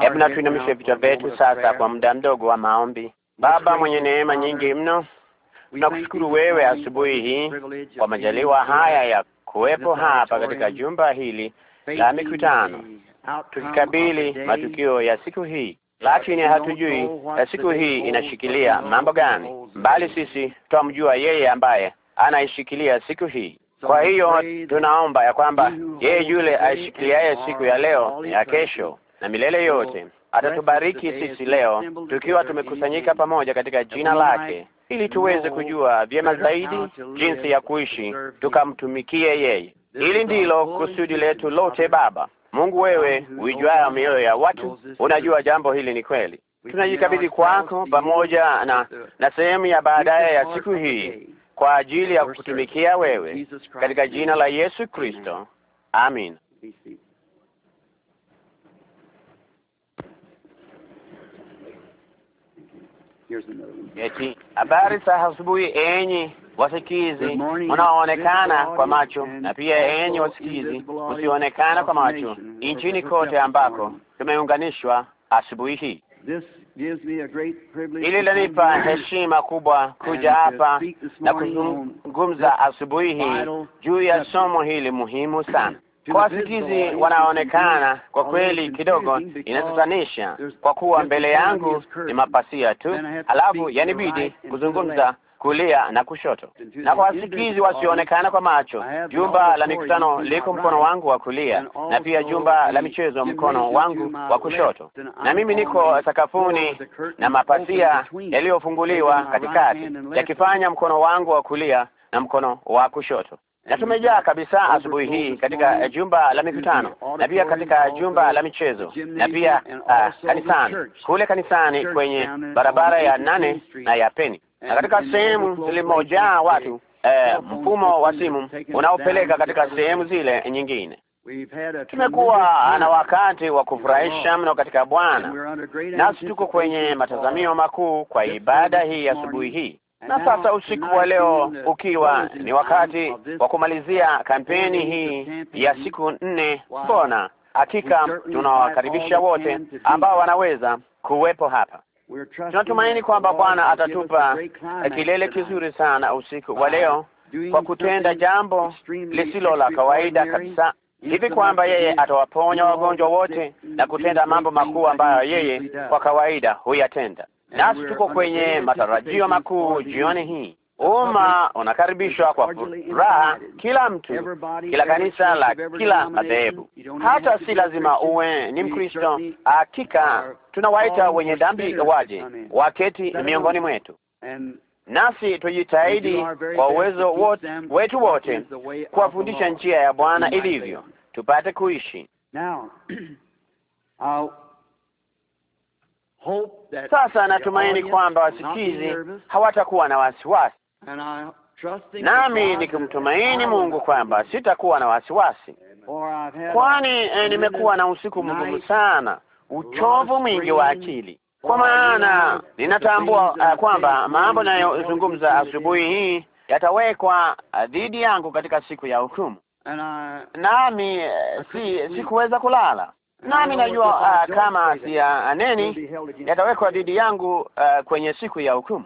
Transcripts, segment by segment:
Hebu na tuinamishe vichwa vyetu sasa kwa muda mdogo wa maombi. Baba mwenye neema nyingi mno, tunakushukuru wewe asubuhi hii kwa majaliwa haya ya kuwepo hapa katika jumba hili la mikutano, tukikabili matukio ya siku hii, lakini hatujui ya siku hii inashikilia mambo gani, mbali sisi twamjua yeye ambaye anaishikilia siku hii. Kwa hiyo tunaomba ya kwamba yeye yule aishikiliaye siku ya leo ya kesho na milele yote. Atatubariki sisi leo tukiwa tumekusanyika pamoja katika jina lake, ili tuweze kujua vyema zaidi jinsi ya kuishi tukamtumikie yeye. Hili ndilo kusudi letu lote, Baba Mungu, wewe uijuayo mioyo ya watu, unajua jambo hili ni kweli. Tunajikabidhi kwako pamoja na na sehemu ya baadaye ya siku hii kwa ajili ya kutumikia wewe katika jina la Yesu Kristo, amin. eti habari za asubuhi enyi wasikizi mnaoonekana kwa macho na pia enyi wasikizi msioonekana kwa macho, nchini kote ambako tumeunganishwa asubuhi hii. Hili lanipa heshima kubwa kuja hapa na kuzungumza asubuhi hii juu ya somo hili muhimu sana. Kwa wasikizi wanaonekana kwa kweli kidogo inatatanisha, kwa kuwa mbele yangu ni mapasia tu, alafu yanibidi kuzungumza kulia na kushoto. Na kwa wasikizi wasioonekana kwa macho, jumba la mikutano liko mkono wangu wa kulia, na pia jumba la michezo mkono wangu wa kushoto, na mimi niko sakafuni na mapasia yaliyofunguliwa katikati, yakifanya mkono wangu wa kulia na mkono wa kushoto na tumejaa kabisa asubuhi hii katika eh, jumba la mikutano na pia katika jumba la michezo na pia uh, kanisani kule kanisani kwenye barabara ya nane na ya Peni na katika sehemu zilimojaa watu eh, mfumo wa simu unaopeleka katika sehemu zile nyingine. Tumekuwa na wakati wa kufurahisha mno katika Bwana, nasi tuko kwenye matazamio makuu kwa ibada hii asubuhi hii na sasa usiku wa leo ukiwa ni wakati wa kumalizia kampeni hii ya siku nne, mbona hakika tunawakaribisha wote ambao wanaweza kuwepo hapa. Tunatumaini kwamba Bwana atatupa kilele kizuri sana usiku wa leo kwa kutenda jambo lisilo la kawaida kabisa hivi kwamba yeye atawaponya wagonjwa wote na kutenda mambo makuu ambayo yeye kwa kawaida huyatenda nasi tuko kwenye matarajio makuu jioni hii. Umma unakaribishwa kwa furaha, kila mtu, kila kanisa la kila madhehebu. Hata si lazima uwe ni Mkristo. Hakika tunawaita wenye dhambi waje waketi miongoni mwetu, nasi tujitahidi kwa uwezo wetu wote kuwafundisha njia ya Bwana ilivyo, tupate kuishi uh, sasa natumaini kwamba wasikizi hawatakuwa na wasiwasi, nami nikimtumaini Mungu kwamba sitakuwa na wasiwasi, kwani eh, nimekuwa na usiku mgumu sana, uchovu mwingi wa akili, kwa maana ninatambua uh, kwamba mambo nayozungumza asubuhi hii yatawekwa eh, dhidi yangu katika siku ya hukumu, nami eh, si sikuweza kulala nami najua uh, kama aneni uh, yatawekwa dhidi yangu uh, kwenye siku ya hukumu.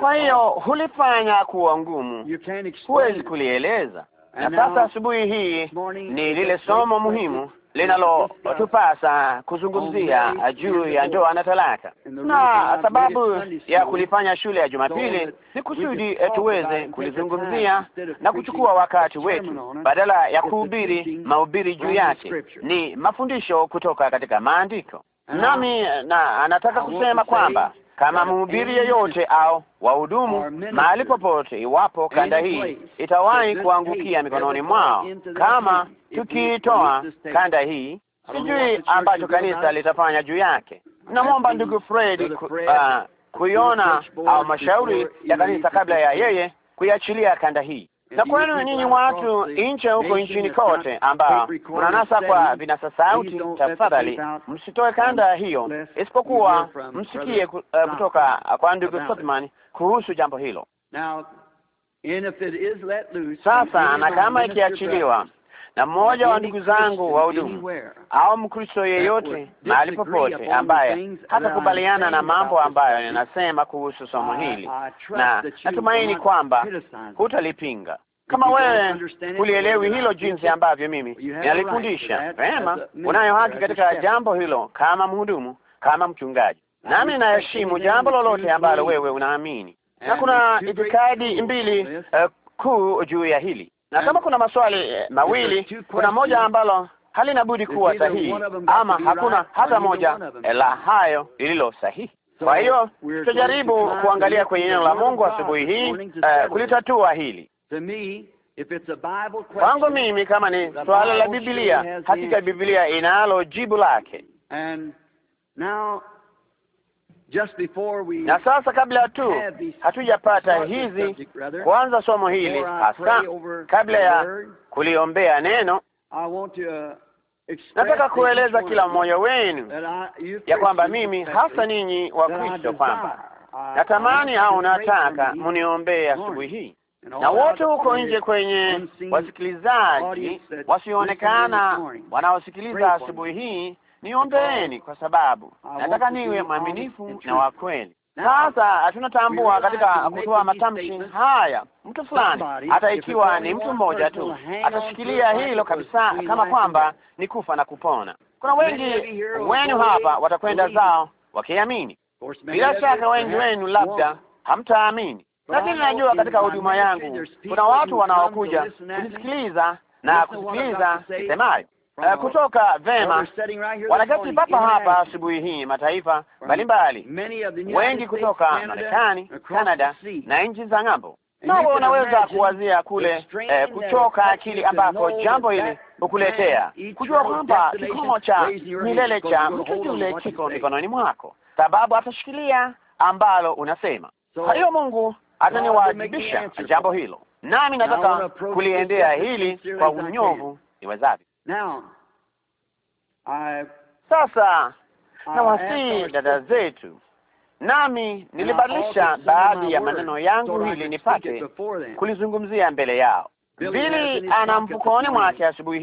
Kwa hiyo hulifanya kuwa ngumu, huwezi kulieleza. Na sasa asubuhi hii ni lile somo muhimu linalotupasa kuzungumzia juu ya ndoa na talaka, na sababu ya kulifanya shule ya Jumapili ni kusudi eh, tuweze kulizungumzia na kuchukua wakati wetu, badala ya kuhubiri mahubiri juu yake, ni mafundisho kutoka katika maandiko. Ah. Nami eh, na anataka kusema kwamba kama mhubiri yeyote au wahudumu mahali popote, iwapo kanda hii itawahi kuangukia mikononi mwao, kama tukiitoa kanda hii, sijui ambacho kanisa litafanya juu yake. Namwomba ndugu Fred ku, uh, kuiona au mashauri ya kanisa kabla ya yeye kuiachilia kanda hii na kwenu nyinyi watu nje huko nchini kote, ambao mnanasa kwa vinasa sauti, tafadhali msitoe kanda hiyo, isipokuwa msikie eh, kutoka kwa ndugu Sodman kuhusu jambo hilo sasa, na kama ikiachiliwa na mmoja wa ndugu zangu wa hudumu au Mkristo yeyote mahali popote ambaye hatakubaliana na mambo ambayo ninasema kuhusu somo hili, na natumaini kwamba hutalipinga kama wewe ulielewi hilo jinsi ambavyo mimi nalifundisha vema, unayo haki katika jambo hilo kama mhudumu, kama mchungaji, nami naheshimu jambo lolote ambalo wewe unaamini, na kuna itikadi mbili uh, kuu juu ya hili. Na kama kuna maswali eh, mawili, kuna moja ambalo halina budi kuwa sahihi, ama hakuna hata moja la hayo lililo sahihi. Kwa hiyo tutajaribu kuangalia kwenye neno la Mungu asubuhi hii uh, kulitatua hili. Kwangu mimi, kama ni swala la Biblia, hakika Biblia inalo jibu lake. Na sasa kabla tu hatujapata hizi kuanza somo hili hasa, kabla ya kuliombea neno, uh, nataka kueleza kila mmoja wenu ya kwamba mimi hasa ninyi wa Kristo kwamba natamani au nataka mniombee asubuhi hii na wote huko nje kwenye wasikilizaji wasioonekana wanaosikiliza asubuhi hii niombeeni kwa sababu nataka niwe mwaminifu na wa kweli. Sasa tunatambua katika kutoa matamshi haya, mtu fulani, hata ikiwa ni mtu mmoja tu, atashikilia hilo kabisa, kama kwamba ni kufa na kupona. Kuna wengi wenu hapa watakwenda zao wakiamini. Bila shaka wengi wenu labda hamtaamini, lakini najua katika huduma yangu kuna watu wanaokuja kusikiliza na kusikiliza semayo uh, kutoka vema. Wanaketi papa hapa asubuhi hii, mataifa mbalimbali, wengi kutoka Marekani, Canada na nchi za ng'ambo, nawe unaweza kuwazia kule eh, kuchoka akili ambako jambo hili hukuletea kujua kwamba kikomo cha milele cha mtu yule kiko mikononi mwako, sababu atashikilia ambalo unasema. Kwa hiyo Mungu ataniwajibisha jambo hilo, nami nataka kuliendea hili kwa unyovu iwezavyo. Sasa na wasii dada zetu, nami nilibadilisha baadhi ya maneno yangu ili nipate kulizungumzia mbele yao. Bili ana mfukoni mwake asubuhi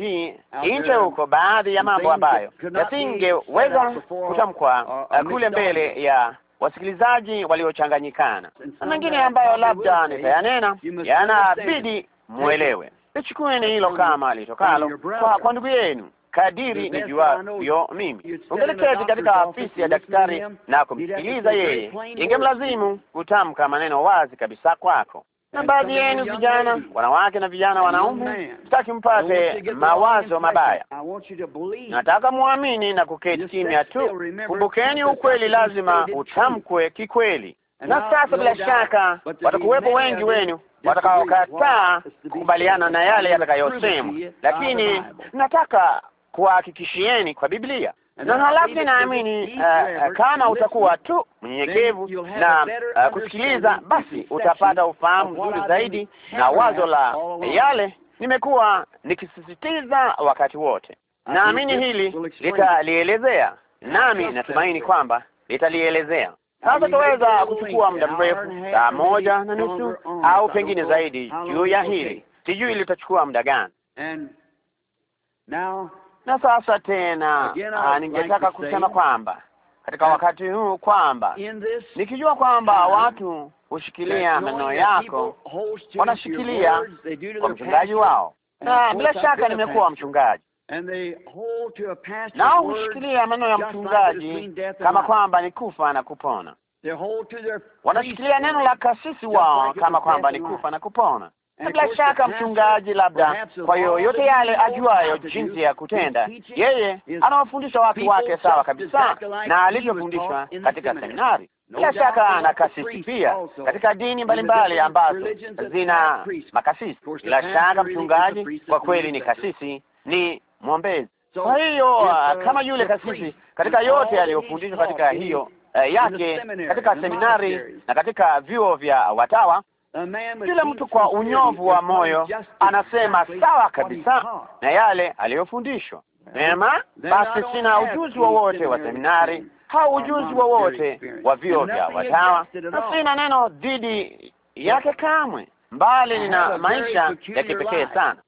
hii nje huko baadhi ya mambo ambayo yasingeweza kutamkwa uh, kule mbele ya wasikilizaji waliochanganyikana na mengine ambayo labda nitayanena, yanabidi mwelewe lichukueni hilo kama alitokalo kwa, kwa ndugu yenu kadiri ni nijuavyo mimi. Ungeliketi katika afisi ya daktari na kumsikiliza yeye, ingemlazimu kutamka maneno wazi kabisa kwako. Na baadhi yenu vijana, wanawake na vijana wanaume, sitaki mpate mawazo mabaya, nataka muamini na kuketi kimya tu. Kumbukeni, ukweli lazima utamkwe kikweli. Na sasa bila shaka watakuwepo wengi wenu watakaokataa kukubaliana na yale yatakayosemwa, lakini nataka kuwahakikishieni kwa Biblia na halafu ninaamini uh, uh kama utakuwa tu mnyenyekevu na uh, kusikiliza, basi utapata ufahamu mzuri zaidi na wazo la yale nimekuwa nikisisitiza wakati wote. Naamini hili litalielezea, nami natumaini kwamba litalielezea. Sasa tutaweza kuchukua muda mrefu, saa moja na nusu au pengine zaidi, juu ya hili. Sijui litachukua muda gani. Na sasa tena, ah, ningetaka kusema kwamba katika wakati huu kwamba nikijua kwamba watu hushikilia maneno yako, wanashikilia kwa mchungaji wao, na bila shaka nimekuwa mchungaji nao hushikilia maneno ya mchungaji kama kwamba ni kufa na kupona. Wanashikilia neno la kasisi wao kama kwamba ni kufa na kupona, na bila shaka mchungaji, labda kwa yoyote yale ajuayo jinsi ya kutenda, yeye anawafundisha watu wake sawa kabisa na alivyofundishwa katika seminari. Bila shaka na kasisi pia katika dini mbalimbali ambazo zina makasisi. Bila shaka mchungaji kwa kweli ni kasisi, ni mwombezi. Kwa hiyo ah, uh, kama yule kasisi katika yote aliyofundishwa katika hiyo eh, yake katika seminari na katika vyuo vya watawa, kila mtu kwa unyovu wa moyo anasema sawa kabisa na yale aliyofundishwa. Mema, basi sina ujuzi wowote wa, wa seminari au ujuzi wowote wa, wa vyuo vya watawa, na sina neno dhidi yake kamwe, mbali nina maisha ya kipekee sana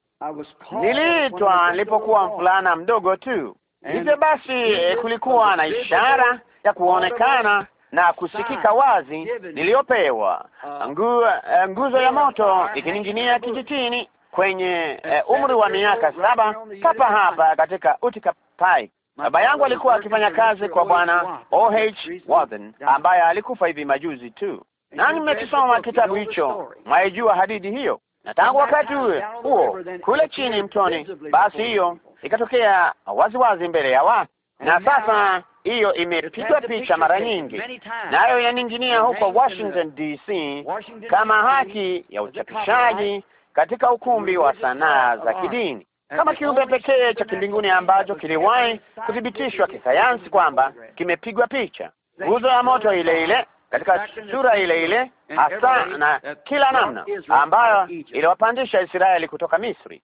Niliitwa nilipokuwa mvulana mdogo tu. Hivyo basi, eh, kulikuwa na ishara ya kuonekana na kusikika wazi niliyopewa, uh, ngu, eh, nguzo ya moto ikining'inia kijitini kwenye eh, umri wa miaka saba, papa hapa katika Utica Pike. Baba yangu alikuwa akifanya kazi kwa Bwana O.H. Warden ambaye alikufa hivi majuzi tu, na nimekisoma kitabu hicho, mwaijua hadithi hiyo na tangu wakati huo kule chini mtoni, basi hiyo ikatokea waziwazi wazi mbele ya watu, na sasa hiyo imepigwa picha mara nyingi, nayo inaninginia huko Washington DC kama haki ya uchapishaji katika ukumbi wa sanaa za kidini, kama kiumbe pekee cha kimbinguni ambacho kiliwahi kuthibitishwa kisayansi kwamba kimepigwa picha, nguzo ya moto ile ile katika sura ile ile hasa na kila namna ambayo iliwapandisha Israeli kutoka Misri.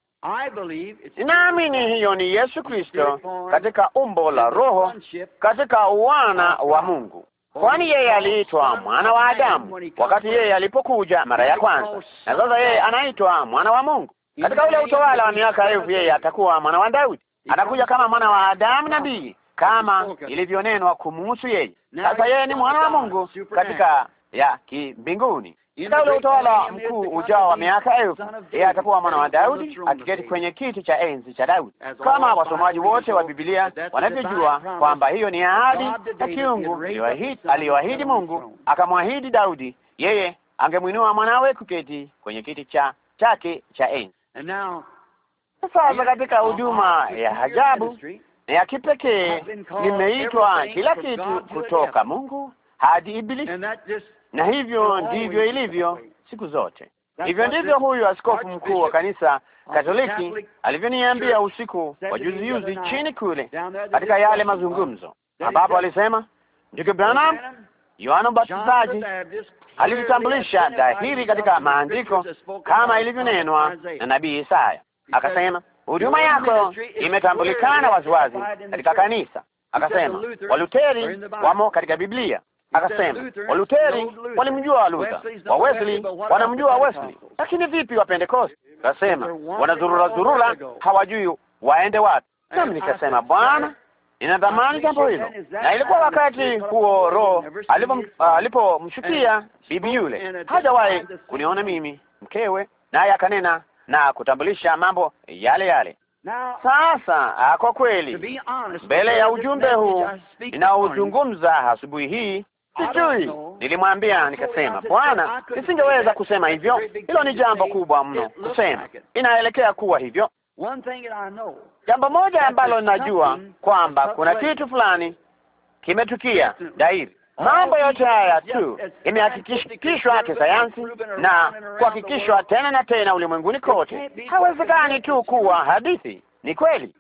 Naamini hiyo ni Yesu Kristo katika umbo la Roho, katika uwana wa Mungu, kwani yeye aliitwa mwana wa Adamu wakati yeye alipokuja mara ya kwanza, na sasa yeye anaitwa mwana wa Mungu. Katika ule utawala wa miaka elfu, yeye atakuwa mwana wa Daudi, atakuja kama mwana wa Adamu nabii kama ilivyonenwa kumuhusu yeye. Sasa yeye ni mwana wa Mungu katika ya kimbinguni katika ule utawala mkuu ujao wa miaka elfu, yeye atakuwa mwana wa Daudi akiketi kwenye kiti cha enzi cha Daudi, kama wasomaji wote wa Biblia wanavyojua kwamba hiyo ni ahadi ya kiungu aliyoahidi Mungu, akamwahidi Daudi yeye angemwinua mwanawe kuketi kwenye kiti cha chake cha enzi. Sasa katika huduma ya hajabu na ya kipekee. Nimeitwa kila kitu kutoka Mungu hadi Ibilisi, na hivyo ndivyo ilivyo siku zote. Hivyo ndivyo huyu askofu mkuu wa kanisa Katoliki alivyoniambia usiku wa juzi juzi chini kule katika yale mazungumzo, ambapo alisema, ndugu Branham, Yohana Mbatizaji alijitambulisha dhahiri katika maandiko kama ilivyonenwa na nabii Isaya, akasema huduma yako imetambulikana waziwazi katika kanisa. Akasema Waluteri wamo katika Biblia. Akasema Waluteri walimjua Luther, wa Wesley wanamjua Wesley, lakini vipi wa Pentecost? Akasema wanazurura zurura, hawajui waende wapi. Nami nikasema Bwana, dhamani jambo hilo, na ilikuwa wakati huo Roho alipomshukia bibi yule, hajawahi kuniona mimi mkewe, naye akanena na kutambulisha mambo yale yale. Sasa ah, kwa kweli, mbele ya ujumbe huu ninaozungumza asubuhi hii, sijui, nilimwambia nikasema, Bwana, nisingeweza kusema hivyo, hilo ni jambo kubwa mno kusema, inaelekea kuwa hivyo. Jambo moja ambalo ninajua kwamba kuna kitu fulani kimetukia dairi Mambo yote haya tu imehakikishwa kisayansi na kuhakikishwa tena na tena ulimwenguni kote. Hawezekani tu kuwa hadithi, ni kweli.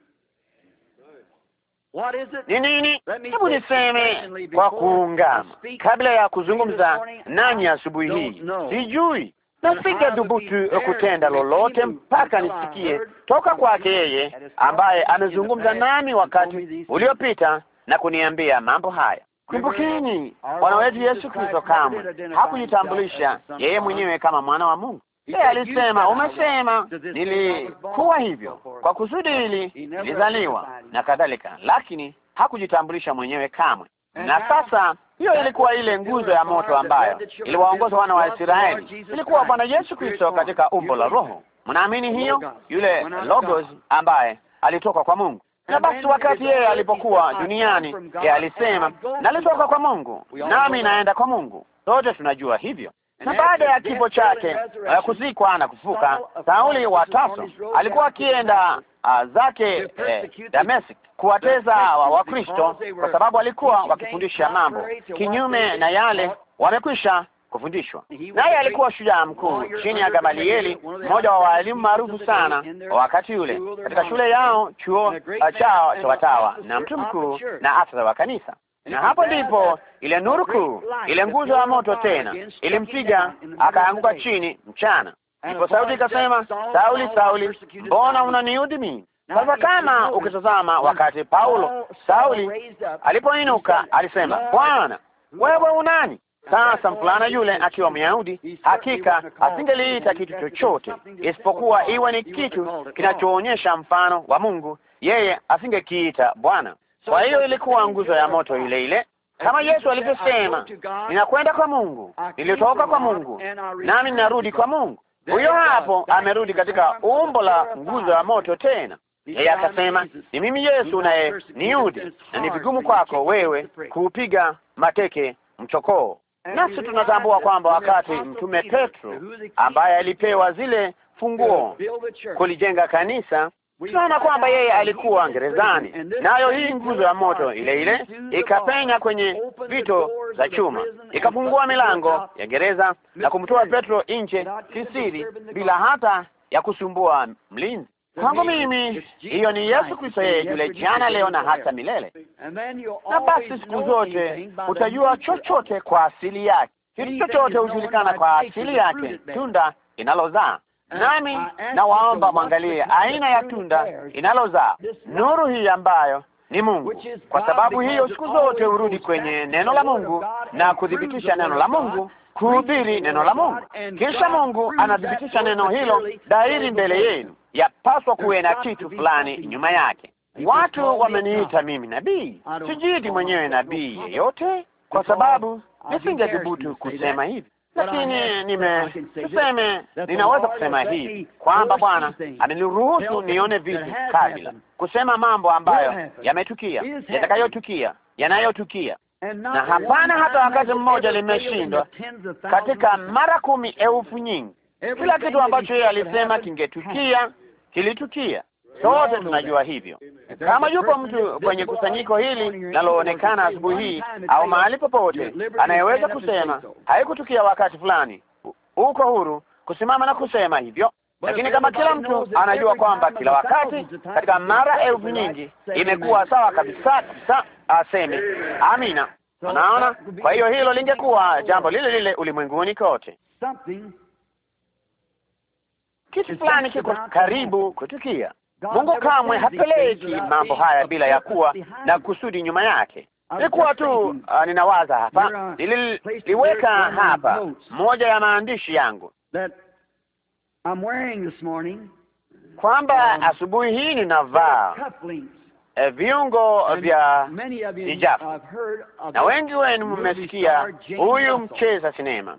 Ni nini? Hebu niseme kwa kuungama, kabla ya kuzungumza nanyi asubuhi hii, sijui na dhubutu kutenda lolote mpaka nisikie toka kwake yeye ambaye amezungumza nami wakati uliopita na kuniambia mambo haya. Kumbukeni, Bwana wetu Yesu Kristo kamwe hakujitambulisha yeye mwenyewe kama mwana wa Mungu. Yeye alisema, umesema nilikuwa hivyo kwa kusudi hili, nilizaliwa na kadhalika, lakini hakujitambulisha mwenyewe kamwe. Na sasa hiyo ilikuwa ile nguzo ya moto ambayo iliwaongoza wana wa Israeli, ilikuwa Bwana Yesu Kristo katika umbo la Roho. Mnaamini hiyo? Yule logos ambaye alitoka kwa Mungu na basi wakati yeye alipokuwa duniani, yeye alisema nalitoka kwa Mungu nami naenda kwa Mungu. Sote tunajua hivyo. Na baada ya kifo chake, eh, kuzikwa na kufuka, Sauli wa Tarso alikuwa akienda ah, zake eh, Dameski kuwateza Wakristo wa kwa sababu alikuwa wakifundisha mambo kinyume na yale wamekwisha kufundishwa. Naye alikuwa shujaa mkuu chini ya Gamalieli, mmoja wa walimu maarufu sana wa wakati ule katika shule yao, chuo chao cha watawa, na mtu mkuu na afisa wa kanisa. Na hapo ndipo ile nuru kuu, ile nguzo ya moto tena ilimpiga, akaanguka chini mchana. Ndipo sauti ikasema, Sauli, Sauli, mbona unaniudhi mimi? Sasa kama ukitazama, wakati Paulo Sauli alipoinuka alisema, Bwana wewe unani? Sasa mfulana yule akiwa Myahudi hakika asingeliita kitu chochote isipokuwa iwe ni kitu kinachoonyesha mfano wa Mungu, yeye asingekiita Bwana. Kwa hiyo ilikuwa nguzo ya moto ile ile, kama Yesu alivyosema, ninakwenda kwa Mungu, nilitoka kwa Mungu, nami ninarudi kwa Mungu. Huyo hapo amerudi katika umbo la nguzo ya moto tena. Yeye akasema ni mimi Yesu naye niudi, na ni vigumu kwako wewe kuupiga mateke mchokoo. Nasi tunatambua kwamba wakati mtume Petro ambaye alipewa zile funguo kulijenga kanisa, tunaona kwamba yeye alikuwa gerezani, nayo hii nguzo ya moto ile ile ikapenya kwenye vito za chuma, ikafungua milango ya gereza na kumtoa Petro nje kisiri, bila hata ya kusumbua mlinzi. Kwangu mimi hiyo ni Yesu Kristo, yeye yule jana, leo na hata milele. Na basi siku zote utajua chochote kwa asili yake. Kitu chochote hujulikana kwa asili yake, tunda inalozaa. Nami nawaomba mwangalie aina ya tunda inalozaa nuru hii ambayo ni Mungu, kwa sababu hiyo siku zote hurudi kwenye neno la Mungu na kuthibitisha neno la Mungu, kuhubiri neno la Mungu, kisha Mungu anathibitisha neno hilo dhahiri mbele yenu yapaswa kuwe na kitu fulani nyuma yake. Watu wameniita mimi nabii, sijiti mwenyewe nabii yeyote, kwa sababu nisingethubutu kusema hivi, lakini nime niseme, ninaweza kusema hivi kwamba Bwana ameniruhusu nione vitu kabla kusema mambo ambayo yametukia, yatakayotukia, yanayotukia na hapana hata wakati mmoja limeshindwa katika mara kumi elfu nyingi kila kitu ambacho yeye alisema kingetukia kilitukia. Sote tunajua hivyo. Kama yupo mtu kwenye kusanyiko hili linaloonekana asubuhi hii au mahali popote, anayeweza kusema haikutukia wakati fulani, uko huru kusimama na kusema hivyo. Lakini kama kila mtu anajua kwamba kila wakati katika mara elfu nyingi imekuwa sawa kabisa kabisa, aseme amina. Unaona, kwa hiyo hilo lingekuwa jambo lile lile ulimwenguni kote kitu fulani kiko karibu kutukia. Mungu kamwe hapeleki mambo haya bila ya kuwa na kusudi nyuma yake. nikuwa tu uh, ninawaza hapa, nililiweka uh, hapa moja ya maandishi yangu kwamba um, asubuhi hii ninavaa e viungo vya hijabu, na wengi wenu mmesikia huyu mcheza sinema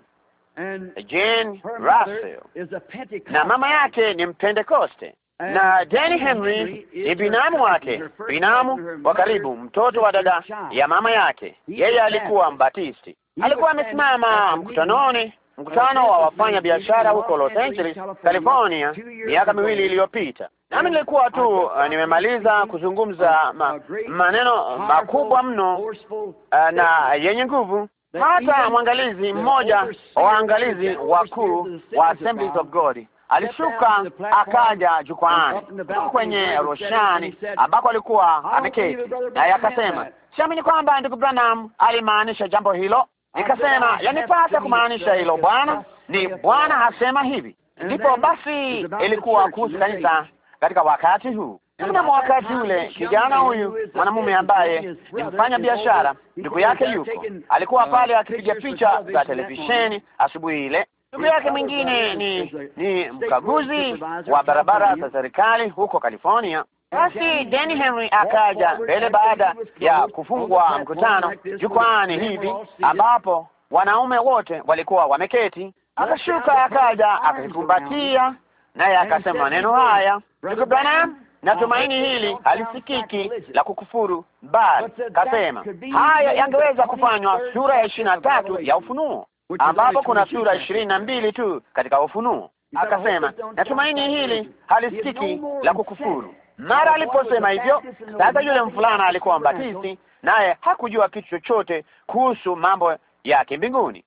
Jane Russell na mama yake ni Mpentekoste, na Danny Henry ni binamu wake, binamu wa karibu, mtoto wa dada ya mama yake. Yeye alikuwa Mbatisti. Alikuwa amesimama mkutanoni, mkutano wa wafanya biashara huko Los Angeles, California, miaka miwili iliyopita. Nami nilikuwa tu uh, nimemaliza kuzungumza ma, maneno uh, makubwa mno uh, na yenye nguvu hata mwangalizi mmoja wa waangalizi wakuu wa Assemblies of God alishuka akaja jukwaani kwenye roshani ambako alikuwa ameketi, naye akasema, siamini kwamba ndugu Branham alimaanisha jambo hilo. Nikasema, yanipasa kumaanisha hilo bwana, ni Bwana asema hivi. Ndipo basi ilikuwa kuhusu kanisa katika wakati huu. Mnamo wakati ule kijana huyu mwanamume ambaye ni mfanya biashara, ndugu yake yuko, alikuwa pale akipiga picha za televisheni asubuhi ile. Ndugu yake mwingine ni ni mkaguzi wa barabara za serikali huko California. Basi Danny Henry akaja mbele baada ya kufungwa mkutano jukwani hivi, ambapo wanaume wote walikuwa wameketi. Akashuka akaja akakumbatia naye akasema maneno haya, ndugu Branham na tumaini hili halisikiki la kukufuru, bali uh, kasema haya yangeweza kufanywa sura ya ishirini na tatu ya Ufunuo, ambapo kuna sura ishirini na mbili tu katika Ufunuo. Akasema natumaini hili halisikiki la kukufuru. Mara aliposema hivyo, sasa yule mfulana alikuwa mbatisi naye hakujua kitu chochote kuhusu mambo yake mbinguni.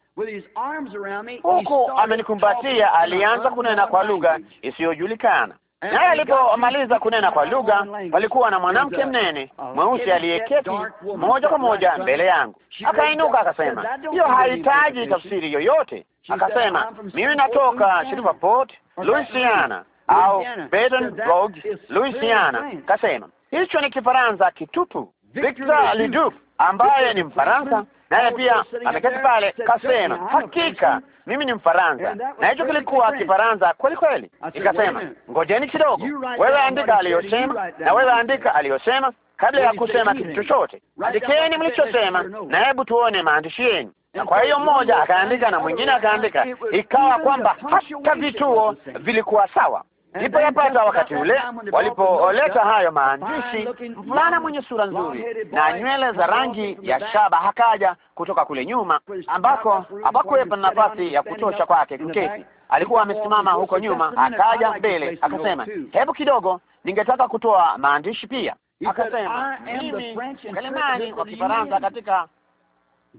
Huku amenikumbatia, alianza kunena kwa lugha isiyojulikana Naye alipomaliza kunena kwa lugha, palikuwa na mwanamke mnene mweusi aliyeketi moja kwa moja mbele yangu. Akainuka akasema, hiyo hahitaji tafsiri yoyote. Akasema, mimi natoka Shreveport, Louisiana au Baton-Rouge, Louisiana. Kasema hicho ni Kifaransa kitupu. Victor Leduc ambaye ni Mfaransa naye pia ameketi pale, kasema, hakika mimi ni Mfaransa, na hicho kilikuwa Kifaransa kweli kweli. Ikasema, ngojeni kidogo, wewe andika aliyosema, na wewe andika aliyosema kabla ya kusema kitu chochote, andikeni mlichosema, na hebu tuone maandishi yenu. Na kwa hiyo mmoja akaandika na mwingine akaandika, ikawa kwamba hata vituo vilikuwa sawa. Ndipo yapata wakati ule walipoleta hayo maandishi, mvulana mwenye sura nzuri na nywele za rangi ya shaba hakaja kutoka kule nyuma ambako hapakuwepo na nafasi ya kutosha kwake kuketi. Alikuwa amesimama huko nyuma, akaja mbele akasema, hebu kidogo, ningetaka kutoa maandishi pia. Akasema, mimi mkalimani wa Kifaransa katika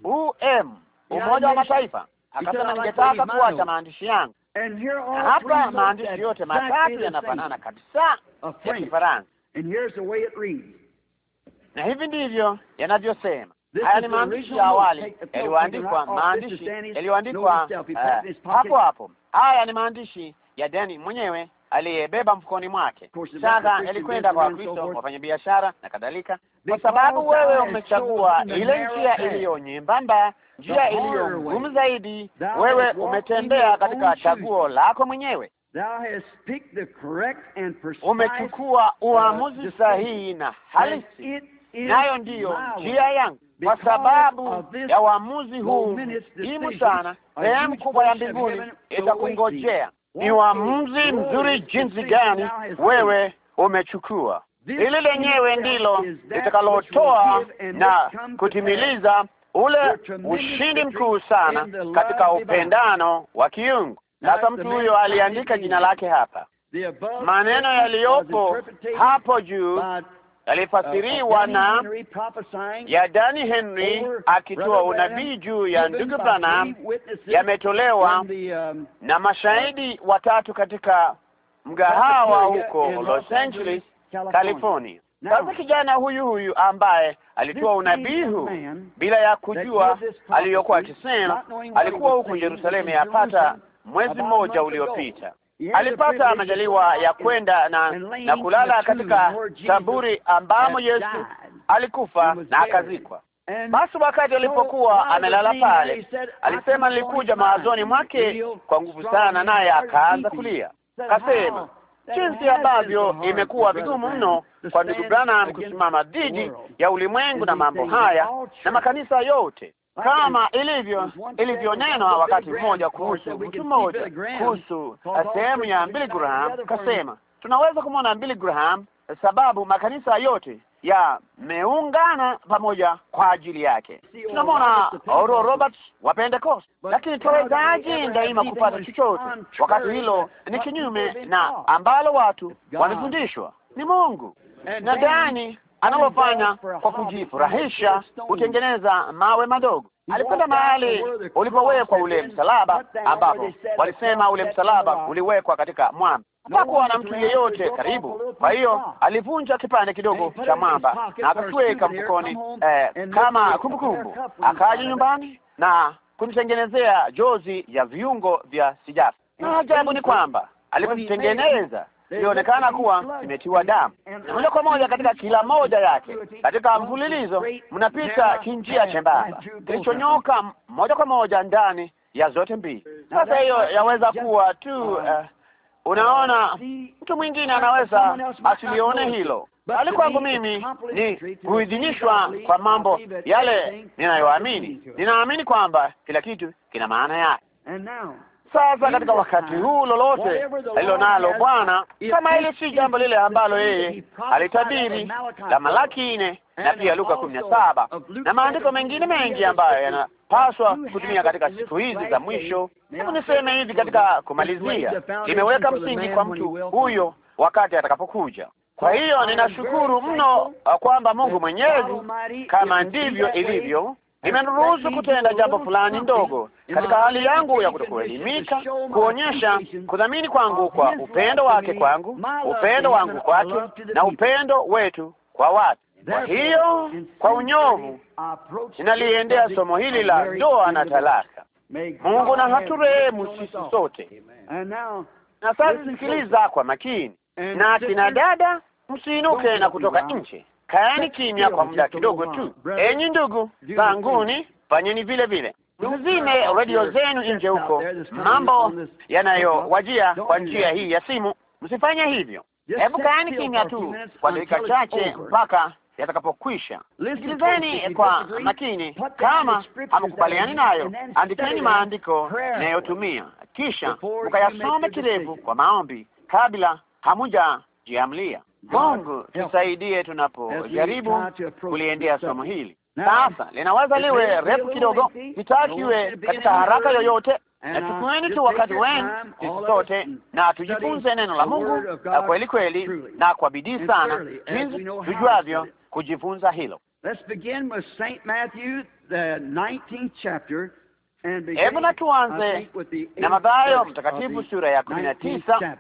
UM, Umoja wa Mataifa. Akasema, ningetaka kuacha maandishi yangu hapa maandishi yote matatu yanafanana kabisa ya Kifaransa, na hivi ndivyo yanavyosema. Haya ni maandishi ya awali yaliyoandikwa, oh, maandishi yaliyoandikwa eh, hapo hapo. Haya ni maandishi ya Deni mwenyewe aliyebeba mfukoni mwake. Sasa yalikwenda kwa Wakristo, wafanyabiashara na kadhalika, kwa sababu wewe umechagua ile njia iliyo nyembamba, njia iliyo ngumu zaidi. Wewe umetembea katika chaguo lako mwenyewe, umechukua uamuzi sahihi na halisi, nayo ndiyo njia yangu. Kwa sababu ya uamuzi huu muhimu sana, sehemu kubwa ya mbinguni itakungojea ni uamuzi mzuri jinsi gani wewe umechukua. Hili lenyewe ndilo litakalotoa na kutimiliza ule ushindi mkuu sana katika upendano wa kiungu. Sasa mtu huyo aliandika jina lake hapa, maneno yaliyopo hapo juu yalifasiriwa uh, na ya Danny Henry akitoa unabii juu ya ndugu Branham yametolewa um, na mashahidi watatu katika mgahawa huko Los Angeles, California. Sasa kijana huyu huyu ambaye alitoa unabii huu bila ya kujua aliyokuwa akisema, alikuwa huko Yerusalemu yapata mwezi mmoja uliopita alipata majaliwa ya kwenda na na kulala katika kaburi ambamo Yesu alikufa na akazikwa. Basi wakati alipokuwa amelala pale, alisema nilikuja mawazoni mwake kwa nguvu sana, naye akaanza kulia. Kasema jinsi ambavyo imekuwa vigumu mno kwa ndugu Branham kusimama dhidi ya ulimwengu na mambo haya na makanisa yote kama ilivyo ilivyonenwa wakati mmoja kuhusu mtu mmoja kuhusu uh, sehemu ya Billy Graham, kasema tunaweza kumwona Billy Graham uh, sababu makanisa yote yameungana pamoja kwa ajili yake. Tunamwona Oral Roberts wa Pentecost, lakini tawezaje daima kupata chochote wakati hilo ni kinyume na ambalo watu wanafundishwa ni Mungu? Na Dani analofanya kwa kujifurahisha, kutengeneza mawe madogo. Alikwenda mahali ulipowekwa ule msalaba, ambapo walisema ule msalaba uliwekwa katika mwamba. Hapakuwa na mtu yeyote karibu, kwa hiyo alivunja kipande kidogo cha mwamba na akakiweka mfukoni, eh, kama kumbukumbu. Akaja nyumbani na kumtengenezea jozi ya viungo vya sijafu, na ajabu ni kwamba alipotengeneza ilionekana kuwa imetiwa damu moja kwa moja katika kila moja yake. Katika mfululizo mnapita kinjia chembamba kilichonyoka moja kwa moja ndani ya zote mbili. Sasa hiyo yaweza kuwa tu uh, unaona, mtu mwingine anaweza asilione hilo, bali kwangu mimi ni kuidhinishwa kwa mambo yale ninayoamini. Ninaamini kwamba kila kitu kina maana yake. Sasa katika wakati huu, lolote nalo Bwana, kama ile si jambo lile ambalo yeye alitabiri la Malaki nne na pia Luka kumi na saba na maandiko mengine mengi ambayo yanapaswa kutumia katika siku hizi za mwisho. Hebu niseme hivi katika kumalizia, imeweka msingi kwa mtu huyo wakati atakapokuja. Kwa hiyo ninashukuru mno uh, kwamba Mungu Mwenyezi, kama ndivyo ilivyo nimenuruhusu kutenda jambo fulani ndogo katika hali yangu ya kutokuelimika, kuonyesha kudhamini kwangu kwa upendo wake kwangu, upendo wangu kwake, na upendo wetu kwa watu. Kwa hiyo kwa unyovu ninaliendea somo hili la ndoa na talaka. Mungu na haturehemu sisi sote. Na sasa sikiliza kwa makini, na kina dada, msiinuke na kutoka nje kaani kimya kwa muda kidogo tu. Enyi ndugu zanguni, fanyeni vile vile, mzime redio zenu nje huko, mambo yanayowajia kwa njia hii ya simu. Msifanye hivyo, hebu kaeni kimya tu kwa dakika chache mpaka yatakapokwisha. Sikilizeni kwa makini. Kama hamkubaliani nayo, andikeni maandiko nayotumia, kisha mkayasome kirefu kwa maombi kabla hamujajiamlia. Mungu tusaidie tunapojaribu kuliendea somo hili. Sasa linaweza liwe refu kidogo, nitakiwe katika haraka yoyote. Uh, Nachukueni tu wakati wenu sisi sote, na tujifunze neno la Mungu na kweli kweli na kwa bidii sana, jinsi tujuavyo kujifunza hilo. Hebu na tuanze na Mathayo mtakatifu sura ya kumi na tisa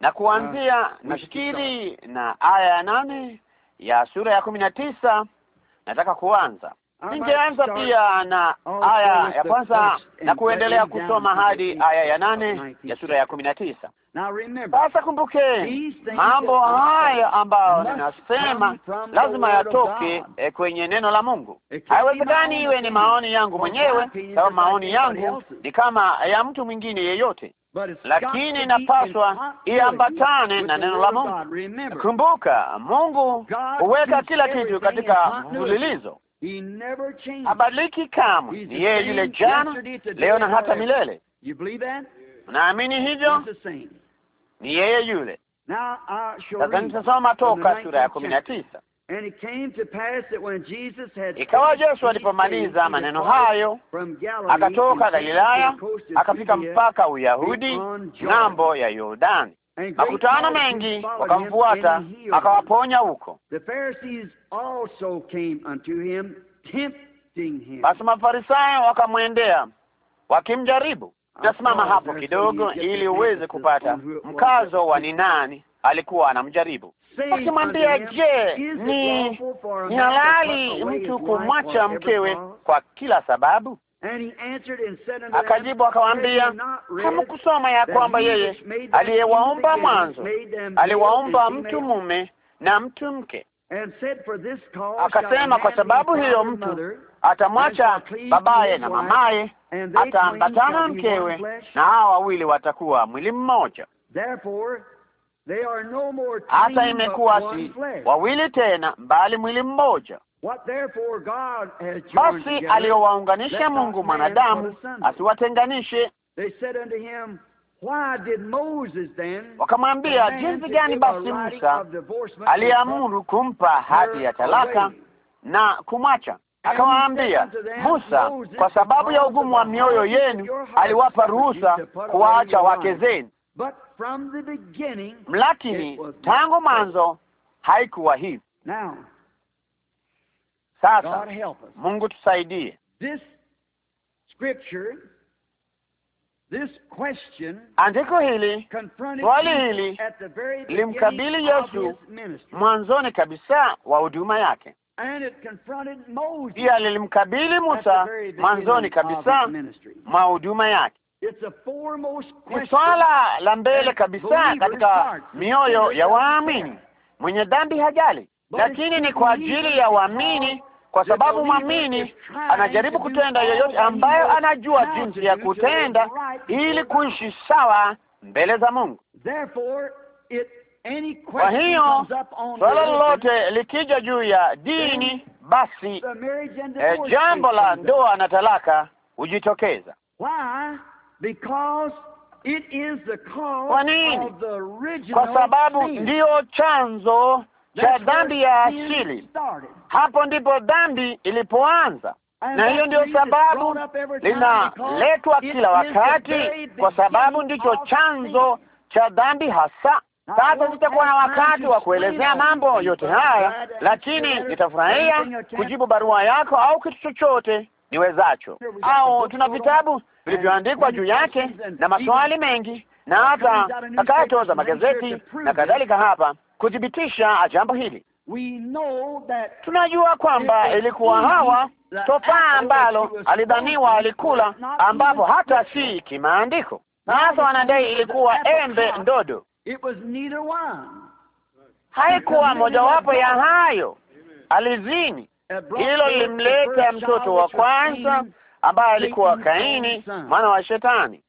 na ah, kuanzia nafikiri na aya ya nane ya sura ya kumi na tisa nataka kuanza. Ningeanza pia na aya ya kwanza na kuendelea kusoma hadi aya ya nane ya sura ya kumi na tisa. Sasa kumbukeni, mambo haya ambayo ninasema lazima yatoke e, kwenye neno la Mungu. Haiwezekani iwe ni maoni yangu mwenyewe, sababu maoni yangu ni kama ya mtu mwingine yeyote lakini inapaswa iambatane na neno la Mungu. Kumbuka, Mungu huweka kila kitu katika mfululizo, habadiliki kamwe. Ni yeye yule jana, leo na hata milele. Unaamini hivyo? Ni yeye yule. Sasa nitasoma toka sura ya kumi na tisa. Ikawa Yesu alipomaliza maneno hayo, akatoka Galilaya akafika mpaka Uyahudi ng'ambo ya Yordani. Makutano mengi wakamfuata, akawaponya huko. Basi Mafarisayo wakamwendea wakimjaribu. nasimama hapo kidogo, ili uweze kupata mkazo wa ni nani alikuwa anamjaribu wakimwambia je, ni ni halali mtu kumwacha mkewe kwa kila sababu? Akajibu akawaambia, hamkusoma ya kwamba yeye aliyewaumba mwanzo aliwaumba mtu mume na mtu mke? Akasema, kwa sababu hiyo mtu atamwacha babaye na mamaye, ataambatana mkewe, na hawa wawili watakuwa mwili mmoja hata imekuwa si wawili tena, bali mwili mmoja. Basi aliyowaunganisha Mungu mwanadamu asiwatenganishe. Wakamwambia, jinsi gani basi Musa aliamuru kumpa hati ya talaka na kumwacha? Akawaambia Musa, kwa sababu ya ugumu wa mioyo yenu aliwapa ruhusa kuwaacha wake zenu mlakini tangu mwanzo haikuwa hivi. Sasa Mungu tusaidie. Andiko hili, swali hili limkabili Yesu mwanzoni kabisa wa huduma yake, pia lilimkabili Musa mwanzoni kabisa mwa huduma yake ni swala la mbele kabisa katika mioyo ya waamini. Mwenye dhambi hajali, lakini ni kwa ajili ya waamini, kwa sababu mwamini anajaribu kutenda yoyote ambayo anajua jinsi ya kutenda ili kuishi sawa mbele za Mungu. Kwa hiyo swala lolote likija juu ya dini, basi eh, jambo la ndoa na talaka hujitokeza. Kwa nini? Kwa sababu ndiyo chanzo cha dhambi ya asili. Hapo ndipo dhambi ilipoanza, na hiyo ndiyo sababu linaletwa kila wakati, kwa sababu ndicho chanzo cha dhambi hasa. Sasa sitakuwa na wakati wa kuelezea mambo yote haya, lakini uh, nitafurahia kujibu barua yako au kitu chochote niwezacho, au tuna vitabu vilivyoandikwa juu yake na maswali mengi na hata takato za magazeti na kadhalika, hapa kuthibitisha jambo hili. Tunajua kwamba ilikuwa Hawa tofaa ambalo alidhaniwa alikula, ambapo hata si kimaandiko, na hasa wanadai ilikuwa embe ndodo. Haikuwa mojawapo ya hayo, alizini hilo lilimleta mtoto wa kwanza ambaye alikuwa Kaini mwana wa Shetani,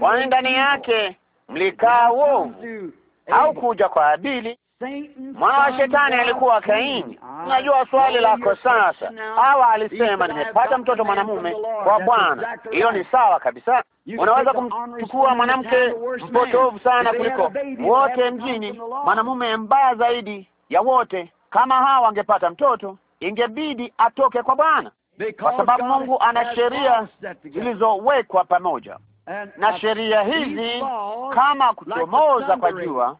kwani ndani yake mlikaa uovu au kuja kwa Abili. Mwana wa Shetani alikuwa Kaini. Unajua swali lako sasa, hawa alisema nimepata mtoto mwanamume kwa Bwana. hiyo ni sawa kabisa. Unaweza kumchukua mwanamke mpotovu sana kuliko wote mjini, mwanamume mbaya zaidi ya wote. Kama hawa wangepata mtoto ingebidi atoke kwa Bwana kwa sababu Mungu ana sheria zilizowekwa pamoja na sheria hizi, kama kuchomoza kwa jua.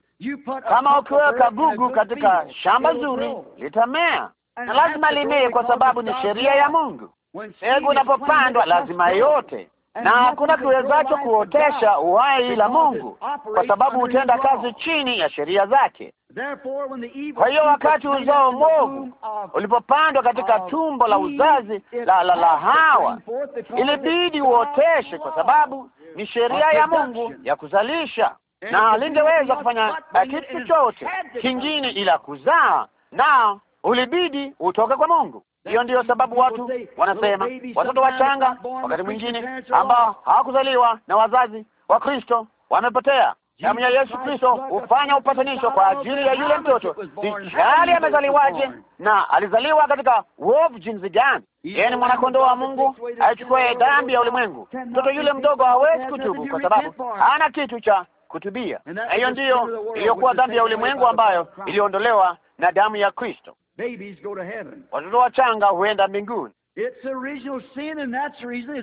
Kama ukiweka gugu katika shamba zuri, litamea na lazima limee, kwa sababu ni sheria ya Mungu. Mbegu inapopandwa lazima yote, na hakuna kiwezacho kuotesha uhai la Mungu, kwa sababu hutenda kazi chini ya sheria zake. Kwa hiyo wakati uzao mwovu ulipopandwa katika tumbo la uzazi la, la, la Hawa, ilibidi uoteshe, kwa sababu ni sheria ya Mungu ya kuzalisha, na halingeweza kufanya kitu chochote kingine ila kuzaa, na ulibidi utoke kwa Mungu. Hiyo ndiyo sababu watu wanasema watoto wachanga wakati mwingine ambao hawakuzaliwa na wazazi wa Kristo wamepotea Damu ya Yesu Kristo hufanya upatanisho kwa ajili ya yule mtoto, sijali amezaliwaje na alizaliwa katika uovu jinsi gani. Yeye ni mwanakondoo wa Mungu aichukue dhambi ya ulimwengu. Mtoto yule mdogo hawezi kutubu kwa sababu hana kitu cha kutubia, na hiyo ndiyo iliyokuwa dhambi ya ulimwengu ambayo iliondolewa na damu ya Kristo. Watoto wachanga huenda mbinguni.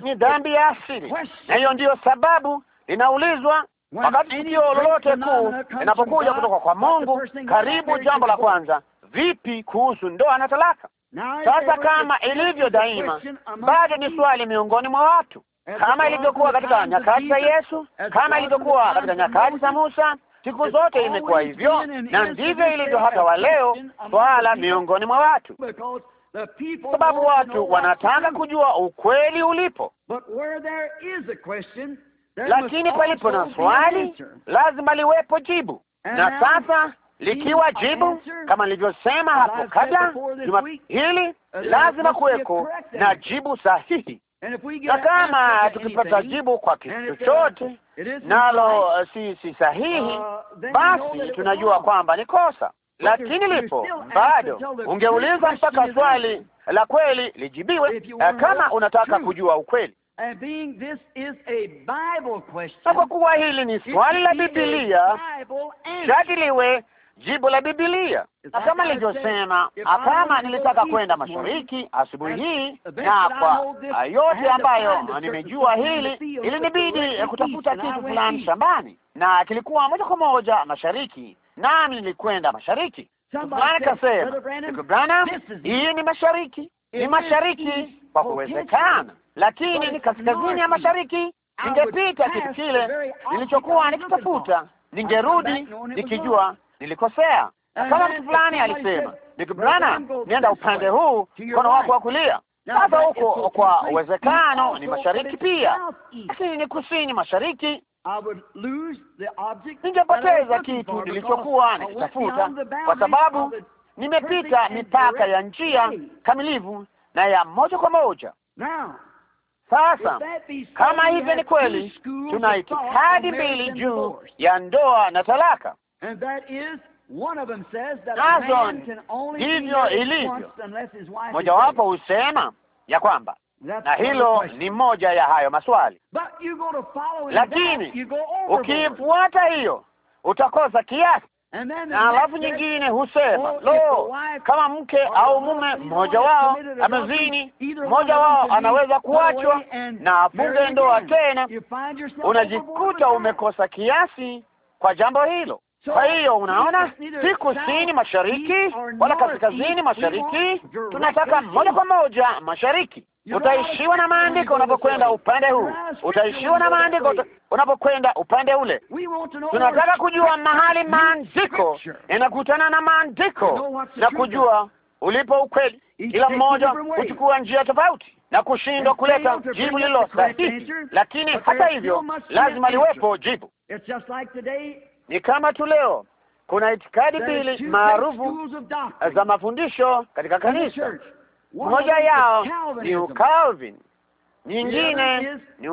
Ni dhambi ya asili, na hiyo ndiyo sababu linaulizwa Wakati tukio lolote kuu linapokuja kutoka kwa Mungu, karibu jambo la kwanza, vipi kuhusu ndoa na talaka? Sasa kama ilivyo daima, bado ni swali miongoni mwa watu, kama ilivyokuwa katika nyakati za Yesu, kama ilivyokuwa katika nyakati za Musa, siku zote imekuwa hivyo, na ndivyo ilivyo hata wa leo, swala miongoni mwa watu, sababu watu wanataka kujua ukweli ulipo lakini palipo na swali lazima liwepo jibu. Na sasa likiwa jibu, kama nilivyosema hapo kabla, juma hili uh, lazima kuweko na jibu sahihi, na kama tukipata jibu kwa kitu chochote nalo uh, si si sahihi, uh, basi tunajua kwamba ni kosa. Lakini lipo bado, ungeuliza mpaka swali la kweli lijibiwe, eh, kama unataka kujua ukweli na kwa kuwa hili ni swali la Bibilia, shati liwe jibu la Bibilia. Na kama nilivyosema, kama nilitaka kwenda mashariki asubuhi hii, na kwa yote ambayo nimejua hili, ilinibidi kutafuta kitu fulani shambani, na kilikuwa moja kwa moja mashariki, nami nilikwenda mashariki. Fulani kasema, Branham, hii ni mashariki, ni mashariki kwa kuwezekana lakini ni kaskazini ya mashariki. Ningepita kitu kile nilichokuwa nikitafuta, ningerudi nikijua nilikosea. Kama mtu fulani alisema, Brana, nienda upande huu, mkono wako wa kulia. Sasa huko kwa uwezekano ni mashariki pia, lakini ni kusini mashariki. Ningepoteza kitu nilichokuwa nikitafuta, kwa sababu nimepita mipaka ya njia kamilivu na ya moja kwa moja. Sasa kama hivyo ni kweli, tuna itikadi mbili juu ya ndoa na talaka, nazo hivyo ilivyo. Mojawapo husema ya kwamba na hilo ni moja ya hayo maswali, lakini ukiifuata hiyo utakosa kiasi na alafu nyingine husema lo, kama mke au mume mmoja wao amezini, mmoja wao anaweza kuachwa na afunge ndoa tena. Unajikuta umekosa kiasi kwa jambo hilo. Kwa hiyo unaona, si kusini mashariki wala kaskazini mashariki, tunataka moja kwa moja mashariki. Utaishiwa na maandiko unapokwenda upande huu, utaishiwa na maandiko unapokwenda upande ule. Tunataka kujua mahali maandiko yanakutana na maandiko na kujua ulipo ukweli. Kila mmoja huchukua njia tofauti na kushindwa kuleta jibu lilo sahihi, lakini hata hivyo lazima liwepo jibu. It's just like today, ni kama tu leo kuna itikadi mbili maarufu za mafundisho katika kanisa. moja yao ni Ukalvin, nyingine ni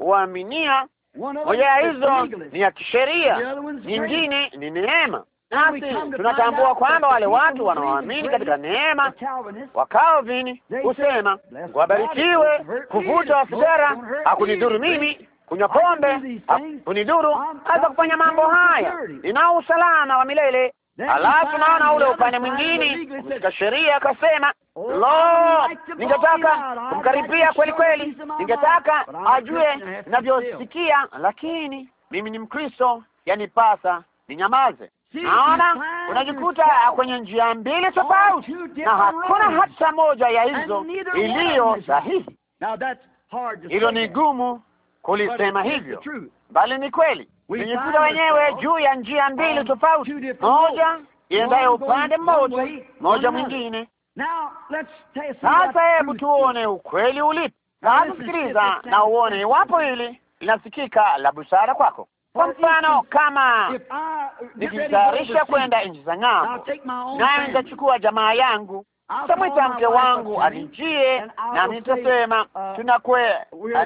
Waaminia. Moja ya hizo ni ya kisheria, nyingine ni neema. Nasi tunatambua kwamba wale watu wanaoamini katika neema wa Calvin husema wabarikiwe, kuvuta wafukara hakunidhuru mimi, kunywa pombe, kunidhuru, hata kufanya mambo haya. Ninao usalama wa milele. Alafu naona ule upande mwingine katika sheria akasema, oh, lo, ningetaka kumkaribia kweli kweli, ningetaka ajue ninavyosikia, lakini mimi ni Mkristo, yanipasa ninyamaze. Naona unajikuta kwenye njia mbili tofauti, na hakuna hata moja ya hizo iliyo sahihi. Hilo ni gumu kulisema hivyo, bali ni kweli. Tumejikuta wenyewe juu ya njia mbili tofauti, moja iendayo upande mmoja, moja mwingine. Sasa hebu tuone ukweli ulipo. Sasa sikiliza na uone iwapo hili linasikika la busara kwako. Kwa mfano, kama nikitayarisha kwenda nchi za ng'ambo, nayo nitachukua jamaa yangu Nitamwita mke wangu anijie nami nitasema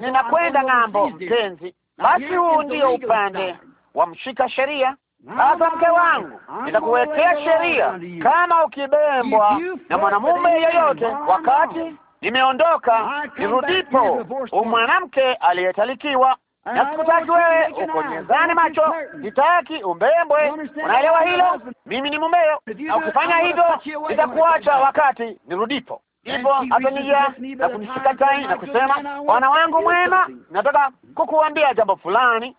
ninakwenda ng'ambo, mpenzi. Basi huu ndio upande wa mshika sheria. Sasa mke wangu, nitakuwekea sheria, kama ukibembwa na mwanamume yeyote wakati nimeondoka nirudipo, u mwanamke aliyetalikiwa Ah, na sikutaki wewe ukonyezane macho, sitaki umbembwe. Unaelewa hilo? Mimi ni mumeo, na ukifanya hivyo nitakuacha wakati nirudipo. Ndipo atanijia na kunishika tai na kusema, bwana wangu mwema, nataka kukuambia jambo fulani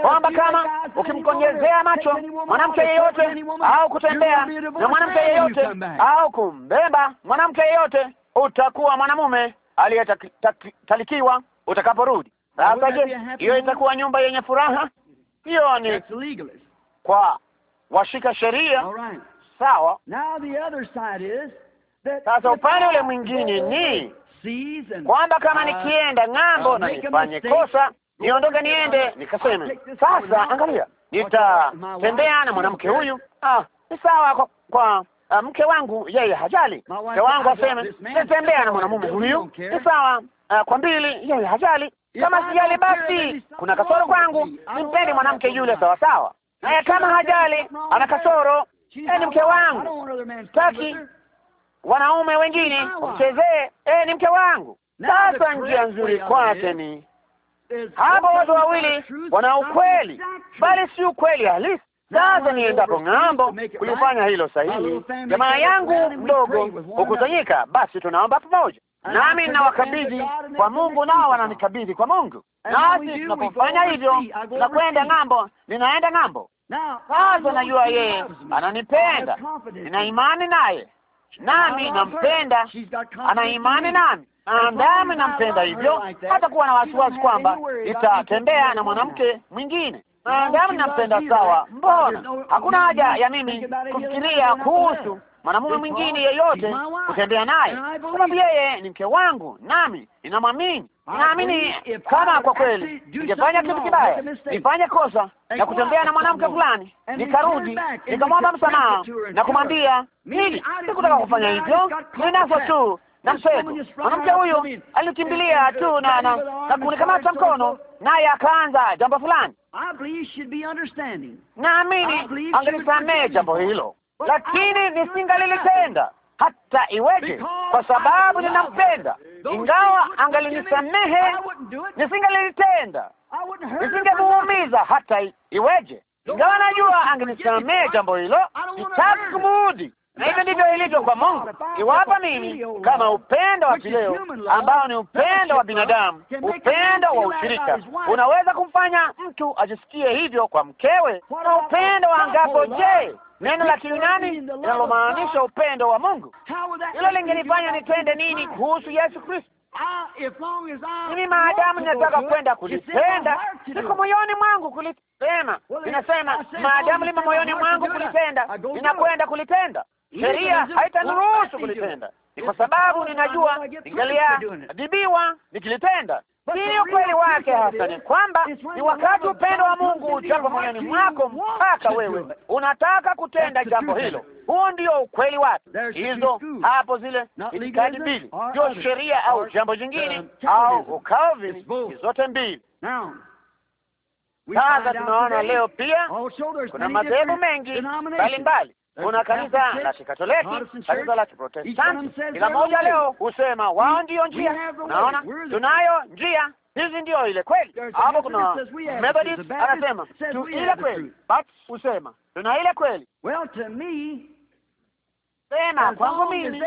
kwamba kama ukimkonyezea macho mwanamke yeyote au kutembea na mwanamke yeyote au kumbeba mwanamke yeyote, utakuwa mwanamume aliyetalikiwa utakaporudi. Sasa je, hiyo itakuwa nyumba yenye furaha? Hiyo ni kwa washika sheria, sawa. Sasa upande ule mwingine ni kwamba kama uh, nikienda ng'ambo uh, na nifanye kosa, niondoke niende nikaseme, sasa angalia, nitatembea na mwanamke huyu. Ah, ni sawa kwa, kwa Uh, mke wangu yeye hajali. Mke wangu aseme nitatembea na mwanamume huyu ni sawa. Uh, kwa mbili yeye hajali. Kama sijali, basi kuna kasoro kwangu. nimpende mwanamke yule sawasawa, naye kama hajali, ana kasoro ee, ni mke wangu, taki wanaume wengine wamchezee. Eh, ni mke wangu. Sasa njia nzuri kwake ni hapo, watu wawili wana ukweli, bali si ukweli halisi. Sasa niendapo ng'ambo kulifanya hilo sahihi, jamaa yangu mdogo hukusanyika, basi tunaomba pamoja nami ninawakabidhi kwa Mungu, nao wananikabidhi kwa Mungu. Nasi tunapofanya hivyo, nakwenda ng'ambo, ninaenda ng'ambo. Sasa najua yeye ananipenda, nina imani naye, nami nampenda, ana imani nami andami nampenda hivyo, hata kuwa na wasiwasi kwamba itatembea na mwanamke mwingine. Andami nampenda sawa. Mbona hakuna haja ya mimi kufikiria kuhusu mwanamume mwingine yeyote kutembea naye, sababu yeye ni mke wangu, nami ninamwamini. Ninaamini kama kwa kweli ningefanya kitu kibaya, nifanye kosa na kutembea na mwanamke fulani, nikarudi nikamwomba msamaha na kumwambia mimi sikutaka kufanya hivyo, ninazo tu na msego. Mwanamke huyu alikimbilia tu na na, na kunikamata mkono, naye akaanza jambo fulani. Naamini angenisamehe jambo hilo lakini nisingalilitenda hata iweje, kwa sababu ninampenda. Ingawa angalinisamehe, nisingalilitenda, nisingemuumiza hata iweje. Ingawa najua angenisamehe jambo hilo, sitaki kumuudhi. Na hivyo ndivyo ilivyo kwa Mungu. Iwapo mimi kama upendo wa kileo ambao ni upendo wa binadamu, upendo wa ushirika, unaweza kumfanya mtu ajisikie hivyo kwa mkewe na upendo wa angapo, je neno la Kiyunani linalomaanisha upendo wa Mungu. Hilo lingenifanya nitende nini kuhusu Yesu Kristo? Mimi maadamu ninataka kwenda kulipenda, siko moyoni mwangu kulisema ninasema maadamu limo moyoni mwangu kulipenda, ninakwenda kulipenda. Sheria haitaniruhusu kulipenda, ni kwa sababu ninajua ningaliadhibiwa nikilitenda hiyo ukweli wake hasa ni kwamba ni wakati upendo wa Mungu ujapo moyoni mwako mpaka wewe unataka kutenda jambo hilo. Huo ndio ukweli wake. Hizo hapo zile itikadi mbili, sio sheria au jambo jingine uh, au ukavi, zote mbili. Sasa tunaona leo pia kuna madhehebu mengi mbalimbali kuna kanisa la Kikatoliki, kanisa la Kiprotestanti, kila moja leo husema wao ndiyo njia. Unaona, tunayo njia hizi, ndio ile kweli. Hapo kuna Methodist anasema tu ile kweli, but husema tuna ile kweli sema kwangu mimi,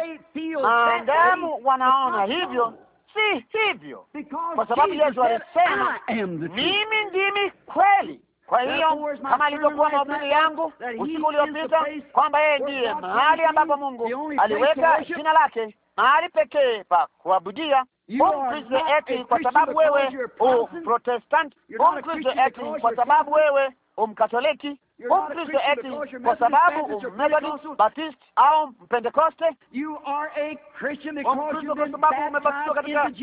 maadamu wanaona hivyo, si hivyo, kwa sababu Yesu alisema mimi ndimi kweli kwa hiyo kama alivyokuwa mahubiri yangu usiku uliopita, kwamba yeye ndiye mahali ambapo Mungu aliweka jina lake, mahali pekee pa kuabudia. Umkristo eti kwa sababu wewe Protestant, umkristo eti kwa sababu wewe Umkatoliki, Umkristo eti kwa sababu Umethodist, Baptist au Mpentekoste. Umkristo kwa sababu umebatizwa katika Yesu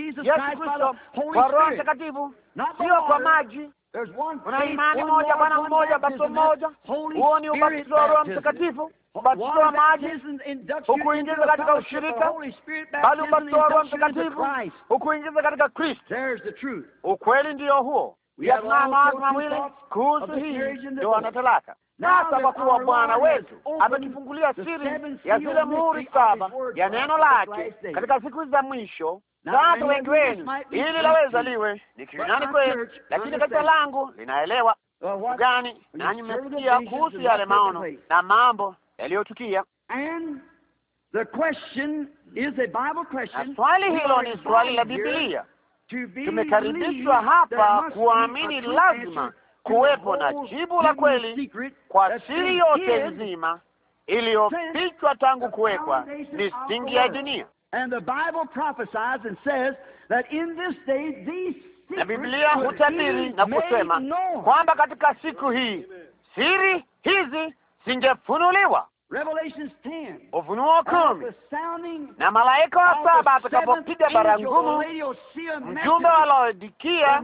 Kristo kwa Roho Mtakatifu, sio kwa maji, kuna imani moja, Bwana mmoja, baso mmoja. Huo ni ubatizo wa Roho Mtakatifu, ubatizo wa maji hukuingiza katika ushirika, bali ubatizo wa Roho Mtakatifu hukuingiza katika Kristo. Ukweli ndiyo huo. Yatunaa mawazo mawili kuhusu hii ndoa na talaka. Sasa kwa kuwa Bwana wetu ametufungulia siri ya zile muhuri saba ya neno lake katika siku za mwisho, watu wengi wenu ili laweza liwe ni kinani kwenu, lakini kanisa langu linaelewa gani, nanyi mmesikia kuhusu yale maono na mambo yaliyotukia. Na swali hilo ni swali la Biblia. Tumekaribishwa hapa kuamini lazima kuwepo na jibu la kweli kwa siri yote nzima iliyofichwa tangu kuwekwa misingi ya dunia. Na Biblia hutabiri na kusema kwamba katika siku hii siri hizi zingefunuliwa. Ufunuo kumi na malaika wa saba atakapopiga bara ngumu, mjumbe wa Laodikia,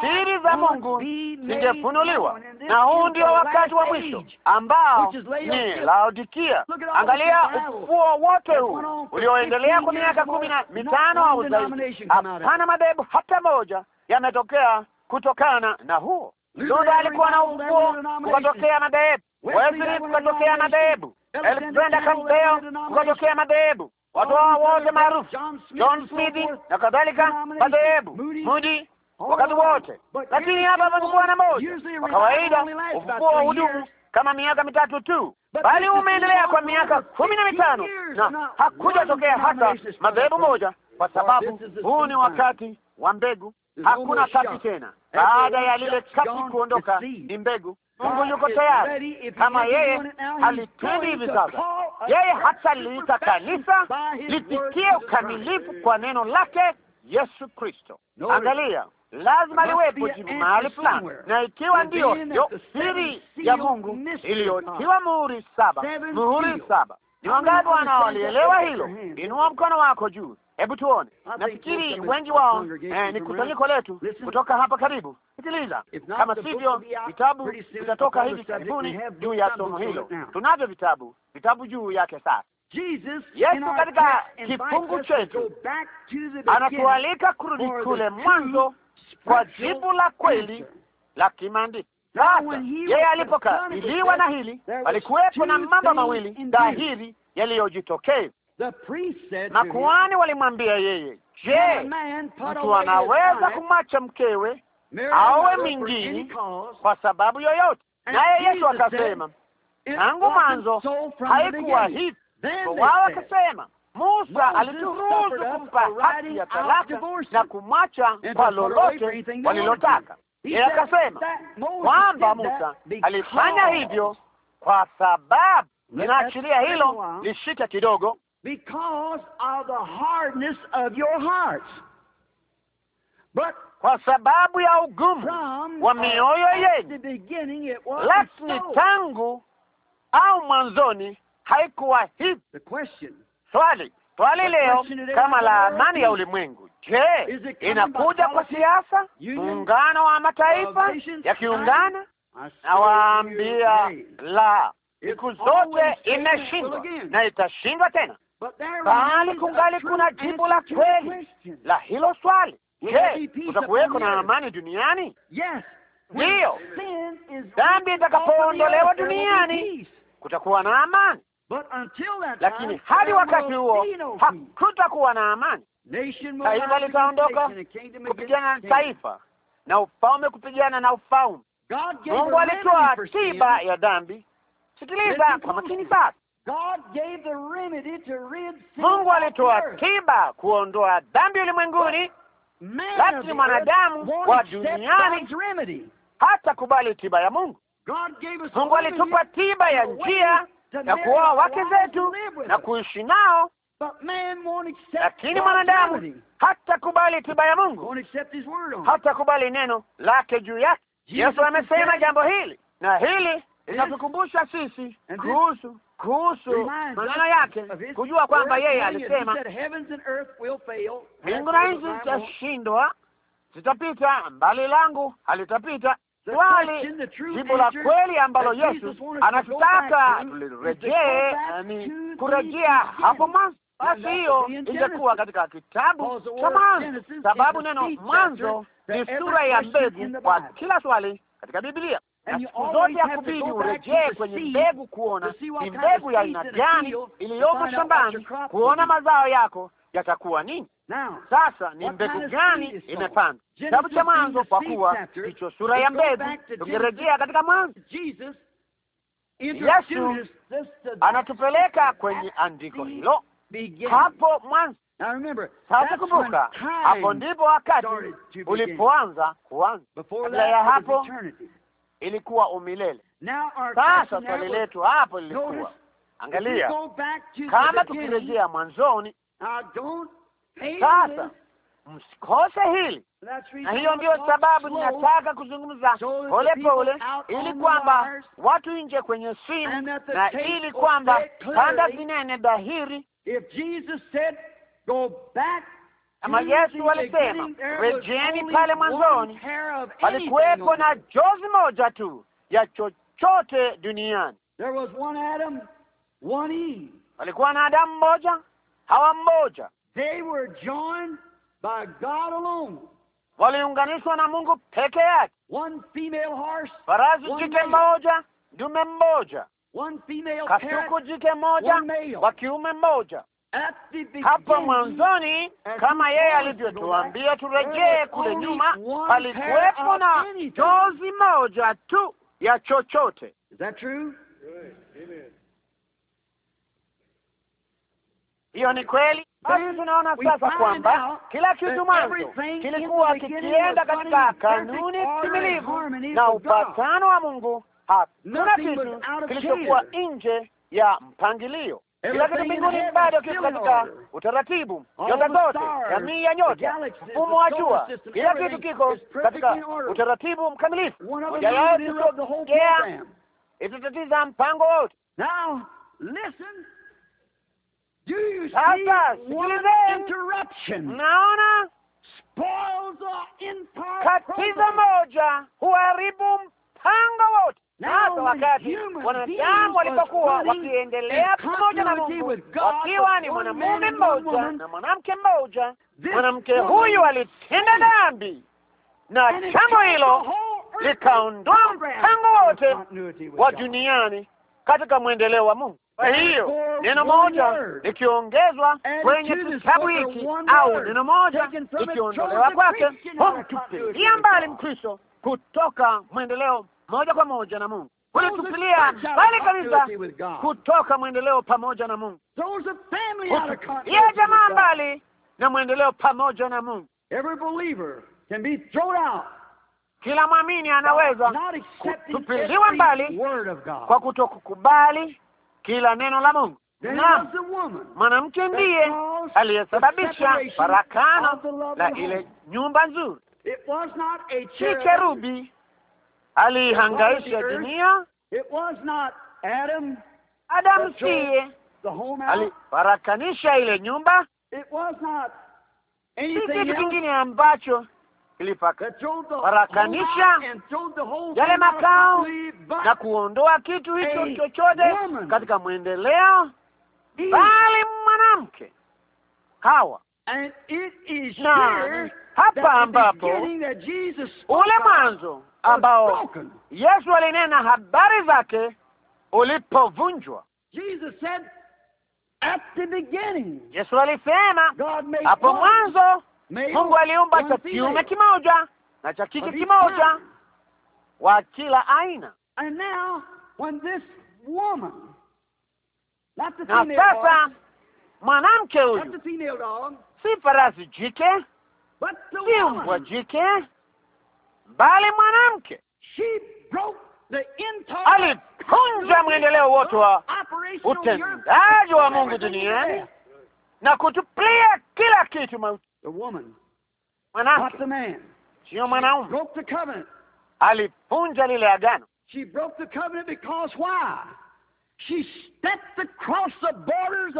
siri za Mungu zingefunuliwa, na huu ndio wakati wa mwisho ambao ni Laodikia. Angalia ufufuo wote huu ulioendelea kwa miaka kumi na mitano au zaidi, hapana madhehebu hata moja yametokea kutokana na huo. Luther alikuwa na ufufuo, kukatokea madhehebu Wesley kukatokea madhehebu, Alexander Campbell kukatokea madhehebu, watu hao wote maarufu, John Smith na kadhalika, madhehebu Moody wakati wote. Lakini hapa pakukuwa na moja. Kwa kawaida ufufuo hudumu kama miaka mitatu tu, bali umeendelea kwa miaka kumi na mitano na hakujatokea hata madhehebu moja, kwa sababu huu ni wakati wa mbegu. Hakuna kati tena. Baada ya lile kati kuondoka, ni mbegu Mungu yuko tayari. Kama yeye alitundi hivi sasa, yeye hataliita kanisa litikie ukamilifu kwa neno lake Yesu Kristo. Angalia, lazima liwepo jibu mahali fulani, na ikiwa ndiyo siri ya Mungu iliyotiwa muhuri saba, muhuri saba ni wangapi wanaolielewa hilo? Inua mkono wako juu, hebu tuone. Nafikiri wengi wao eh, ni kusanyiko letu kutoka hapa karibu. Sikiliza, kama sivyo, vitabu vitatoka hivi karibuni juu ya somo hilo. Tunavyo vitabu vitabu juu yake sasa. Yesu katika kifungu chetu anatualika kurudi kule mwanzo kwa jibu la kweli la kimaandiko. Sasa yeye alipokabiliwa na hili, palikuwepo na mambo mawili dhahiri yaliyojitokeza. Makuhani walimwambia yeye, je, mtu anaweza kumwacha mkewe awe mwingine kwa sababu yoyote? Naye Yesu akasema, tangu mwanzo haikuwa hivi. Wao akasema Musa alituruhusu kumpa haki ya talaka na kumwacha kwa lolote walilotaka akasema kwamba Musa alifanya hivyo kwa sababu, ninaachilia hilo lishike kidogo, kwa sababu ya ugumu wa mioyo yenu, lakini tangu au mwanzoni haikuwa hivi. Swali swali leo kama la amani ya ulimwengu Je, inakuja kwa siasa, muungano wa mataifa yakiungana? Nawaambia la, siku zote imeshindwa na itashindwa tena, bali kungali kuna jibu la kweli la hilo swali. Je, kutakuweko na amani duniani? Ndiyo, dhambi itakapoondolewa duniani kutakuwa na amani, lakini hadi wakati huo hakutakuwa na amani taifa litaondoka kupigana na taifa na ufalme kupigana na ufalme. Mungu alitoa tiba ya dhambi. Sikiliza kwa makini sana, Mungu alitoa tiba kuondoa dhambi ulimwenguni, lakini mwanadamu wa duniani hata kubali tiba ya Mungu. Mungu alitupa tiba ya njia ya kuoa wake zetu na kuishi nao lakini mwanadamu hata kubali tiba ya Mungu, hata kubali neno lake juu yake. Yesu amesema jambo hili na hili inatukumbusha sisi kuhusu kuhusu maneno yake, kujua kwamba yeye alisema mbingu na nchi zitashindwa, zitapita, mbali langu halitapita. Swali jibu la kweli ambalo Yesu anataka tulirejee ni kurejea hapo mwanzo. Basi hiyo ingekuwa katika kitabu cha Mwanzo, sababu neno mwanzo ni sura ya mbegu kwa kila swali katika Biblia na siku zote ya kubidi urejee kwenye mbegu kuona ni mbegu ya aina gani iliyoko shambani, kuona mazao yako yatakuwa nini. Sasa ni mbegu gani imepandwa? Kitabu cha Mwanzo, kwa kuwa ndicho sura ya mbegu. Tukirejea katika Mwanzo, Yesu anatupeleka kwenye andiko hilo hapo mwanzo. Sasa kumbuka, hapo ndipo wakati ulipoanza kuanza. Kabla ya hapo ilikuwa umilele. Sasa swali letu hapo lilikuwa, angalia, kama tukirejea mwanzoni sasa msikose hili na hiyo ndiyo sababu ninataka kuzungumza polepole ili kwamba watu nje kwenye simu na ili kwamba kanda zinene dhahiri kama Yesu alisema rejeni pale mwanzoni, palikuwepo na jozi moja tu ya chochote duniani. Palikuwa na Adamu mmoja, Hawa mmoja. Waliunganishwa na Mungu peke yake. Farasi jike mmoja, dume mmoja kasuku jike moja wa kiume mmoja. Hapo mwanzoni, kama yeye alivyotuambia turejee kule nyuma, palikuwepo na jozi moja tu ya chochote. Hiyo ni kweli. Basi tunaona sasa kwamba kila kitu mwanzo kilikuwa kikienda katika kanuni timilivu na upatano wa Mungu hakuna kitu kilichokuwa nje ya mpangilio. Kila kitu mbinguni bado kiko katika utaratibu, nyota zote, jamii ya nyota, mfumo wa jua, kila kitu kiko katika utaratibu mkamilifu, moja yao itatatiza mpango wote. Sasa sikilizeni, naona katiza moja huharibu mpango wote. Sasa wakati wanadamu walipokuwa wakiendelea pamoja na Mungu, wakiwa ni mwanamume mmoja na mwanamke mmoja, mwanamke huyu alitenda dhambi, na jambo hilo likaondoa mpango wote wa duniani katika mwendeleo wa Mungu. Kwa hiyo neno moja likiongezwa kwenye kitabu hiki au neno moja likiondolewa kwake, humtupilia mbali Mkristo kutoka mwendeleo moja kwa moja na Mungu, kulitupilia bali kabisa kutoka mwendeleo pamoja na Mungu, ya jamaa mbali na mwendeleo pamoja na Mungu. Kila mwamini anaweza kutupiliwa mbali kwa kutokukubali kila neno la Mungu. na mwanamke ndiye aliyesababisha farakano la ile nyumba nzuri, si kerubi aliihangaisha dunia. Adamu siye alifarakanisha ile nyumba, si kitu kingine ambacho kiliparakanisha yale makao na kuondoa kitu hicho chochote katika mwendeleo, bali mwanamke Hawa na hapa ambapo ule mwanzo ambao Yesu alinena habari zake ulipovunjwa. Yesu alisema hapo mwanzo Mungu aliumba cha kiume kimoja na cha kike kimoja wa kila aina. Na sasa mwanamke huyu si farasi jike, si mbwa jike bali mwanamke alivunja mwendeleo wote wa utendaji wa Mungu duniani na kutupilia kila kitu Mwanamke sio mwanaume, alivunja lile agano.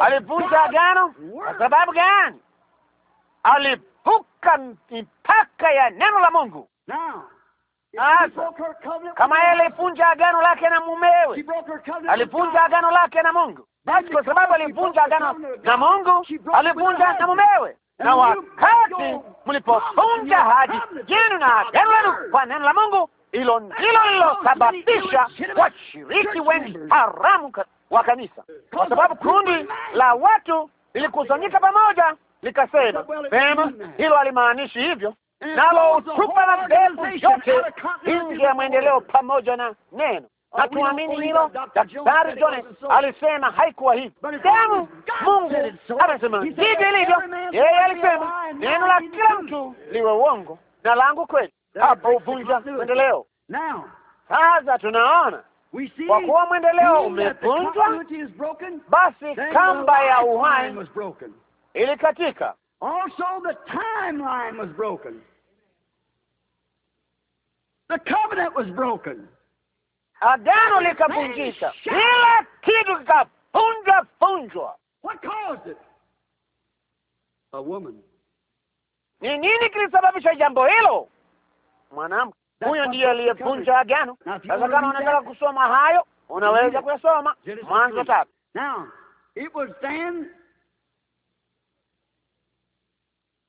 Alivunja agano kwa sababu gani? Alivuka mipaka ya neno la Mungu. Ah, Sasa kama yeye alivunja agano lake na mumewe, alivunja agano lake na Mungu, basi kwa sababu alivunja agano na Mungu, alivunja na mumewe. Na wakati mlipovunja hadi jenu na agano lenu kwa neno la Mungu, hilo ndilo lilosababisha washiriki wengi haramu wa kanisa, kwa sababu kundi la watu lilikusanyika pamoja likasema, vema, hilo halimaanishi hivyo nalo utupa la mbegu yote nje ya mwendeleo pamoja na neno na hilo. Daktari John alisema haikuwa hivi damu. Mungu amesema hivi ilivyo. Yeye alisema neno la kila mtu liwe uongo na langu kweli. Hapo uvunja mwendeleo. Sasa tunaona kwa kuwa mwendeleo umevunjwa, basi kamba ya uhai ilikatika. Agano likavunjika, kila kitu kikapunjwa punjwa. Ni nini kilisababisha jambo hilo? Mwanamke huyo ndiye aliyevunja agano. Sasa kama unataka kusoma hayo, unaweza kuyasoma Mwanzo tatu.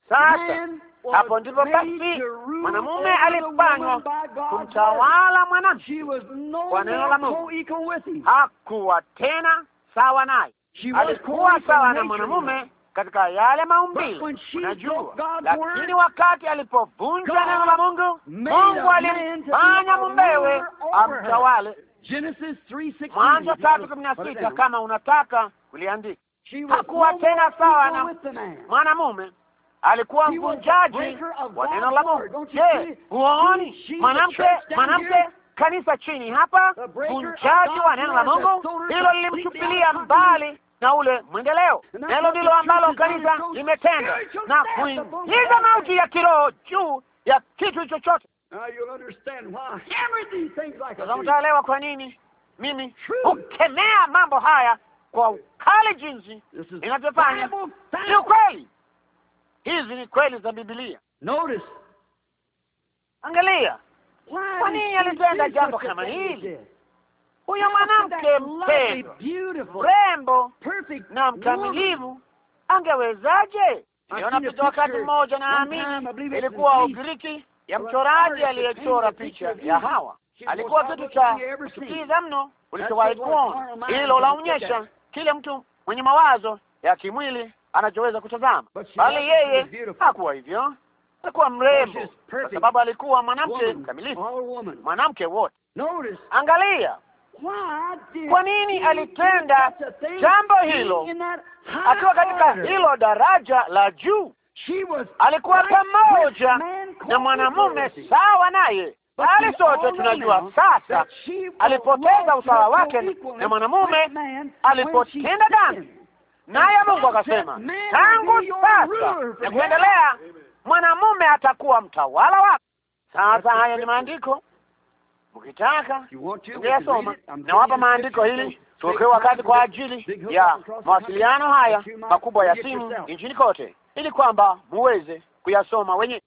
Sasa hapo ndipo basi mwanamume alifanywa kumtawala mwanamke kwa neno la Mungu. Hakuwa tena sawa naye, alikuwa sawa na mwanamume katika yale maumbile, unajua. Lakini wakati alipovunja neno la Mungu, Mungu alimfanya mumbewe amtawale. Mwanzo tatu kumi na sita kama unataka kuliandika. Hakuwa tena sawa na mwanamume alikuwa mvunjaji wa neno la Mungu. Je, huoni mwanamke mwanamke kanisa chini hapa, mvunjaji wa neno la Mungu? Hilo lilimtupilia mbali na ule mwendeleo. Nalo ndilo ambalo kanisa limetenda na kuingiza mauti ya kiroho juu ya kitu chochote. Sasa mtaelewa kwa nini mimi hukemea mambo haya kwa ukali jinsi inavyofanya. Ni ukweli, Hizi ni kweli za Biblia. Notice, angalia, kwa nini alitenda jambo kama hili? Huyo mwanamke mpendwa, mrembo na mkamilivu, angewezaje? Niona picha wakati mmoja, naamini ilikuwa Ugiriki, ya mchoraji aliyechora picha ya Hawa. Alikuwa kitu cha kuchukiza mno ulichowahi kuona. Hilo laonyesha kile mtu mwenye mawazo ya kimwili anachoweza kutazama, bali yeye hakuwa hivyo. Alikuwa mrembo kwa sababu alikuwa mwanamke mkamilifu, mwanamke wote. Angalia kwa nini alitenda jambo hilo akiwa katika hilo daraja la juu. Alikuwa pamoja na mwanamume sawa naye, bali sote tunajua sasa alipoteza usawa wake na mwanamume alipotenda dhambi. Naye Mungu akasema, tangu sasa na kuendelea mwanamume atakuwa mtawala wako. Sasa haya ni maandiko, mkitaka kuyasoma, nawapa maandiko hili tuokewe wakati kwa ajili ya mawasiliano haya makubwa ya simu nchini kote, ili kwamba muweze kuyasoma wenyewe.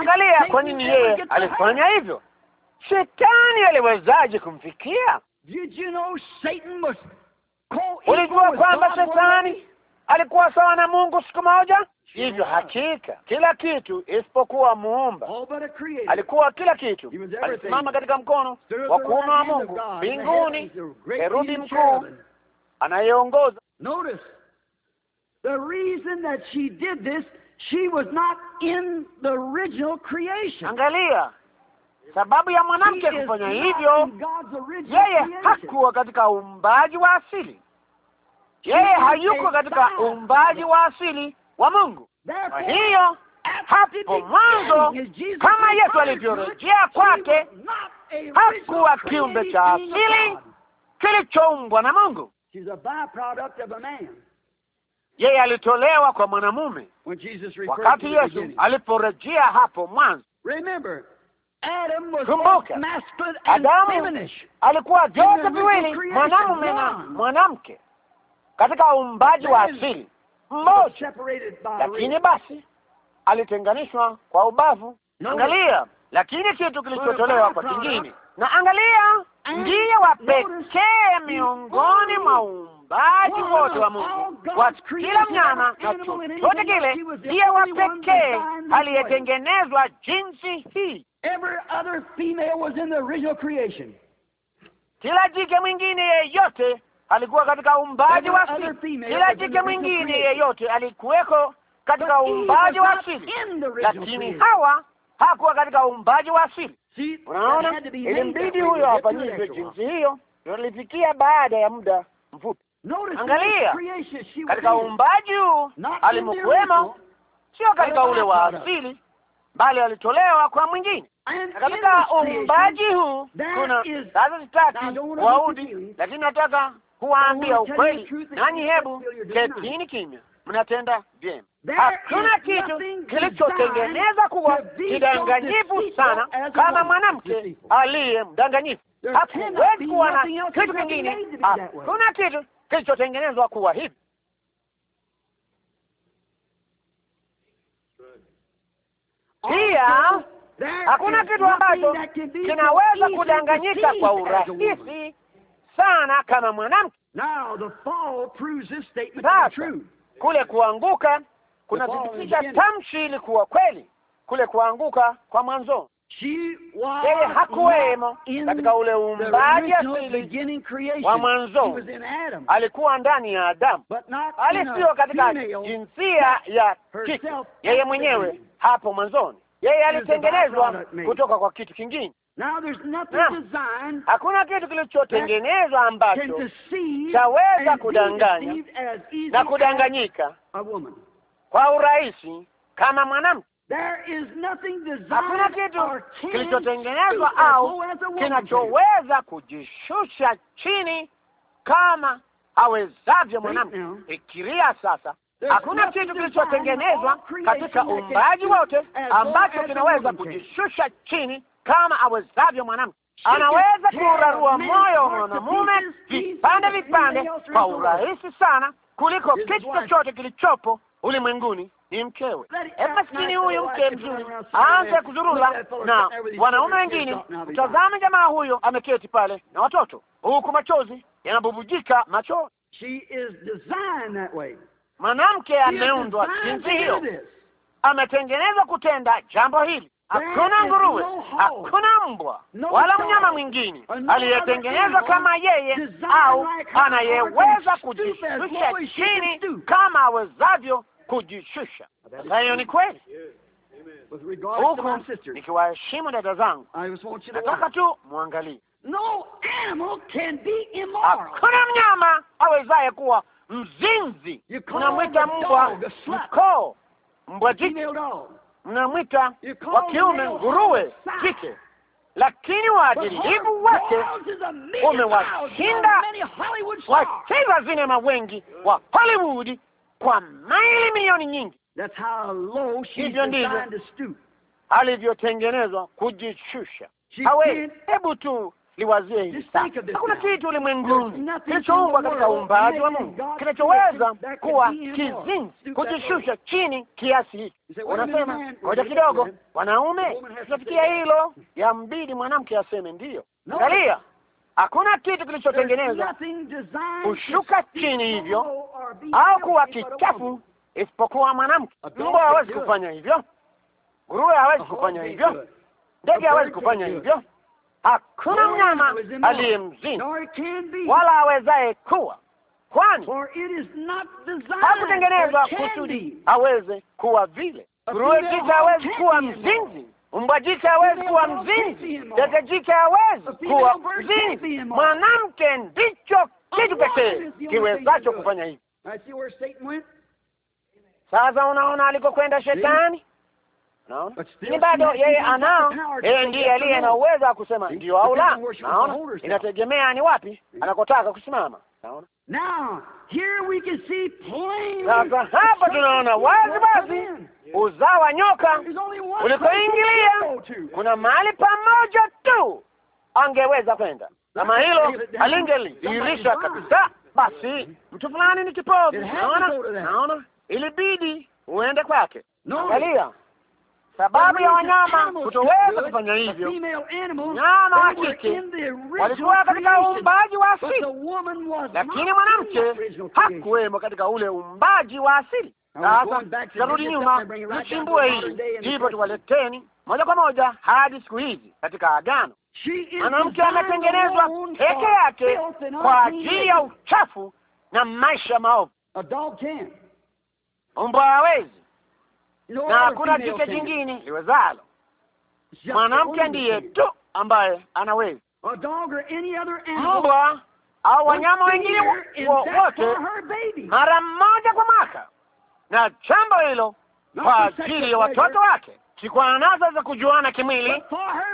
Angalia kwa nini yeye alifanya hivyo. Shetani aliwezaje kumfikia? Ulijua kwamba shetani alikuwa sawa na Mungu siku moja? Hivyo hakika kila kitu isipokuwa muumba alikuwa kila kitu. Alisimama katika mkono wa kuume wa Mungu mbinguni, herubi mkuu anayeongoza. Angalia Sababu ya mwanamke kufanya hivyo, yeye hakuwa katika uumbaji wa asili, yeye hayuko katika uumbaji wa asili wa Mungu. Kwa hiyo hapo mwanzo, kama Yesu alivyorejea kwake, hakuwa kiumbe cha asili kilichoumbwa na Mungu. Yeye alitolewa kwa mwanamume wakati Yesu aliporejea hapo mwanzo. Kumbuka, Adamu alikuwa vyote viwili, mwanamume na mwanamke katika uumbaji wa asili mmoja, lakini basi alitenganishwa kwa ubavu. Angalia, lakini kitu kilichotolewa kwa kingine, na angalia ndiye wa pekee miongoni mwa uumbaji wote wa Mungu, wa kila mnyama na chochote kile. Ndiye wa pekee aliyetengenezwa jinsi hii. Kila jike mwingine yeyote alikuwa katika uumbaji wa asili. Kila jike mwingine yeyote alikuweko katika uumbaji wa asili, lakini Hawa hakuwa katika uumbaji wa asili. Unaona, ilimbidi huyo afanyizwe jinsi hiyo. Tunalifikia baada ya muda mfupi. Angalia katika uumbaji huu alimkwema, sio katika ule wa asili, bali alitolewa kwa mwingine. Katika uumbaji huu kuna sasa, sitaki waudi, lakini nataka kuwaambia ukweli, nanyi hebu ketini kimya mnatenda vyema. Hakuna kitu kilichotengeneza kuwa kidanganyifu sana kama mwanamke aliye mdanganyifu. Hakuwezi kuwa na kitu kingine, hakuna kitu kilichotengenezwa kuwa hivi. Pia hakuna kitu ambacho kinaweza kudanganyika kwa urahisi sana kama mwanamke. Kule kuanguka kunathibitisha tamshi ilikuwa kweli, kule kuanguka kwa mwanzo. Yeye hakuwemo katika ule umbaji asili wa mwanzo, alikuwa ndani ya Adamu, bali sio katika jinsia ya kike. Yeye mwenyewe hapo mwanzoni, yeye alitengenezwa kutoka kwa kitu kingine hakuna kitu kilichotengenezwa ambacho chaweza kudanganya na kudanganyika kwa urahisi kama mwanamke. Hakuna kitu kilichotengenezwa au kinachoweza kujishusha chini kama awezavyo mwanamke. Fikiria sasa, hakuna kitu kilichotengenezwa katika uumbaji wote ambacho kinaweza kujishusha chini kama awezavyo mwanamke. Anaweza kurarua moyo mwanamume vipande vipande kwa urahisi sana kuliko kitu chochote kilichopo ulimwenguni ni mkewe. Eh, maskini huyu mke mzuri aanze kuzurula na wanaume wengine. Mtazame jamaa huyo ameketi pale na watoto, huku machozi yanabubujika macho. Mwanamke ameundwa jinsi hiyo, ametengenezwa kutenda jambo hili hakuna nguruwe, hakuna mbwa wala mnyama mwingine aliyetengenezwa kama yeye au anayeweza kujishusha chini kama awezavyo kujishusha. Hayo ni kweli. Huku nikiwaheshimu dada zangu, nataka tu mwangalie, hakuna mnyama awezaye kuwa mzinzi. Unamwita mbwa mkoo, mbwa jike mnamwita wa kiume nguruwe kike, lakini waadilibu wake umewashinda wacheza sinema wengi wa Hollywood kwa maili milioni nyingi. Hivyo ndivyo alivyotengenezwa kujishusha. Hawe hebu tu liwazie hili Hakuna kitu ulimwenguni kilichoumbwa katika uumbaji wa Mungu kinachoweza kuwa kizinzi, kujishusha chini kiasi hiki. Unasema ngoja kidogo, wanaume tunafikia hilo, yambidi mwanamke aseme ndiyo. Angalia, hakuna kitu kilichotengenezwa kushuka chini hivyo au kuwa kichafu isipokuwa mwanamke. Mbwa hawezi kufanya hivyo, nguruwe hawezi kufanya hivyo, ndege hawezi kufanya hivyo Hakuna mnyama aliye mzini wala awezaye kuwa, kwani hakutengenezwa kusudi aweze kuwa vile. Nguruwe jike hawezi kuwa mzinzi, mbwa jike hawezi kuwa mzinzi, tete jike hawezi kuwa mzinzi. Mwanamke ndicho kitu pekee kiwezacho kufanya hivi. Sasa unaona alikokwenda shetani naona, bado yeye anao, yeye ndiye aliye na uwezo wa kusema ndio au la. Naona inategemea ni wapi anakotaka kusimama. Naona sasa hapa tunaona wazi wazi uzao wa nyoka ulikoingilia, kuna mahali pamoja tu angeweza kwenda. Kama hilo alingeliirisha kabisa, basi mtu fulani ni kipofu. Naona, naona ilibidi uende kwake. Angalia sababu ya wanyama kutoweza kufanya hivyo. Nyama wa kike walikuwa katika uumbaji wa asili, lakini mwanamke hakuwemo katika ule uumbaji wa asili. Sasa tarudi nyuma, mchimbue hii, ndipo tuwaleteni moja kwa moja hadi siku hizi katika Agano. Mwanamke ametengenezwa peke yake kwa ajili ya uchafu na maisha maovu. Mbwa hawezi na hakuna jicho jingine liwezalo. Mwanamke ndiye tu ambaye anaweza. Mbwa au wanyama wengine wowote, mara mmoja kwa mwaka, na jambo hilo kwa ajili ya watoto wake, si kwa anasa za kujuana kimwili,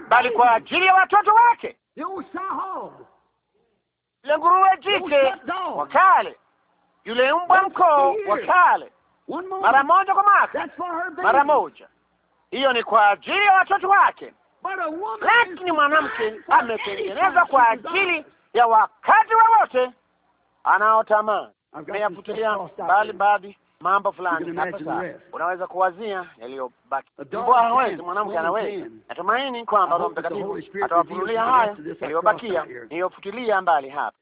bali kwa ajili ya watoto wake. Yule nguruwe jike wakale, yule mbwa mkoo wakale mara moja kwa mwaka, mara moja. Hiyo ni kwa ajili ya watoto wake, lakini mwanamke ametengenezwa kwa ajili ya wakati wowote wa anaotamaa. Ameyafutilia mbali baadhi mambo fulani hapa. Sasa unaweza kuwazia yaliyobaki. Mbwa hawezi, mwanamke anaweza. Natumaini kwamba Roho Mtakatifu atawafunulia haya yaliyobakia niyofutilia mbali hapa.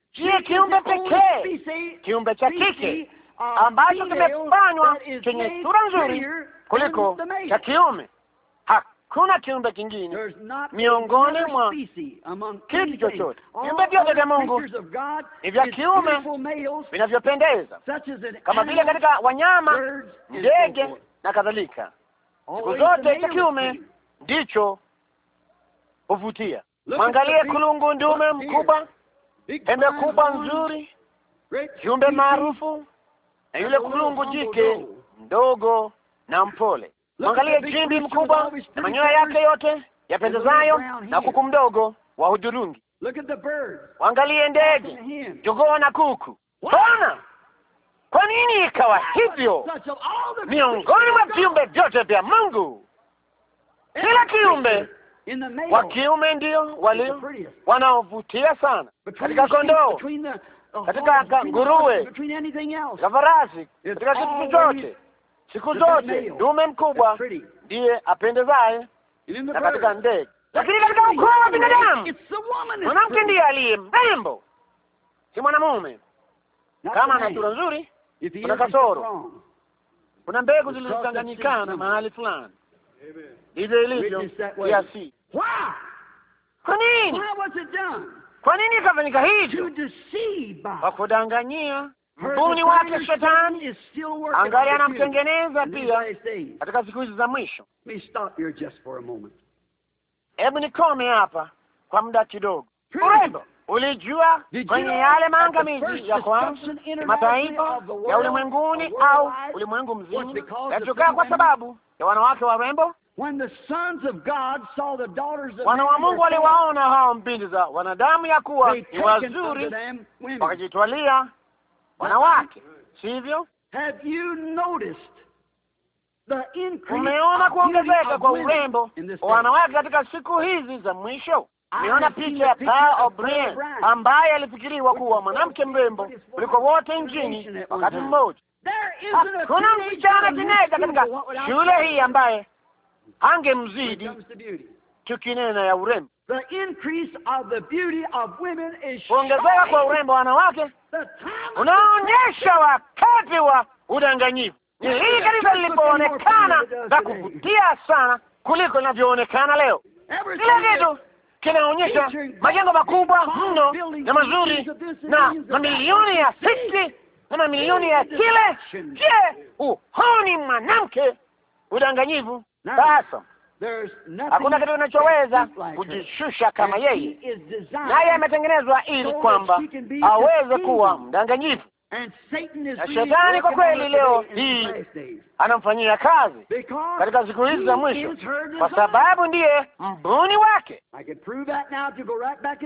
kiumbe pekee, kiumbe cha kike Ah, ambacho kimefanywa chenye sura nzuri kuliko cha kiume. Hakuna kiumbe kingine miongoni mwa kitu chochote, viumbe vyote vya Mungu ni vya kiume vinavyopendeza, kama vile katika wanyama, ndege na kadhalika. Siku zote cha kiume ndicho huvutia. Mwangalie kulungu ndume mkubwa, pembe kubwa nzuri, kiumbe maarufu na yule kulungu jike mdogo na mpole. Mwangalie jimbi mkubwa na manyoya yake yote yapendezayo na kuku mdogo wa hudhurungi. Waangalie ndege, jogoo na kuku. Bwana, kwa nini ikawa hivyo? Miongoni mwa viumbe vyote vya Mungu, kila kiumbe wa kiume ndio walio wanaovutia sana katika kondoo, katika nguruwe, katika farasi, katika kitu chochote. Siku zote dume mkubwa ndiye apendezaye, na katika ndege. Lakini katika ukoo wa binadamu mwanamke ndiye aliye mrembo, si mwanamume. Kama ana sura nzuri, kuna kasoro, kuna mbegu zilizochanganyikana mahali fulani. Ndivyo ilivyo. Kwa nini? Kwa nini ikafanyika hivyo? Kwa kudanganyia. Mbuni wake Shetani angali anamtengeneza pia katika siku hizi za mwisho. Hebu nikome hapa kwa muda kidogo. Urembo ulijua kwenye yale maangamizi ya kwanza mataifa ya ulimwenguni au ulimwengu mzima yatokaa kwa sababu ya wanawake warembo. Wana wa Mungu waliwaona hao mbindi za wanadamu ya kuwa ni wazuri, wakajitwalia wanawake, sivyo? Umeona kuongezeka kwa urembo wa wanawake katika siku hizi za mwisho? Niona picha ya Pearl O'Brien ambaye alifikiriwa kuwa mwanamke mrembo kuliko wote nchini wakati mmoja. Kuna msichana Tineka katika shule hii ambaye ange mzidi tukinena ya urembo, kuongezeka kwa urembo wa wanawake unaonyesha wakati wa udanganyifu. Ni hili kanisa lilipoonekana za kuvutia sana kuliko linavyoonekana leo. Kila kitu kinaonyesha majengo makubwa mno na mazuri na mamilioni ya sisi na mamilioni ya kile. Je, uhoni mwanamke udanganyifu sasa hakuna kitu kinachoweza kujishusha kama yeye, naye ametengenezwa ili kwamba aweze kuwa mdanganyifu. Na shetani kwa kweli leo hii anamfanyia kazi katika siku hizi za mwisho, kwa sababu ndiye mbuni wake.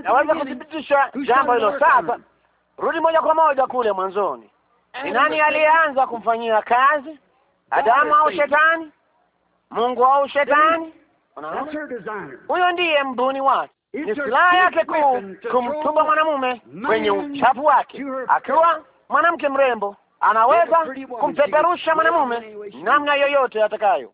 Naweza kuthibitisha jambo hilo sasa. Rudi moja kwa moja kule mwanzoni, ni nani aliyeanza kumfanyia kazi, Adamu au shetani? Mungu au shetani. Huyo ndiye mbuni wake, ni silaha yake kuu kumtupa mwanamume kwenye uchafu wake. Akiwa mwanamke mrembo, anaweza kumpeperusha mwanamume namna yoyote atakayo.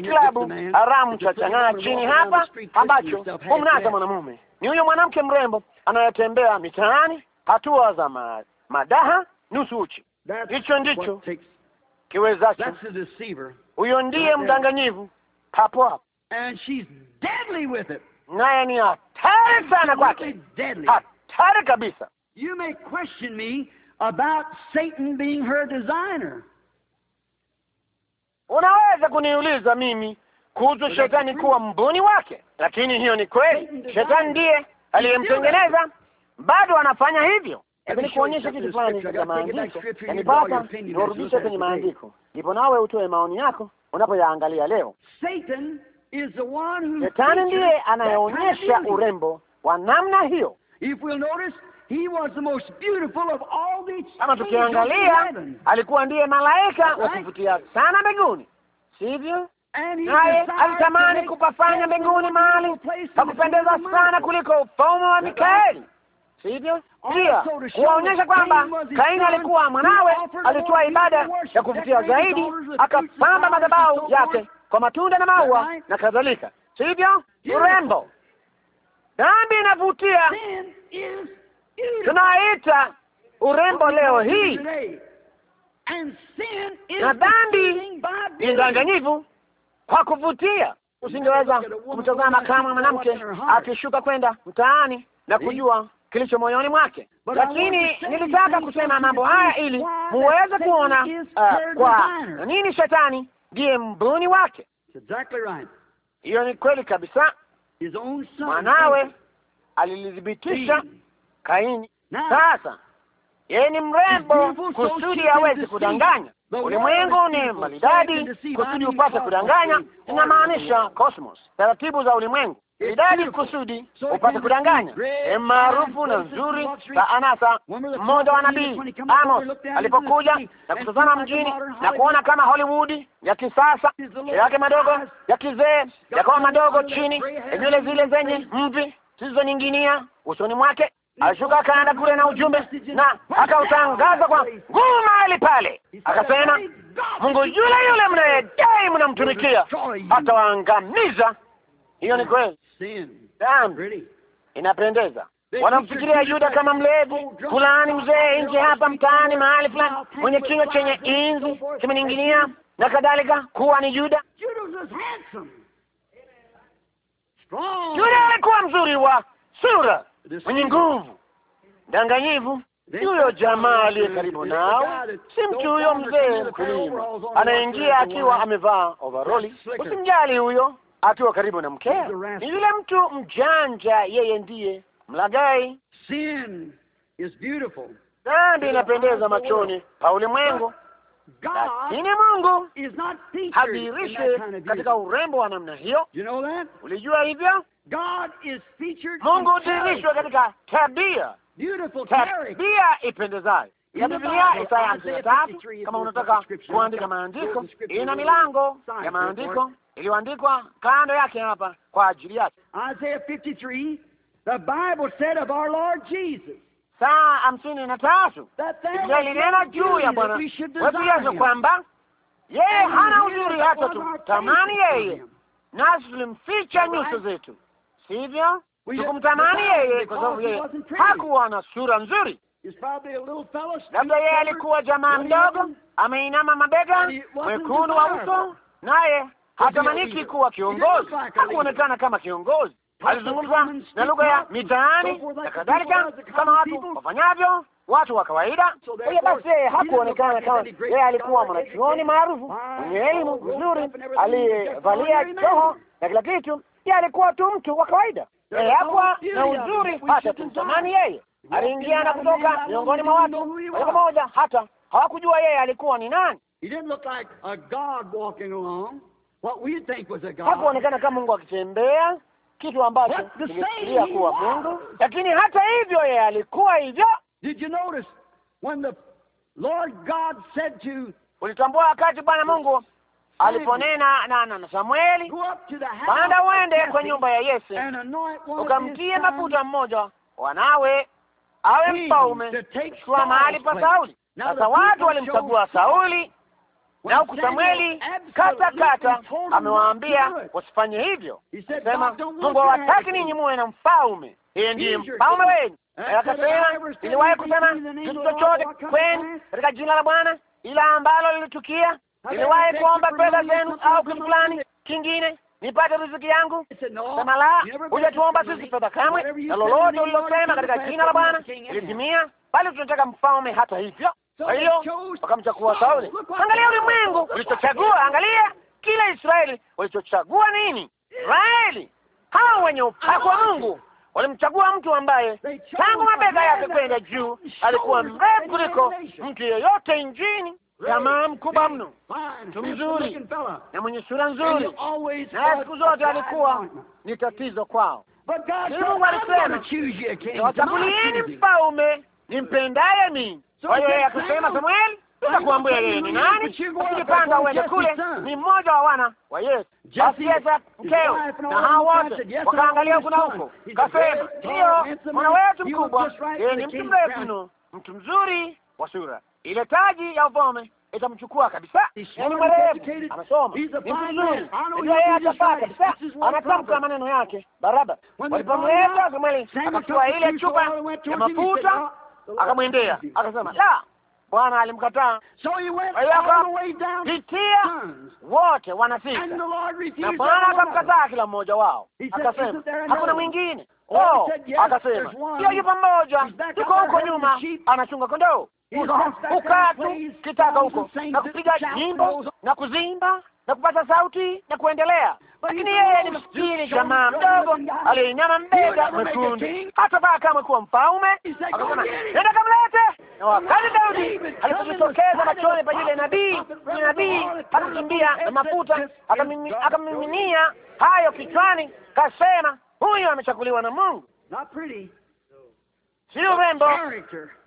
Kilabu haramu cha chang'aa chini hapa ambacho humnasa mwanamume ni huyo mwanamke mrembo anayetembea mitaani, hatua za ma, madaha nusu uchi. Hicho ndicho kiwezacho huyo ndiye mdanganyivu papo hapo, naye ni hatari sana kwake, hatari kabisa. You may question me about Satan being her designer. Unaweza kuniuliza mimi kuhusu shetani kuwa mbuni wake, lakini hiyo ni kweli. Shetani ndiye aliyemtengeneza, bado anafanya hivyo hebu nikuonyesha kitu fulani katika maandiko, yanipata niwarudishe kwenye maandiko, ndipo nawe utoe maoni yako unapoyaangalia leo. Shetani ndiye anayeonyesha urembo wa namna hiyo. Kama tukiangalia, alikuwa ndiye malaika wa kuvutia sana mbinguni, sivyo? Naye alitamani kupafanya mbinguni mahali pa kupendeza sana kuliko ufalme wa Mikaeli sivyo? Pia kuwaonyesha kwamba Kaini alikuwa mwanawe, alitoa ibada ya kuvutia zaidi, akapamba madhabahu yake kwa matunda na maua na kadhalika, sivyo? Urembo, dhambi inavutia, tunaita urembo leo hii, na dhambi ni danganyivu kwa kuvutia. Usingeweza kumtazama kama mwanamke akishuka kwenda mtaani na kujua kilicho moyoni mwake, lakini nilitaka kusema mambo haya ili muweze kuona uh, kwa nini shetani ndiye mbuni wake. Hiyo ni kweli kabisa. Mwanawe alilithibitisha Kaini. Sasa yeye ni mrembo kusudi aweze kudanganya ulimwengu. Ni maridadi kusudi upate kudanganya, inamaanisha cosmos, taratibu za ulimwengu idadi kusudi upate kudanganya maarufu na nzuri za anasa. Mmoja wa nabii Amos alipokuja na kutazama mjini na kuona kama Hollywood ya kisasa yake madogo ya kizee yakawa madogo chini, nywele zile zenye mvi zilizoning'inia usoni mwake, alishuka akaenda kule na ujumbe na akautangaza kwa nguvu mahali pale, akasema Mungu yule yule mnayedai mnamtumikia atawaangamiza. Hiyo ni kweli. Naam, inapendeza. Wanamfikiria Yuda kama mlevu fulani, mzee nje hapa mtaani mahali fulani, mwenye kinywa chenye inzi kimening'inia na kadhalika, kuwa ni Yuda. Yuda alikuwa mzuri wa sura, mwenye nguvu, danganyivu. Huyo jamaa aliye karibu nao si mtu huyo mzee mkulima, anaingia akiwa amevaa ovaroli. Usimjali huyo akiwa karibu na mkeo. Ni yule mtu mjanja, yeye ndiye mlagai. Dhambi inapendeza machoni pa ulimwengu, lakini Mungu hadhirishwe katika urembo wa namna hiyo. Ulijua hivyo? Mungu hudhirishwe katika tabia, tabia ipendezayo ya Biblia. Isaya hamsini na tatu. Kama unataka kuandika maandiko, ina milango ya maandiko iliyoandikwa kando yake hapa kwa ajili yake. Isaiah 53 the Bible said of our Lord Jesus saa hamsini na tatu Biblia ilinena juu ya Bwana wetu Yesu kwamba yeye hana uzuri hata tu tamani yeye, nasi tulimficha nyuso zetu, sivyo? Tukumtamani yeye kwa sababu yeye hakuwa na sura nzuri. Labda yeye alikuwa jamaa mdogo, ameinama mabega, mwekundu wa uso, naye hatamaniki kuwa kiongozi, hakuonekana kama kiongozi. Alizungumza na lugha ya mitaani na kadhalika, kama watu wafanyavyo watu wa kawaida. Kwa hiyo basi, yeye hakuonekana kama yeye alikuwa mwanachuoni maarufu mwenye elimu nzuri, aliyevalia joho na kila kitu. Yeye alikuwa tu mtu wa kawaida, hakuwa na uzuri hata tumtamani yeye. Aliingia na kutoka miongoni mwa watu moja kwa moja, hata hawakujua yeye alikuwa ni nani hakuonekana kama Mungu akitembea, kitu ambacho kilifikiria kuwa Mungu, lakini hata hivyo yeye alikuwa hivyo. Ulitambua wakati Bwana Mungu aliponena na na Samueli, panda uende kwa nyumba ya Yese ukamtie mafuta mmoja wanawe awe mfalme, kwa mahali pa Sauli. Sasa watu walimchagua Sauli na huku Samueli kata kata amewaambia wasifanye hivyo, sema Mungu hawataki ninyi muwe na mfalme, yeye ndiye mfalme wenu. Akasema iliwahi kusema kitu chochote kwenu katika jina la Bwana ila ambalo lilitukia. Iliwahi kuomba pesa zenu au kitu fulani kingine nipate riziki yangu? Sema la, hujatuomba sisi fedha kamwe, na lolote ulilosema katika jina la Bwana ilitimia, bali tunataka mfalme hata hivyo kwa hiyo wakamchagua Sauli. Angalia ulimwengu ulichochagua, angalia kila Israeli walichochagua nini? Israeli hao wenye upako wa Mungu walimchagua mtu ambaye tangu mabega yake kwenda juu alikuwa mrefu kuliko mtu yeyote nchini. Jamaa mkubwa mno, mtu mzuri na mwenye sura nzuri, siku zote alikuwa ni tatizo kwao. Mungu alisema, wachagulieni mfalme nimpendaye mimi kwa hiyo yeye akasema, Samueli, nitakuambia yeye ni nani, lakini uende kule. Ni mmoja wa wana wa Yesu, asieza mkeo, na hao wote wakaangalia kuna huko, kasema oh, ndiyo, mwana wetu mkubwa, yeye ni mtu mrefu mno, mtu mzuri wa sura, ile taji ya ufalme itamchukua kabisa. Ni mwerevu, amesoma, ni mtu mzuri, yeye atafaa kabisa. Anatamka maneno yake barabara. Walipomleta Samueli, akachukua ile chupa ya mafuta oh, akamwendea akasema, la Bwana alimkataa. Pitia wote wanafika, na Bwana akamkataa kila mmoja wao, akasema hakuna mwingine. Oh, akasema hiyo, yupo mmoja, tuko huko nyuma, anachunga kondoo ukatu kitaka huko na kupiga nyimbo na kuzimba na kupata sauti na kuendelea lakini yeye ni maskini jamaa mdogo aliyeinama mbega mwekundu, hatavaa kamwe kuwa mfalme. Akasema, nenda kamlete. Na wakati Daudi alipojitokeza machoni pa yule nabii, yule nabii akakimbia na mafuta akamiminia hayo kichwani, kasema, huyu amechaguliwa na Mungu, si urembo,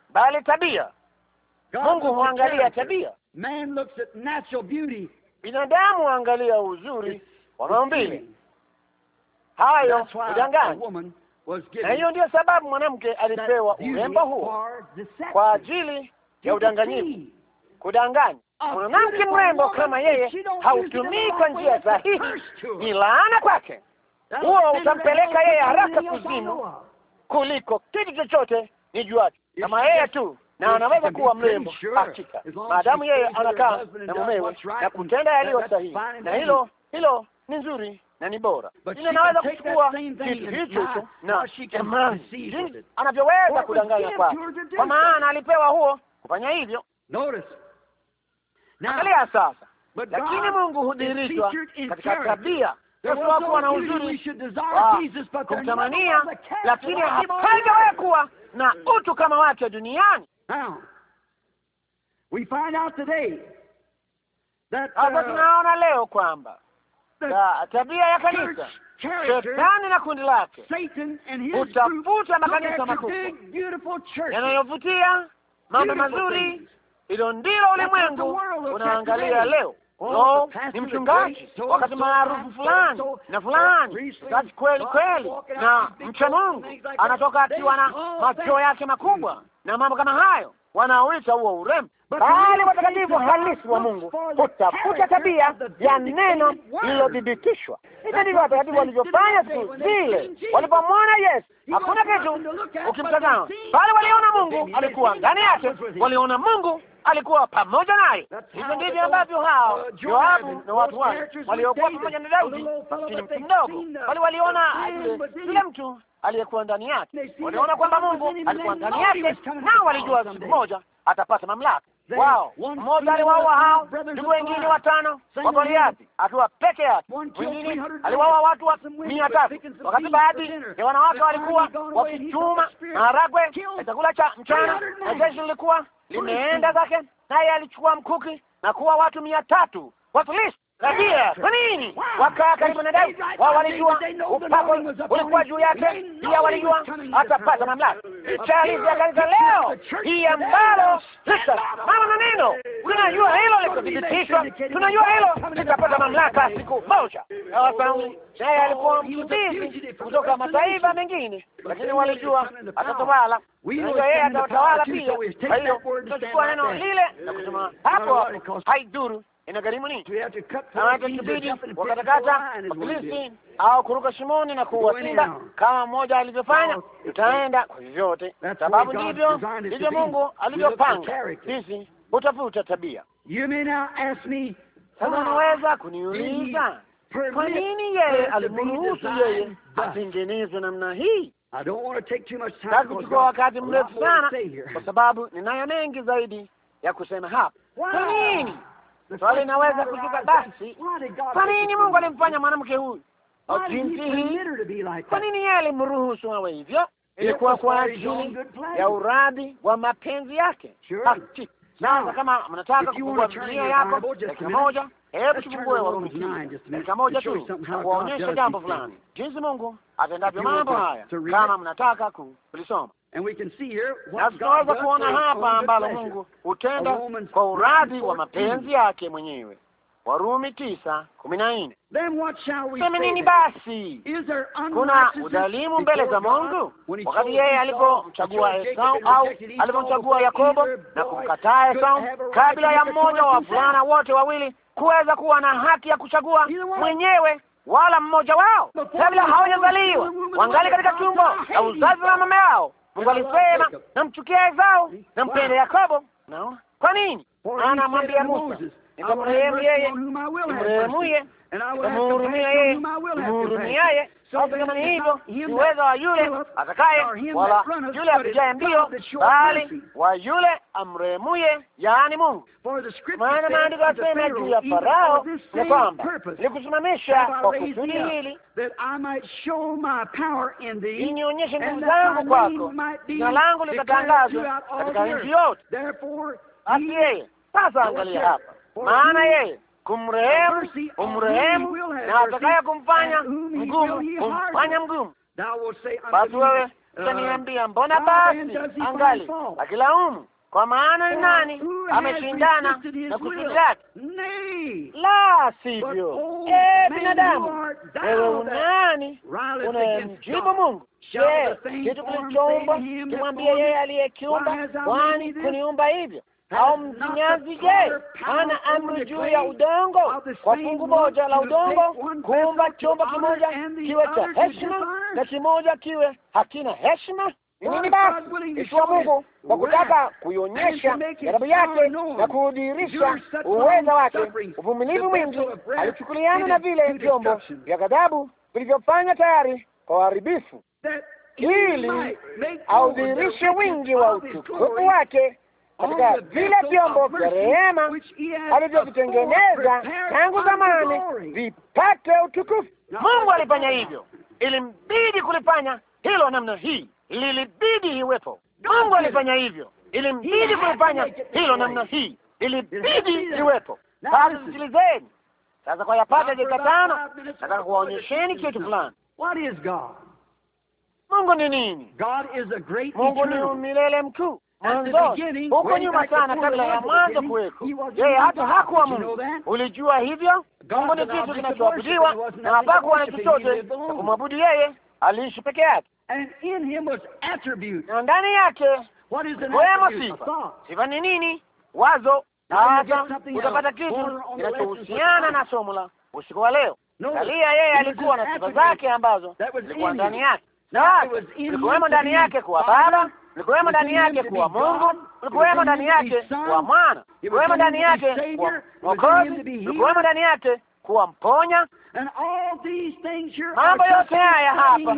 bali tabia. Mungu huangalia tabia. Binadamu huangalia uzuri wanao mbili. Hayo udangani, na hiyo ndiyo sababu mwanamke alipewa urembo huo kwa ajili ya udanganyifu, kudanganya. Mwanamke mrembo kama yeye hautumii kwa njia sahihi, ni laana kwake. Huo utampeleka yeye haraka kuzimu kuliko kitu chochote ni juacho kama yeye tu na anaweza kuwa mrembo hakika, maadamu yeye anakaa na mumewe na kutenda yaliyo sahihi, na hilo hilo ni nzuri na ni bora, ila naweza kuchukua kitu hicho na jamani, anavyoweza kudanganya kwa kwa maana alipewa huo kufanya hivyo. Angalia sasa, lakini Mungu hudhihirishwa katika tabia kuwa na uzuri kumtamania, lakini hapajawahi kuwa na utu kama wake duniani. Hapa uh, tunaona leo kwamba tabia ya kanisa, shetani na kundi lake utafuta makanisa makubwa yanayovutia mambo mazuri. Hilo ndilo ulimwengu unaangalia leo. Oh, no, ni mchungaji wakati maarufu fulani na fulani kati kweli kweli na mcha Mungu, anatoka akiwa na macho yake makubwa na mambo kama hayo, wanaoita huo urembo, bali watakatifu halisi wa Mungu hutafuta tabia ya neno lililothibitishwa. Hivyo ndivyo watakatifu walivyofanya siku zile walipomwona Yesu. Hakuna kitu ukimtazama, bali waliona Mungu alikuwa ndani yake, waliona Mungu alikuwa pamoja naye. Hivyo ndivyo ambavyo hao Yoabu uh, na watu wake waliokuwa pamoja na Daudi, maskini mtu mdogo, bali waliona yule mtu aliyekuwa ndani yake, waliona kwamba Mungu alikuwa ndani yake, nao walijua siku moja atapata mamlaka. Wao mmoja aliwaua hao ndugu wengine watano wa Goliathi akiwa peke yake, wengine aliwaua watu wa mia tatu wakati baadhi ya wanawake walikuwa wakichuma maharagwe chakula cha mchana, na jeshi lilikuwa limeenda zake, naye alichukua mkuki na kuwa watu mia tatu Wafilisti. Rabia, kwa nini wakaa karibu na Daudi? Wao walijua upako ulikuwa juu yake, pia walijua atapata mamlaka. Vitali ya kanisa leo hii ambalo mama na neno, tunajua hilo litathibitishwa, tunajua hilo litapata mamlaka siku moja. Sasa naye alikuwa oh, mkimbizi kutoka mataifa mengine, lakini walijua atatawala, najua yeye atatawala pia. Kwa hiyo tunachukua neno lile na kusema hapo haidhuru inagharimu nini? Awatatubidi wakatakata wakilisi au kuruka shimoni na kuua simba kama mmoja alivyofanya, tutaenda kwa vyovyote, sababu ndivyo ndivyo Mungu alivyopanga. Sisi utafuta tabia. Sasa unaweza kuniuliza kwa nini yeye alimruhusu yeye atengenezwe namna hii? Sikuchukua wakati mrefu sana, kwa sababu ninayo mengi zaidi ya kusema hapa. Kwa nini Swali inaweza kuzuka basi, kwa nini Mungu alimfanya mwanamke huyu jinsi hii? Kwa nini yeye alimruhusu awe hivyo? Ilikuwa kwa ajili ya uradhi wa mapenzi yake. Sasa kama mnataka kufungua Biblia yako dakika moja, hebu tufungue Warumi dakika moja tu, kuwaonyesha jambo fulani, jinsi Mungu atendavyo mambo haya, kama mnataka kulisoma na tunaweza kuona hapa ambalo Mungu hutenda kwa uradhi wa mapenzi yake mwenyewe. Warumi tisa kumi na nne. Sema nini basi? Kuna udhalimu mbele za Mungu? Wakati yeye alipomchagua Esau au alipomchagua Yakobo na kumkataa Esau, kabla ya mmoja wa wavulana wote wawili kuweza kuwa na haki ya kuchagua mwenyewe wala mmoja wao, kabla hawajazaliwa wangali katika tumbo la uzazi wa mama yao, Mungu alisema namchukia Esau na Yakobo. Naona kwa nini anamwambia Musa, nikamrehemu yeye, nimrehemuye, nikamhurumia yeye, nimhurumiaye au kama hivyo, ni uwezo wa yule atakaye, wala yule apijaye mbio, bali wa yule amrehemuye, yaani Mungu. Maana maandiko yasema juu ya Farao ya kwamba nilikusimamisha kwa kusudi hili, inionyeshe nguvu zangu kwako, jina langu likatangazwa katika nchi yote. Basi yeye sasa, angalia hapa, maana yeye kumrehemu, umrehemu, na atakaye kumfanya mgumu kumfanya mgumu. Basi wewe utaniambia, uh, mbona basi angali akilaumu? Kwa maana ni uh, nani ameshindana na kusindati? La sivyo, eh binadamu, wewe unani unayemjibu Mungu? Je, ee, kitu kilichoumbwa kimwambie yeye aliyekiumba, kwani kuniumba hivyo? au mfinyazi? Je, ana amri juu ya udongo kwa fungu moja la udongo kuumba chumba kimoja kiwe cha heshima na kimoja kiwe hakina heshima? Ni nini basi ikiwa Mungu kwa kutaka kuionyesha ghadhabu yake na kuudhihirisha uweza wake, uvumilivu mwingi alichukuliana na vile vyombo vya ghadhabu vilivyofanya tayari kwa uharibifu, ili audhihirishe wingi wa utukufu wake katika vile vyombo vya rehema alivyovitengeneza tangu zamani vipate utukufu. Mungu alifanya hivyo, ilimbidi kulifanya hilo namna hii, lilibidi iwepo. Mungu alifanya hivyo, ilimbidi kulifanya hilo namna hii, ilibidi iwepo. Basi sikilizeni sasa, kwa yapata dakika tano, nataka kuwaonyesheni kitu fulani. Mungu ni nini? Mungu ni milele mkuu mwanzoni, huko nyuma sana, kabla ya mwanzo kuweko, yeye hata hakuwa Mungu. Ulijua hivyo? Mungu ni kitu kinachoabudiwa na hapakuwa na chochote na kumwabudu yeye, aliishi peke yake, na ndani yake wemo sifa. Sifa ni nini? Wazo. Sasa utapata kitu kinachohusiana na somo la usiku wa leo. Angalia, yeye alikuwa na sifa zake ambazo zilikuwa ndani yake, ilikuwemo ndani yake kuwa Baba ulikuwemo ndani yake kuwa Mungu, ulikuwemo ndani yake kuwa mwana, ulikuwemo ndani yake kuwa Mwokozi, ulikuwemo ndani yake kuwa mponya. Mambo yote haya hapa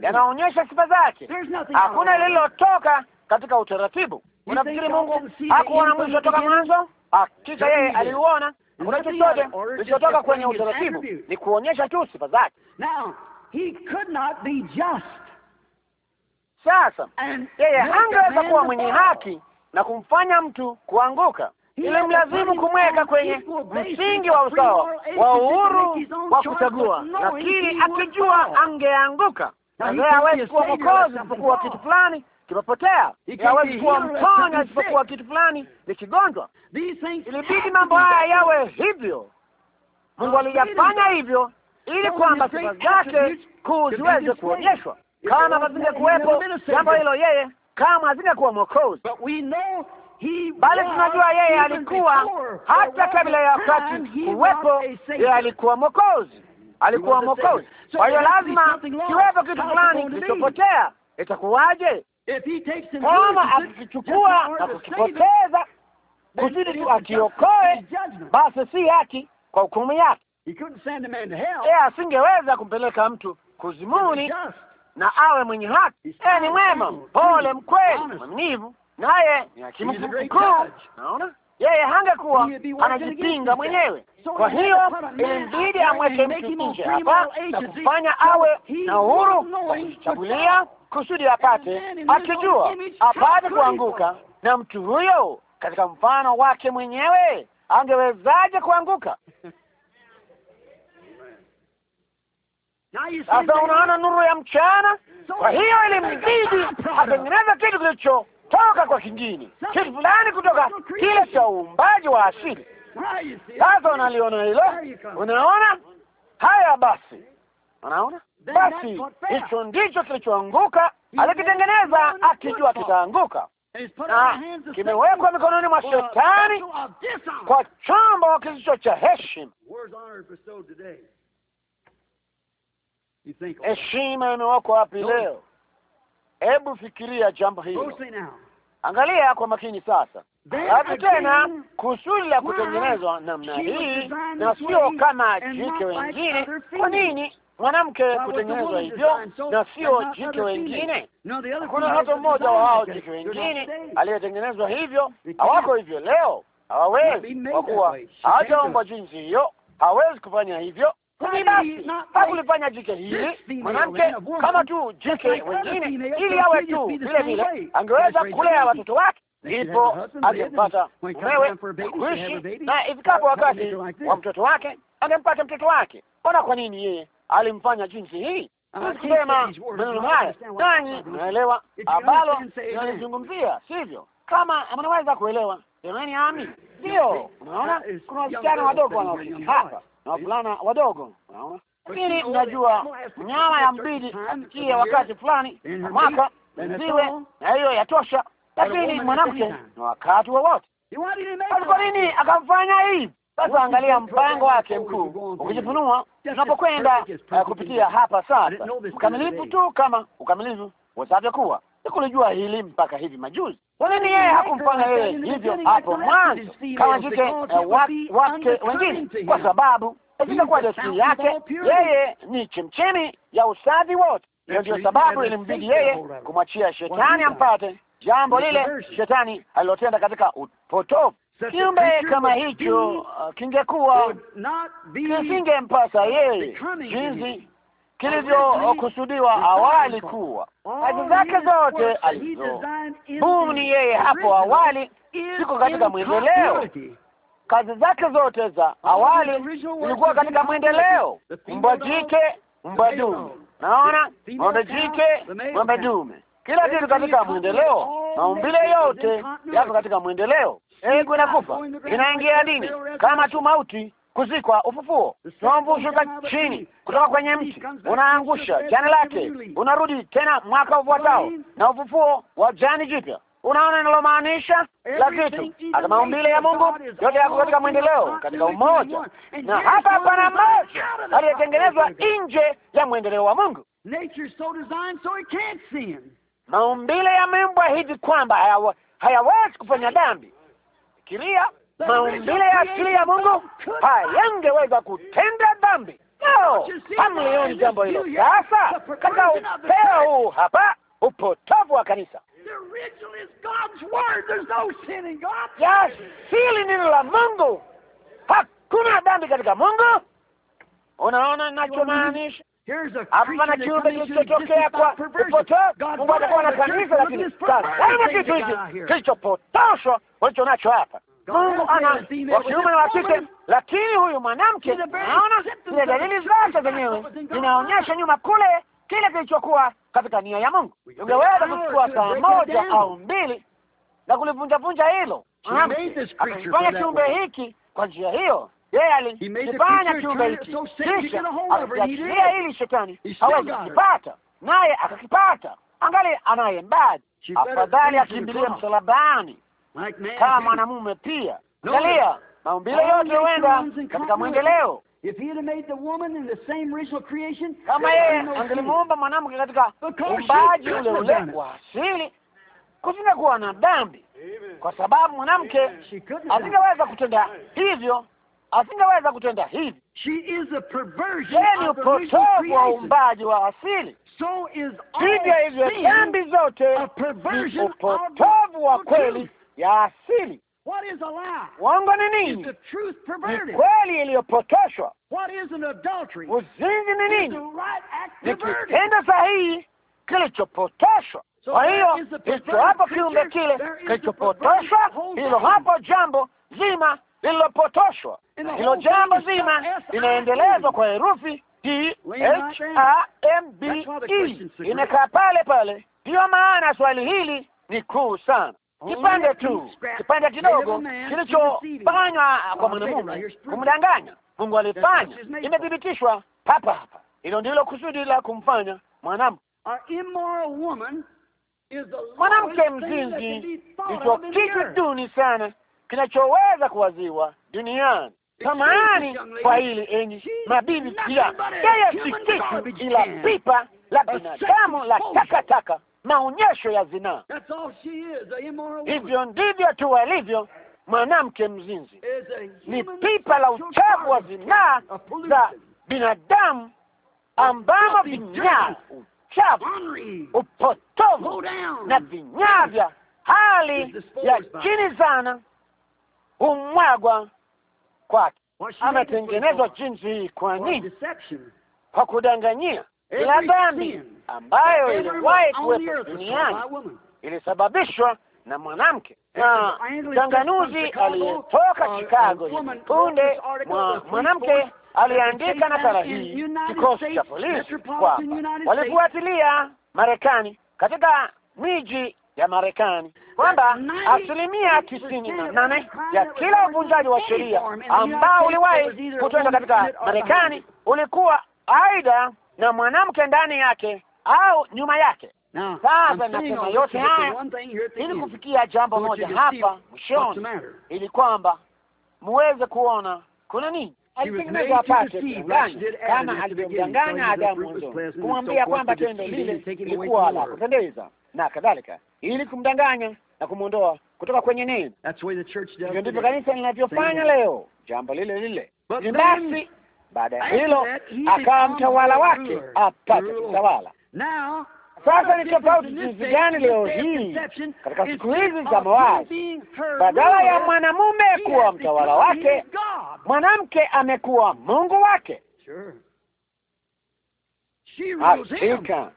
yanaonyesha sifa zake, hakuna lililotoka katika utaratibu. Unafikiri Mungu hakuona mwisho toka mwanzo? Hakika yeye aliuona. Kuna chochote kilichotoka kwenye utaratibu? Ni kuonyesha tu sifa zake. Sasa yeye angeweza kuwa mwenye haki na kumfanya mtu kuanguka, ilimlazimu kumweka kwenye msingi wa usawa wa uhuru wa kuchagua, lakini akijua angeanguka. Naye hawezi kuwa mwokozi isipokuwa kitu fulani kimepotea, hawezi kuwa mponya isipokuwa kitu fulani ni kigonjwa. Ilibidi mambo haya yawe hivyo. Mungu aliyafanya hivyo ili kwamba sifa zake kuu ziweze kuonyeshwa kama kuwepo jambo hilo, yeye kama asingekuwa Mwokozi, bali tunajua yeye alikuwa hata kabla ya wakati kuwepo, yeye alikuwa Mwokozi, alikuwa Mwokozi. Kwa hiyo lazima kiwepo kitu fulani kilichopotea. Itakuwaje kama akikichukua na kukipoteza kusudi tu akiokoe? Basi si haki kwa hukumu yake. Yeye asingeweza kumpeleka mtu kuzimuni na awe mwenye haki, ni mwema, pole, mkweli, mwaminivu, naye si mkuu. Naona yeye hangekuwa anajipinga mwenyewe. Kwa hiyo ilimbidi amweke mtu nje hapa na kufanya awe na uhuru kuchagulia, kusudi apate, akijua apate kuanguka. Na mtu huyo katika mfano wake mwenyewe angewezaje kuanguka? Sasa unaona nuru ya mchana. Kwa hiyo ilimbidi atengeneza kitu kilichotoka kwa kingine, kitu fulani kutoka kile cha uumbaji wa asili. Sasa unaliona hilo, unaona haya. Basi unaona, basi hicho ndicho kilichoanguka. Alikitengeneza akijua kitaanguka, na kimewekwa mikononi mwa shetani kwa chombo kisicho cha heshima. Heshima imewekwa wapi leo? Hebu fikiria jambo hilo, angalia kwa makini sasa. Hatu tena kusudi la kutengenezwa namna hii na sio kama jike wengine. Kwa nini mwanamke kutengenezwa hivyo na sio jike wengine? Kuna hata mmoja wa hao jike wengine aliyetengenezwa hivyo, hawako hivyo leo, hawawezi, kwa kuwa jinsi hiyo, hawezi kufanya hivyo kumi basi hakulifanya jike hili mwanamke kama tu jike wengine, ili awe tu vile vile, angeweza kulea watoto wake ndipo angempata mumewe kuishi na, ifikapo wakati wa mtoto wake angempata mtoto wake. Ona kwa nini yeye alimfanya jinsi hii. Ah, kusema maneno haya, nanyi naelewa ambalo nalizungumzia, sivyo? Kama mnaweza kuelewa, jamani, ami ndio. Unaona, kuna wasichana wadogo wanaofika hapa na wavulana wadogo. lakini mnajua nyama ya mbidi asikie wakati fulani na mwaka ziwe na hiyo yatosha, lakini mwanamke na wakati wowote. Kwa nini akamfanya hivi? Sasa angalia mpango wake mkuu ukijifunua, tunapokwenda eh, kupitia hapa sasa, mkamilifu tu kama ukamilifu wasavyokuwa sikulijua hili mpaka hivi majuzi. Eh, kwa nini yeye hakumfanya yeye hivyo hapo mwanzo kama jike wake wengine? Kwa sababu kwa desturi yake yeye ni chemchemi ya usafi wote. Hiyo ndiyo sababu ilimbidi yeye kumwachia shetani ampate jambo lile shetani alilotenda katika upotovu Kiumbe kama hicho uh, kingekuwa kisingempasa yeye jinsi kilivyokusudiwa awali kuwa kazi zake zote ni yeye hapo awali ziko katika mwendeleo. Kazi zake zote za awali zilikuwa katika mwendeleo. Mbwa jike, mbwa dume, naona ng'ombe jike, ng'ombe dume, kila kitu katika mwendeleo. Maumbile yote yako katika mwendeleo. Engu inakufa inaingia dini kama tu mauti kuzikwa, ufufuo. Sombu shuka chini kutoka kwenye mti, unaangusha jani lake, unarudi tena mwaka ufuatao na ufufuo wa jani jipya. Unaona inalomaanisha la vitu hata maumbile ya Mungu yote yako katika mwendeleo, katika umoja, na hapa hapana moja aliyetengenezwa nje ya mwendeleo wa Mungu. Maumbile ya mimbwa hivi kwamba hayawezi haya kufanya dhambi. Fikiria maumbile ya asili ya Mungu hayangeweza kutenda dhambi. hamlioni jambo hilo sasa, katika upeo huu hapa upotovu wa kanisa jasili neno la Mungu, hakuna dhambi katika Mungu. Unaona ninachomaanisha? Hapa na kiumbe kilichotokea kwa upotovu. Mungu atakuwa na kanisa, lakini tazama kitu hiki kilichopotoshwa walicho nacho hapa. Mungu ana kiume wa kike, lakini huyu mwanamke, naona zile dalili zake zenyewe zinaonyesha nyuma kule kile kilichokuwa katika nia ya Mungu. Ungeweza kuchukua saa moja au mbili na kulivunjavunja hilo. Akakifanya kiumbe hiki kwa njia hiyo, yeye alikifanya kiumbe hiki, kisha akakiachilia hili shetani hawezi kukipata, naye akakipata. Angali anaye mbadi, afadhali akimbilie msalabani kama mwanamume pia. Angalia maumbile yote huenda katika mwendeleo. Kama yeye angelimuumba mwanamke katika umbaji ule ule wa asili, kusingekuwa na dhambi, kwa sababu mwanamke asingeweza kutenda hivyo, asingeweza kutenda hivi. Yeye ni upotovu wa uumbaji wa asili. Vivyo hivyo dhambi zote ni upotovu wa kweli ya asili. Uongo ni nini? Ni kweli iliyopotoshwa. Uzinzi ni nini? Ni kitendo sahihi kilichopotoshwa. Kwa hiyo hicho hapo, kiumbe kile kilichopotoshwa, hilo hapo jambo zima lililopotoshwa, hilo jambo zima linaendelezwa kwa herufi e. imekaa pale pale. Ndiyo maana swali hili ni kuu sana kipande tu, kipande kidogo kilichofanywa kwa mwanamume kumdanganya. Mungu alifanya, imethibitishwa hapa hapa. Hilo ndilo kusudi la kumfanya mwanamke mwanamke mzinzi. Ndicho kitu duni sana kinachoweza kuwaziwa duniani. Samahani kwa hili, enyi mabibi, pia yeye si kitu, ila pipa la binadamu la takataka maonyesho ya zinaa. Hivyo ndivyo tu alivyo mwanamke mzinzi, ni pipa la uchafu wa zinaa za binadamu ambamo vinyaa uchafu, upotovu na vinyaa vya hali ya chini sana humwagwa kwake. Ametengenezwa jinsi hii. Kwa nini? Kwa kudanganyia kila dhambi ambayo iliwahi kuwepo duniani ilisababishwa na mwanamke, na mchanganuzi aliyetoka uh, Chicago punde mwanamke aliandika nakala hii kikosi cha polisi kwamba walifuatilia Marekani katika miji ya Marekani kwamba asilimia tisini na nane ya kila uvunjaji wa sheria ambao uliwahi kutenda katika Marekani ulikuwa aidha na mwanamke ndani yake au nyuma yake. Sasa nasema yote haya ili kufikia jambo moja hapa mwishoni, ili kwamba muweze kuona kuna nini alitengeneza apate kudanganya, kama alivyomdanganya Adamu mwanzoni, kumwambia kwamba tendo lile lilikuwa la kupendeza na kadhalika, ili kumdanganya na kumwondoa kutoka kwenye neno. Hivyo ndivyo kanisa linavyofanya leo, jambo lile lile. Basi baada ya hilo akawa mtawala wake apate kutawala. Sasa ni tofauti jinsi gani leo hii katika siku hizi za mawazi badala ya mwanamume kuwa mtawala wake, mwanamke amekuwa Mungu wake. Hakika ah,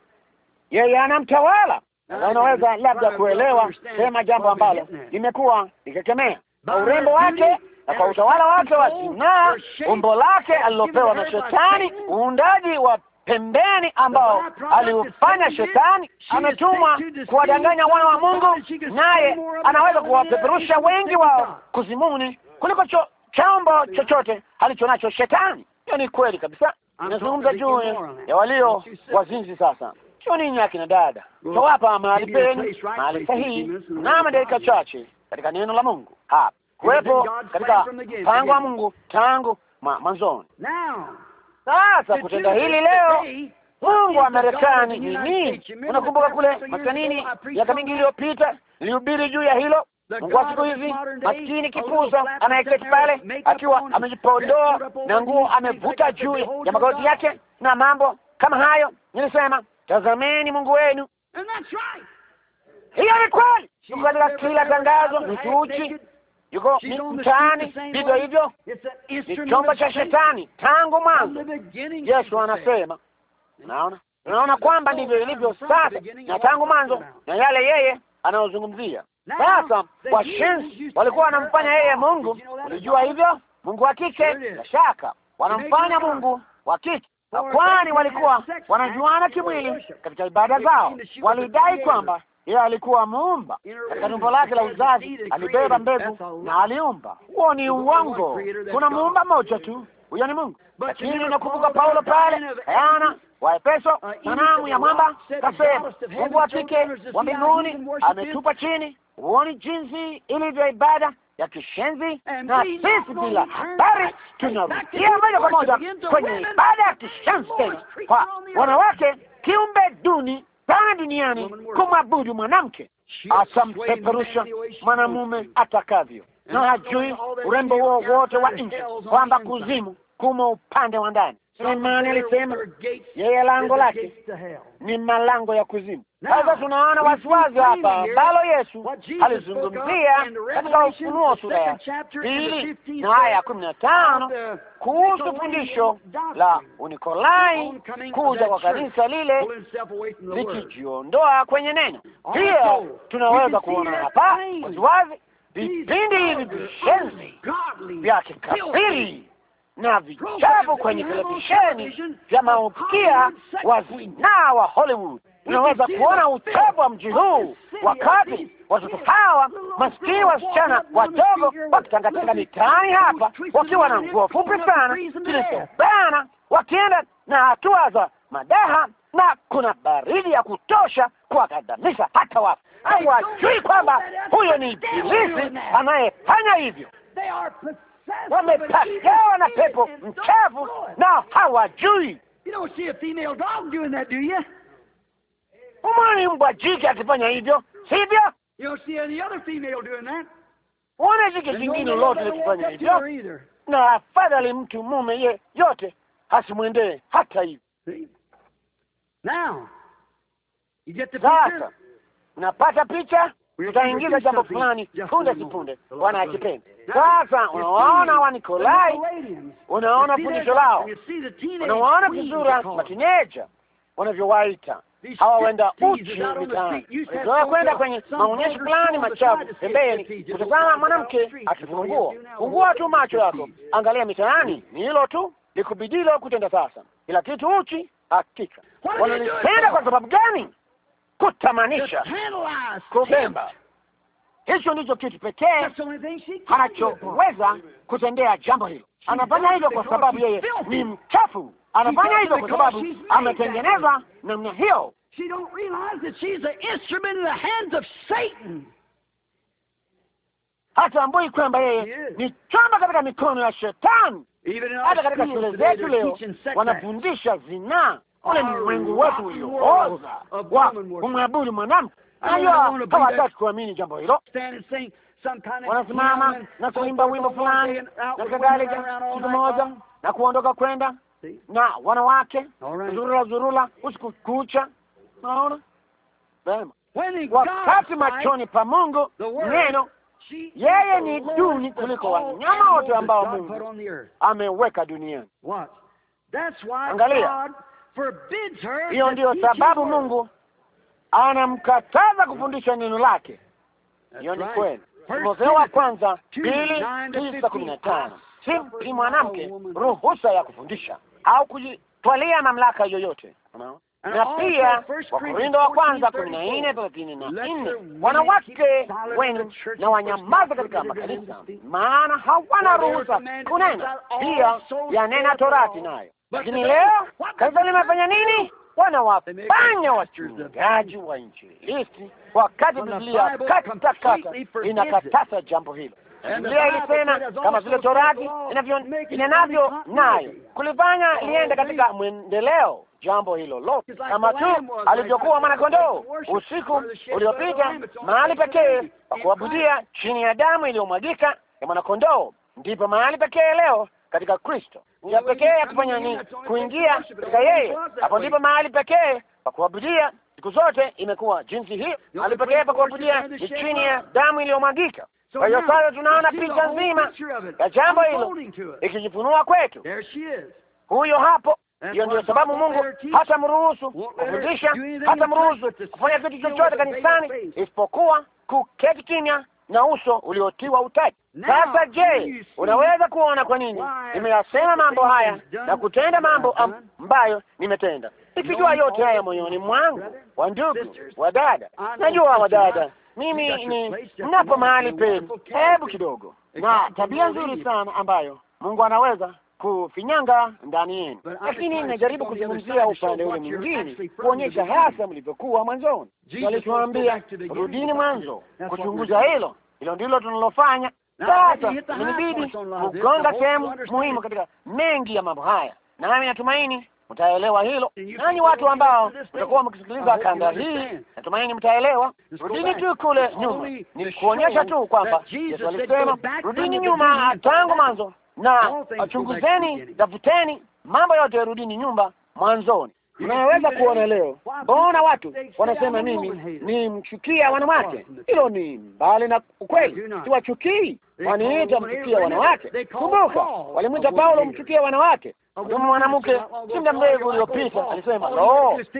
yeye anamtawala, na unaweza labda kuelewa sema jambo ambalo limekuwa likikemea na urembo wake na kwa utawala wake wa king'aa, umbo lake alilopewa na Shetani, uundaji wa pembeni ambao aliufanya Shetani. Ametumwa kuwadanganya wana wa Mungu, naye anaweza kuwapeperusha wengi wao kuzimuni kuliko cho, chombo chochote alichonacho Shetani. Hiyo ni kweli kabisa. Nazungumza juu ya walio wazinzi. Sasa sio ninyi akina dada, tawapa mahali penu, mahali sahihi, na dakika chache katika neno la Mungu hapa kuwepo katika mpango wa Mungu tangu mwanzoni. Sasa kutenda hili leo Mungu wa Marekani ni nini? Unakumbuka kule maskanini miaka mingi iliyopita nilihubiri juu ya hilo. Mungu wa siku hizi maskini kipuza anayeketi pale akiwa amejipodoa na nguo amevuta juu ya magoti yake na mambo kama hayo. Nilisema, tazameni Mungu wenu. Hiyo ni kweli, katika kila tangazo mtuuchi yuko mtaani, vivyo hivyo ni chombo cha shetani tangu mwanzo. Yesu anasema, unaona, unaona kwamba oh, ndivyo ilivyo sasa na tangu mwanzo, na yale yeye anayozungumzia sasa. Washenzi walikuwa wanamfanya yeye Mungu, ulijua hivyo, Mungu wa kike, bila shaka wanamfanya Mungu wa kike kwani walikuwa wanajuana kimwili katika ibada zao. Walidai kwamba yeye alikuwa muumba. Katika tumbo lake la uzazi alibeba mbegu na aliumba. Huo ni uongo. Kuna muumba mmoja tu, huyo ni Mungu. Lakini nakumbuka Paulo pale Ayana wa Efeso, sanamu ya mwamba, kasema Mungu wa kike wa mbinguni ametupa chini. Huoni jinsi ilivyo ibada ya kishenzi? Na sisi bila habari tunarudia moja kwa moja kwenye ibada ya kishenzi tena, kwa wanawake kiumbe duni pana duniani kumwabudu mwanamke, atampeperusha mwanamume atakavyo, na hajui urembo huo wote wa nchi, kwamba kuzimu kuma upande wa ndani Sulemani alisema yeye lango lake ni malango ya kuzimu. Sasa tunaona waziwazi hapa ambalo Yesu alizungumzia katika Ufunuo sura ya pili na aya ya kumi na tano kuhusu fundisho la Unikolai kuja kwa kanisa lile likijiondoa kwenye neno. Pia tunaweza kuona hapa wasiwasi vipindi hivi vishenzi vya kikafiri na vichafu kwenye televisheni vya maukia wa zinaa wa Hollywood. Unaweza kuona uchafu wa mji huu, wakati watoto hawa maskini wasichana wadogo wakitangatanga mitaani hapa wakiwa na nguo fupi sana zilizobana, wakienda na hatua za madaha, na kuna baridi ya kutosha kuwakandamiza hata wafu. Hawajui kwamba huyo ni ibilisi anayefanya hivyo wamepagawa na pepo mchafu na hawajui. Umwoni mbwa jike akifanya hivyo, sivyo? Uone jike zingine lote likifanya hivyo, na afadhali mtu mume ye yote hasimwendee hata hivyo. Sasa unapata picha utaingiza jambo fulani punde si punde, Bwana akipenda. Sasa unawaona Wanikolai, unaona fundisho lao, unaona kizura matineja wanavyowaita hawa wenda uchi mitaani, zoea kwenda kwenye maonyesho fulani machafu pembeni, kutazama mwanamke akifungua fungua tu macho yako, angalia mitaani, ni hilo tu likubidilo kutenda sasa, kila kitu uchi. Hakika wanalipenda kwa sababu gani? kutamanisha, kubemba. Hicho ndicho kitu pekee anachoweza kutendea jambo hilo. Anafanya hivyo kwa sababu yeye ni mchafu. Anafanya hivyo kwa sababu ametengeneza namna hiyo. Hatambui kwamba yeye ni chombo katika mikono ya Shetani. Hata katika shule zetu leo wanafundisha zinaa ule ni mwengu wetu uliooza wa kumwabudu mwanamke. Najua hawataki kuamini jambo hilo, wanasimama na kuimba wimbo fulani na kadhalika, siku moja na kuondoka kwenda na wanawake zurula zurula usiku kucha. Naona vema, wakati machoni pa Mungu neno yeye ni duni kuliko wanyama wote ambao Mungu ameweka duniani. Angalia hiyo ndiyo sababu Mungu anamkataza kufundisha neno lake. Hiyo ni kweli. Timotheo wa kwanza mbili tisa kumi na tano si mwanamke ruhusa ya kufundisha au kujitwalia mamlaka yoyote. Na pia Wakorintho wa kwanza kumi na nne thelathini na nne wanawake wenu na wanyamaza katika makanisa, maana hawana ruhusa kunena. Pia yanena Torati nayo lakini leo kanisa limefanya nini? Wanawafanya wachungaji wa injilisti, wakati Biblia katakata inakataza jambo hilo. Biblia ilisema kama vile Torati inavyo nayo kulifanya liende katika mwendeleo jambo hilo lote, kama tu alivyokuwa mwanakondoo usiku uliopita, mahali pekee pa kuabudia chini ya damu iliyomwagika ya mwanakondoo, ndipo mahali pekee leo katika Kristo ya pekee ya kufanya nini? Kuingia katika yeye. Hapo ndipo mahali pekee pa kuabudia. Siku zote imekuwa jinsi hii, mahali pekee pa kuabudia ni chini ya damu iliyomwagika. Kwa hiyo sasa tunaona picha nzima ya jambo hilo ikijifunua kwetu. Huyo hapo. Hiyo ndio sababu Mungu hata mruhusu kufundisha, hata mruhusu kufanya kitu chochote kanisani isipokuwa kuketi kimya na uso uliotiwa utaji. Sasa je, unaweza kuona kwa nini nimeyasema mambo haya na kutenda mambo ambayo nimetenda, nikijua yote haya moyoni mwangu? Wa ndugu wa dada, najua wa dada, mimi ni napo mahali pema. Hebu kidogo, na tabia nzuri sana ambayo Mungu anaweza kufinyanga ndani yenu, lakini najaribu kuzungumzia upande ule mwingine, kuonyesha hasa mlivyokuwa mwanzoni. Walituambia rudini mwanzo kuchunguza hilo, hilo ndilo tunalofanya sasa. Inabidi kugonga sehemu muhimu katika mengi ya mambo haya, nami natumaini mtaelewa hilo. nani watu ambao mtakuwa mkisikiliza kanda hii, natumaini mtaelewa. Rudini tu kule nyuma, ni kuonyesha tu kwamba Yesu alisema rudini nyuma tangu mwanzo na chunguzeni, tafuteni mambo yote, rudini nyumba mwanzoni. Unaweza kuona leo, mbona watu wanasema mimi ni mchukia wanawake? Hilo ni mbali na ukweli. Siwachukii, waniita mchukia wanawake. Kumbuka walimwita Paulo mchukia wanawake. Kama mwanamke, si muda mrefu uliopita alisema,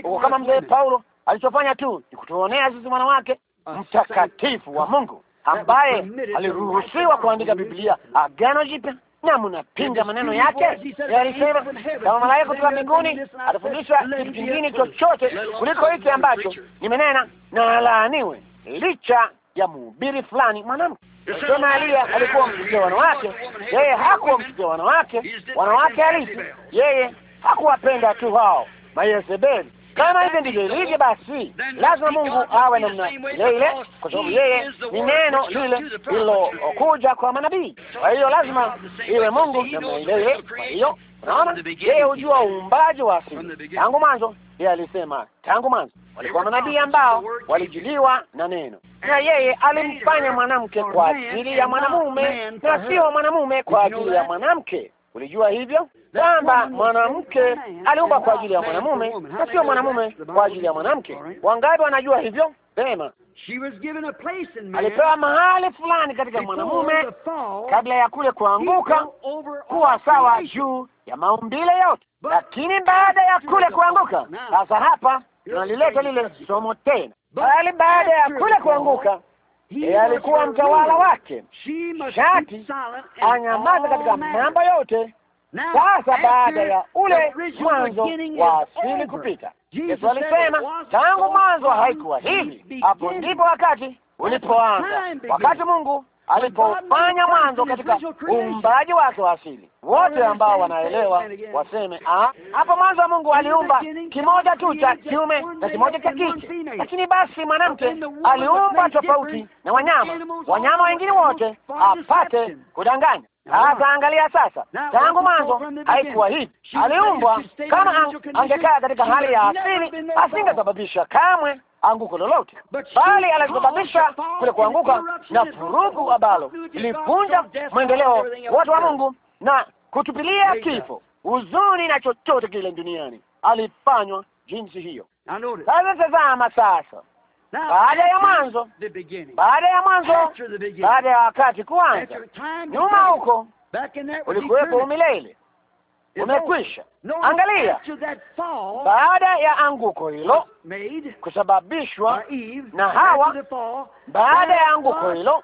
uko kama mzee Paulo. Alichofanya tu ni kutuonea sisi wanawake, mtakatifu wa Mungu ambaye aliruhusiwa kuandika Biblia, Agano Jipya na mnapinga maneno yake. Alisema kama malaika kutoka mbinguni atafundishwa kitu kingine chochote kuliko hiki ambacho nimenena, na alaaniwe. Licha ya mhubiri fulani mwanamke sema, Elia alikuwa mchukia wanawake, yeye hakuwa mchukia wanawake, wanawake halisi, yeye hakuwapenda tu hao Mayezebeli kama hivyo ndivyo ilivyo, basi lazima Mungu awe namna ile ile, kwa sababu yeye ni neno lile lilokuja kwa manabii. Kwa hiyo lazima iwe Mungu namna ile ile. Kwa hiyo unaona, yeye hujua uumbaji wa asili tangu mwanzo. Yeye alisema tangu mwanzo walikuwa manabii ambao walijiliwa na neno, na yeye alimfanya mwanamke kwa ajili ya mwanamume na sio mwanamume kwa ajili ya mwanamke. Ulijua hivyo kwamba mwanamke aliumba kwa ajili ya mwanamume na sio mwanamume kwa ajili ya mwanamke? Wangapi wanajua hivyo? Vema, alipewa mahali fulani katika mwanamume kabla ya kule kuanguka, kuwa sawa juu ya maumbile yote, lakini baada ya kule kuanguka, sasa hapa tunalileta lile somo tena, bali baada ya kule kuanguka yeye eh, alikuwa mtawala wake, shati anyamaza katika mambo yote. Sasa baada ya ule mwanzo wa asili kupita, Yesu alisema tangu mwanzo haikuwa hivi. Hapo ndipo wakati ulipoanza, wakati Mungu alipofanya mwanzo katika uumbaji wake wa asili. Wote ambao wanaelewa waseme ah, hapo mwanzo wa Mungu aliumba kimoja tu cha kiume na kimoja cha kike, lakini basi mwanamke aliumba tofauti na wanyama wanyama wengine wote, apate kudanganya ataangalia angalia sasa, tangu mwanzo haikuwa hivi. Aliumbwa kama angekaa katika hali ya asili, asingesababisha kamwe anguko lolote, bali alisababisha kule kuanguka na furugu ambalo ilivunja mwendeleo watu wa Mungu na kutupilia kifo, huzuni na chochote kile duniani. Alifanywa jinsi hiyo. Sasa tazama sasa baada ya mwanzo, baada ya mwanzo, baada ya wakati kuanza, nyuma huko ulikuwepo umilele, umekwisha. Angalia, baada ya anguko hilo kusababishwa na Hawa, baada ya anguko hilo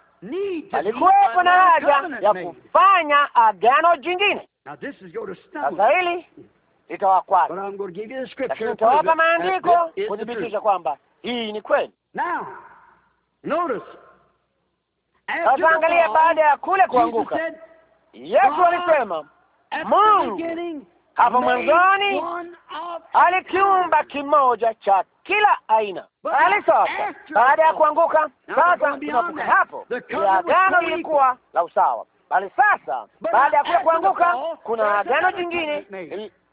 alikuwepo na haja ya kufanya agano jingine. Sasa hili litawakwaza, lakini nitawapa maandiko kuthibitisha kwamba hii ni kweli. Sasa baada ya kule kuanguka, Yesu alisema Mungu hapo mwanzoni alikiumba kimoja cha kila aina. Bali sasa baada ya kuanguka, sasa tunakuka hapo, ya agano lilikuwa la usawa. Bali sasa baada ya kule kuanguka, kuna agano jingine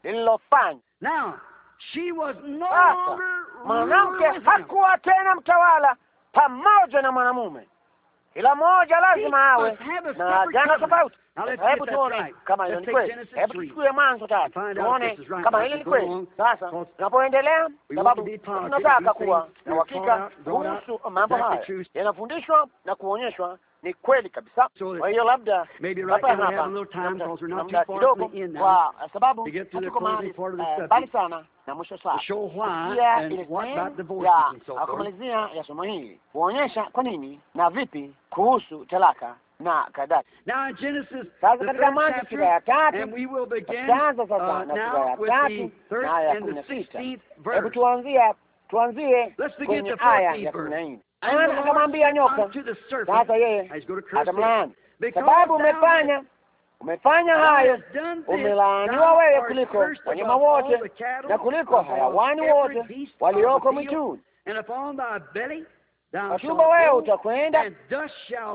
lililofanya sasa mwanamke hakuwa tena mtawala pamoja na mwanamume, kila mmoja lazima awe na jana tofauti. Hebu tuone kama hiyo ni kweli. Hebu tuchukue Mwanzo tatu tuone kama hili ni kweli. Sasa tunapoendelea, sababu tunataka kuwa na uhakika kuhusu mambo haya yanafundishwa na kuonyeshwa ni kweli kabisa. Kwa hiyo labda hapa muda kidogo, kwa sababu hatuko mahali eh, mbali sana na mwisho sana pia ile ya kumalizia ya somo hili kuonyesha kwa nini na vipi kuhusu talaka na kadhalika. Sasa katika Mwanzo sura ya tatu tutaanza sasa uh, na sura ya tatu na ya kumi na sita. Hebu tuanzie tuanzie kwenye aya ya kumi na nne. Ana akamwambia nyoka, sasa yeye atamlaani sababu umefanya umefanya hayo, umelaaniwa wewe kuliko wanyama wote na kuliko hayawani wote walioko mwituni. Kwa wewe utakwenda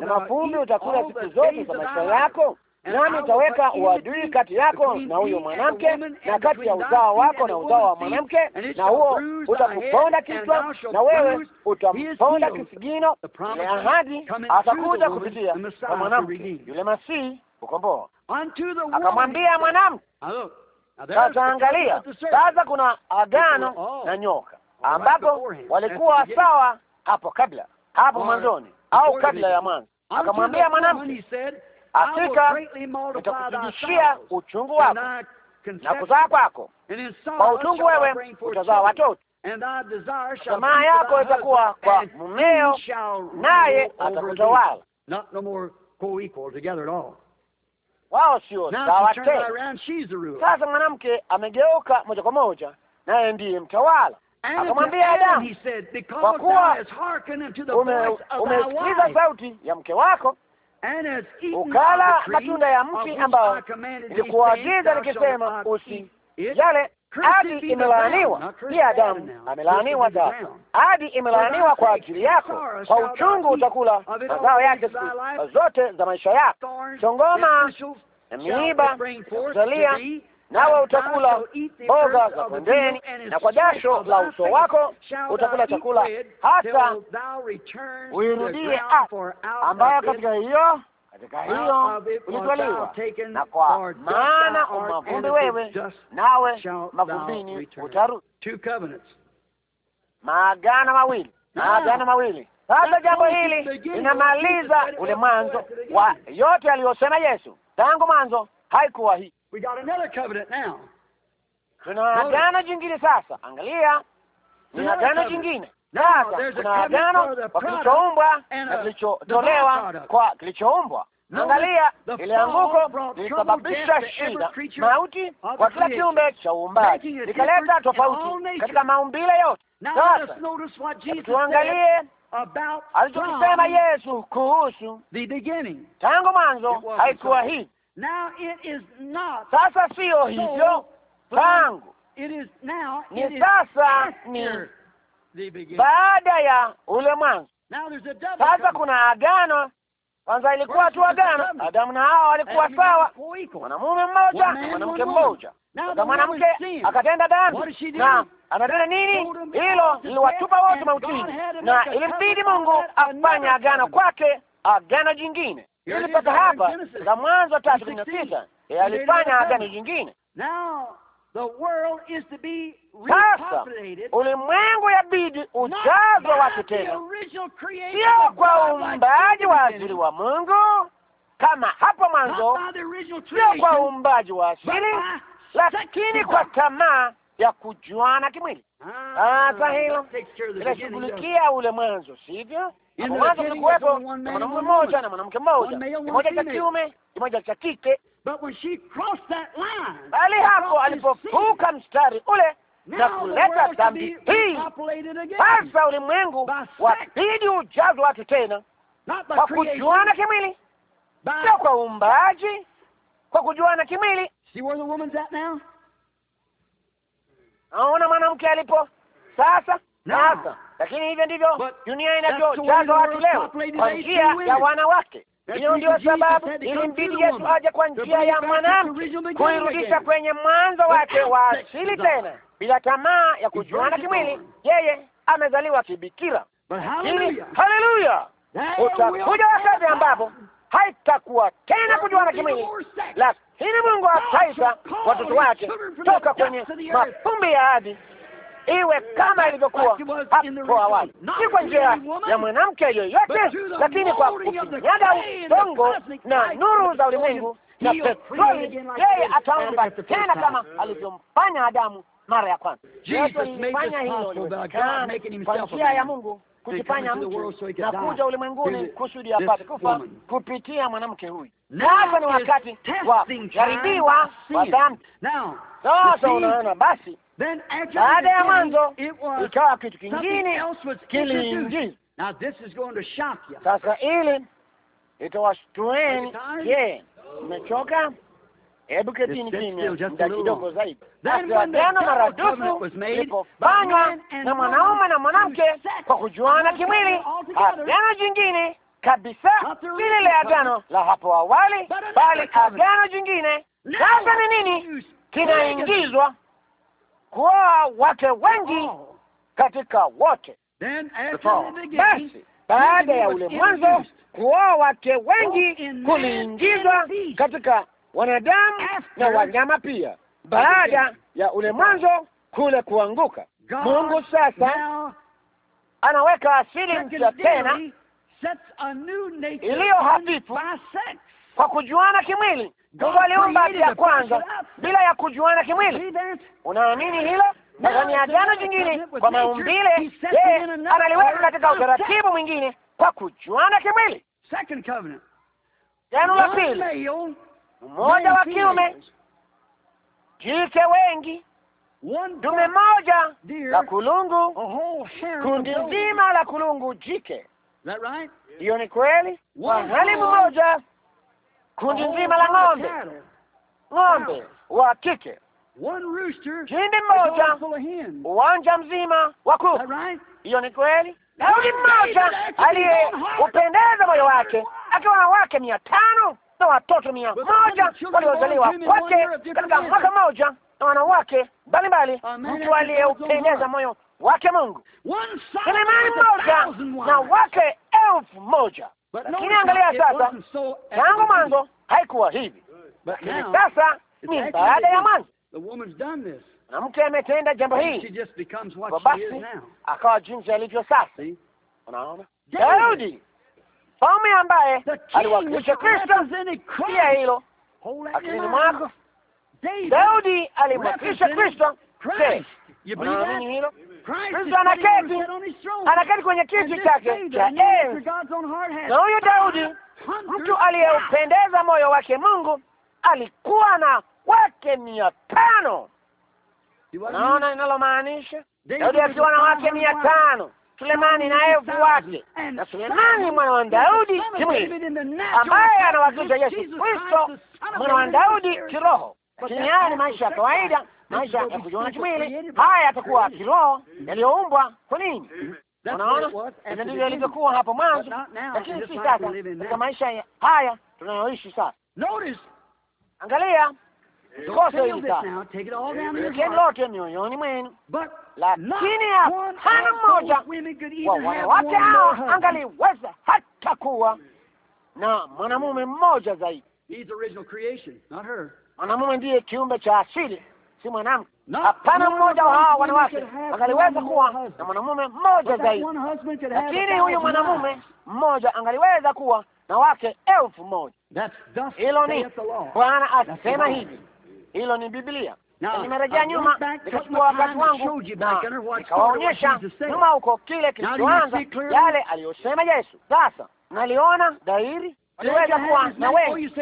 na mafumbi utakula siku zote za maisha yako nami nitaweka uadui kati yako na huyo mwanamke na kati ya uzao wako na uzao wa mwanamke, na huo utakuponda kichwa na wewe utamponda kisigino. Ile ahadi atakuja kupitia kwa mwanamke yule Masihi kukomboa. Akamwambia mwanamke, sasa angalia, sasa kuna agano na nyoka ambapo walikuwa sawa hapo kabla, hapo mwanzoni au kabla ya mwanzo. Akamwambia mwanamke hakika nitakuzidishia uchungu wako na kuzaa kwako, kwa uchungu wewe utazaa watoto tamaa yako itakuwa kwa mumeo, naye atakutawala. Wao sio sawa tena. Sasa mwanamke amegeuka moja kwa moja, naye ndiye mtawala. Akamwambia Adamu, kwa kuwa umesikiliza sauti ya mke wako E ukala matunda ya mti ambao nilikuagiza nikisema usi yale. Adi imelaaniwa pia, Adamu amelaaniwa sasa. Adi imelaaniwa kwa ajili yako, kwa uchungu utakula mazao yake siku zote za maisha yako. Chongoma miiba zalia nawe utakula mboga za kondeni, na kwa jasho la uso wako utakula chakula hata uirudie ambayo katika hiyo katika hiyo ulitwaliwa, na kwa maana umavumbi wewe, nawe mavumbini utarudi. Maagano mawili, maagano mawili. Sasa jambo hili linamaliza ule mwanzo wa yote aliyosema Yesu. Tangu mwanzo haikuwa hii We got another covenant now. Kuna agano jingine sasa. Angalia, ni agano jingine sasa, kuna agano kwa kilichoumbwa na kilichotolewa kwa kilichoumbwa. Angalia, ile anguko lilisababisha shida, mauti kwa kila kiumbe cha uumbaji, ikaleta tofauti katika maumbile yote. Sasa tuangalie alichokisema Yesu kuhusu tangu mwanzo, haikuwa hivi sasa siyo hivyo tangu ni sasa, ni baada ya ule mwanzo. Sasa kuna agano. Kwanza ilikuwa tu agano, Adamu na Hawa walikuwa sawa, mwanamume mmoja, mwanamke mmoja. a mwanamke akatenda dhambi, na anatenda nini? Hilo liliwatupa wote mautini, na ilimbidi Mungu afanye agano kwake, agano jingine ili mpaka hapa za Mwanzo tatu kumi na sita alifanya agano jingine. Sasa ulimwengu yabidi ujazwe wake tena, sio kwa uumbaji wa asili wa Mungu kama hapo mwanzo, sio kwa uumbaji wa asili lakini kwa tamaa ya kujuana kimwili. Ah, Sasa hilo inashughulikia ule mwanzo, sivyo? Yaani mwanzo kulikuwepo na mwanamume mmoja na mwanamke mmoja, kimoja cha kiume, kimoja cha kike, bali hapo alipovuka mstari ule na kuleta dhambi hii, sasa ulimwengu wabidi ujazo watu tena kwa kujuana kimwili, sio kwa uumbaji, kwa kujuana kimwili. Naona mwanamke alipo sasa sasa. Lakini hivyo ndivyo dunia inavyojazwa watu leo, kwa njia ya wanawake. Hiyo ndio sababu ilimbidi Yesu aje kwa njia ya mwanamke kuirudisha kwenye mwanzo wake wa asili tena, bila tamaa ya kujuana kimwili. Yeye amezaliwa kibikira, lakini haleluya, utakuja wakati ambapo haitakuwa tena kujuana kimwili, lakini Mungu ataita watoto wake toka kwenye mafumbi ya ardhi iwe kama ilivyokuwa hapo awali, si kwa njia ya mwanamke yoyote, lakini kwa kukinyaga udongo na nuru za ulimwengu na petroli, yeye ataomba tena kama alivyomfanya Adamu mara ya kwanza. Yesu alifanya hilo kwa njia ya Mungu kujifanya mtu na kuja ulimwenguni kusudi apate kufa kupitia mwanamke huyu. Sasa ni wakati wa jaribiwa wa dhambi. Sasa unaona basi baada ya mwanzo ikawa kitu kingine kiliingia. Sasa ili itawashtueni. Je, mmechoka? Hebu ketini kimya muda kidogo zaidi. Agano maradufu ilipofanywa na mwanaume na mwanamke kwa kujuana kimwili, agano jingine kabisa, lile la agano la hapo awali, bali agano jingine. Sasa ni nini kinaingizwa? Oh. kuoa wake wengi katika wote. Basi baada ya ule mwanzo, kuoa wake wengi kuliingizwa katika wanadamu na wanyama pia, baada ya ule mwanzo kule kuanguka. Mungu sasa anaweka asili mpya tena iliyo hafifu kwa kujuana kimwili Mungu aliumba ya kwanza bila ya kujuana kimwili. Unaamini hilo? Nadhani agano jingine kwa maumbile, yeye analiweka katika utaratibu mwingine kwa kujuana kimwili. Agano la pili, mmoja wa kiume, jike wengi, dume moja la kulungu, kundi zima la kulungu jike. Hiyo ni kweli, mahali mmoja kundi nzima la ng'ombe, ng'ombe wa kike, jindi mmoja, uwanja mzima wa kuku. Hiyo ni kweli. Daudi mmoja upendeza moyo wake akiwa na wake mia tano na watoto mia moja waliozaliwa kwake katika mwaka mmoja na wanawake mbalimbali, mtu aliyeupendeza moyo wake Mungu. Selemani mmoja na wake elfu moja lakini angalia sasa, tangu mwanzo haikuwa hivi, lakini sasa ni baada ya mwanzo. Mwanamke ametenda jambo hili, basi akawa jinsi alivyo sasa. Unaona, Daudi mfalme ambaye aliwakilisha Kristo, pia hilo akilini mwako, Daudi alimwakilisha Kristo. Kristo anaketi, anaketi kwenye kiti chake cha enzi, na huyu Daudi, mtu aliyeupendeza moyo wake Mungu, alikuwa na wake mia tano. Naona inalomaanisha Daudi akiwa na wake mia tano Sulemani na elfu wake na Sulemani mwana wa Daudi kimwili, ambaye anawakilisha Yesu Kristo mwana wa Daudi kiroho, lakini haya ni maisha ya kawaida maisha ya kujiona kimwili, haya yatakuwa kiroho yaliyoumbwa. Kwa nini? Unaona, na ndivyo ilivyokuwa hapo mwanzo, lakini si sasa, katika maisha haya tunayoishi sasa. Angalia, usikose hili sasa, lote mioyoni mwenu, lakini hapana mmoja wa wanawake hao angaliweza hata kuwa na mwanamume mmoja zaidi. Mwanamume ndiye kiumbe cha asili si mwanamke. Hapana mmoja wa hawa wanawake angaliweza kuwa na mwanamume mmoja zaidi, lakini huyu mwanamume mmoja angaliweza kuwa na wake elfu moja. Hilo ni Bwana asema hivi, hilo ni Biblia. Nimerejea nyuma nikachukua wakati wangu nikawaonyesha nyuma huko kile kilichoanza yale aliyosema Yesu. Sasa naliona dhahiri, aliweza kuwa na wengi.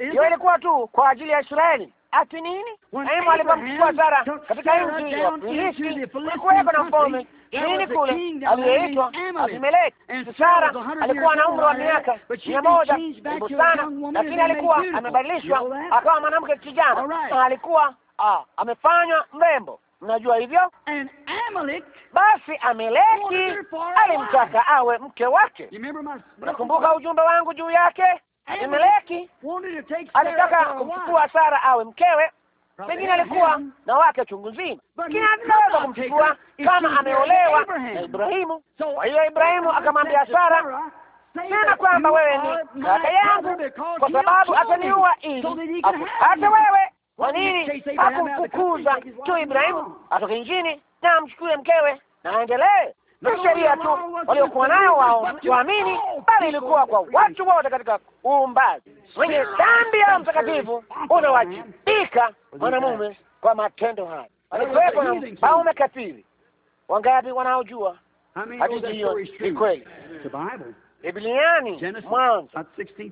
Ilikuwa tu kwa ajili ya Israeli ati nini? Abrahamu alipomchukua Sara katika nchi ya Filisti, kulikuweko na mfalme nini kule aliyeitwa Abimeleki. Sara alikuwa na umri wa miaka mia moja sana, lakini alikuwa amebadilishwa akawa mwanamke kijana, na alikuwa ah, amefanywa mrembo. Mnajua hivyo basi, Ameleki alimtaka awe mke wake. Unakumbuka ujumbe wangu juu yake? Abimeleki alitaka kumchukua Sara awe mkewe, pengine alikuwa na wake chungu nzima, lakini hataweza kumchukua kama ameolewa na Ibrahimu. Kwa hiyo Ibrahimu akamwambia Sara, sema kwamba wewe ni kaka yangu, kwa sababu ataniua ili hata wewe. Kwa nini hakumfukuza tu Ibrahimu atoke nchini na amchukue mkewe na aendelee? si sheria tu waliokuwa nayo wao waamini, bali ilikuwa kwa watu wote katika uumbaji. Mwenye dhambi ya mtakatifu unawajibika mwanamume kwa matendo hayo Walikuwepo na mfalme katili. Wangapi wanaojua hadithi hiyo ni kweli? bibliani Mwanzo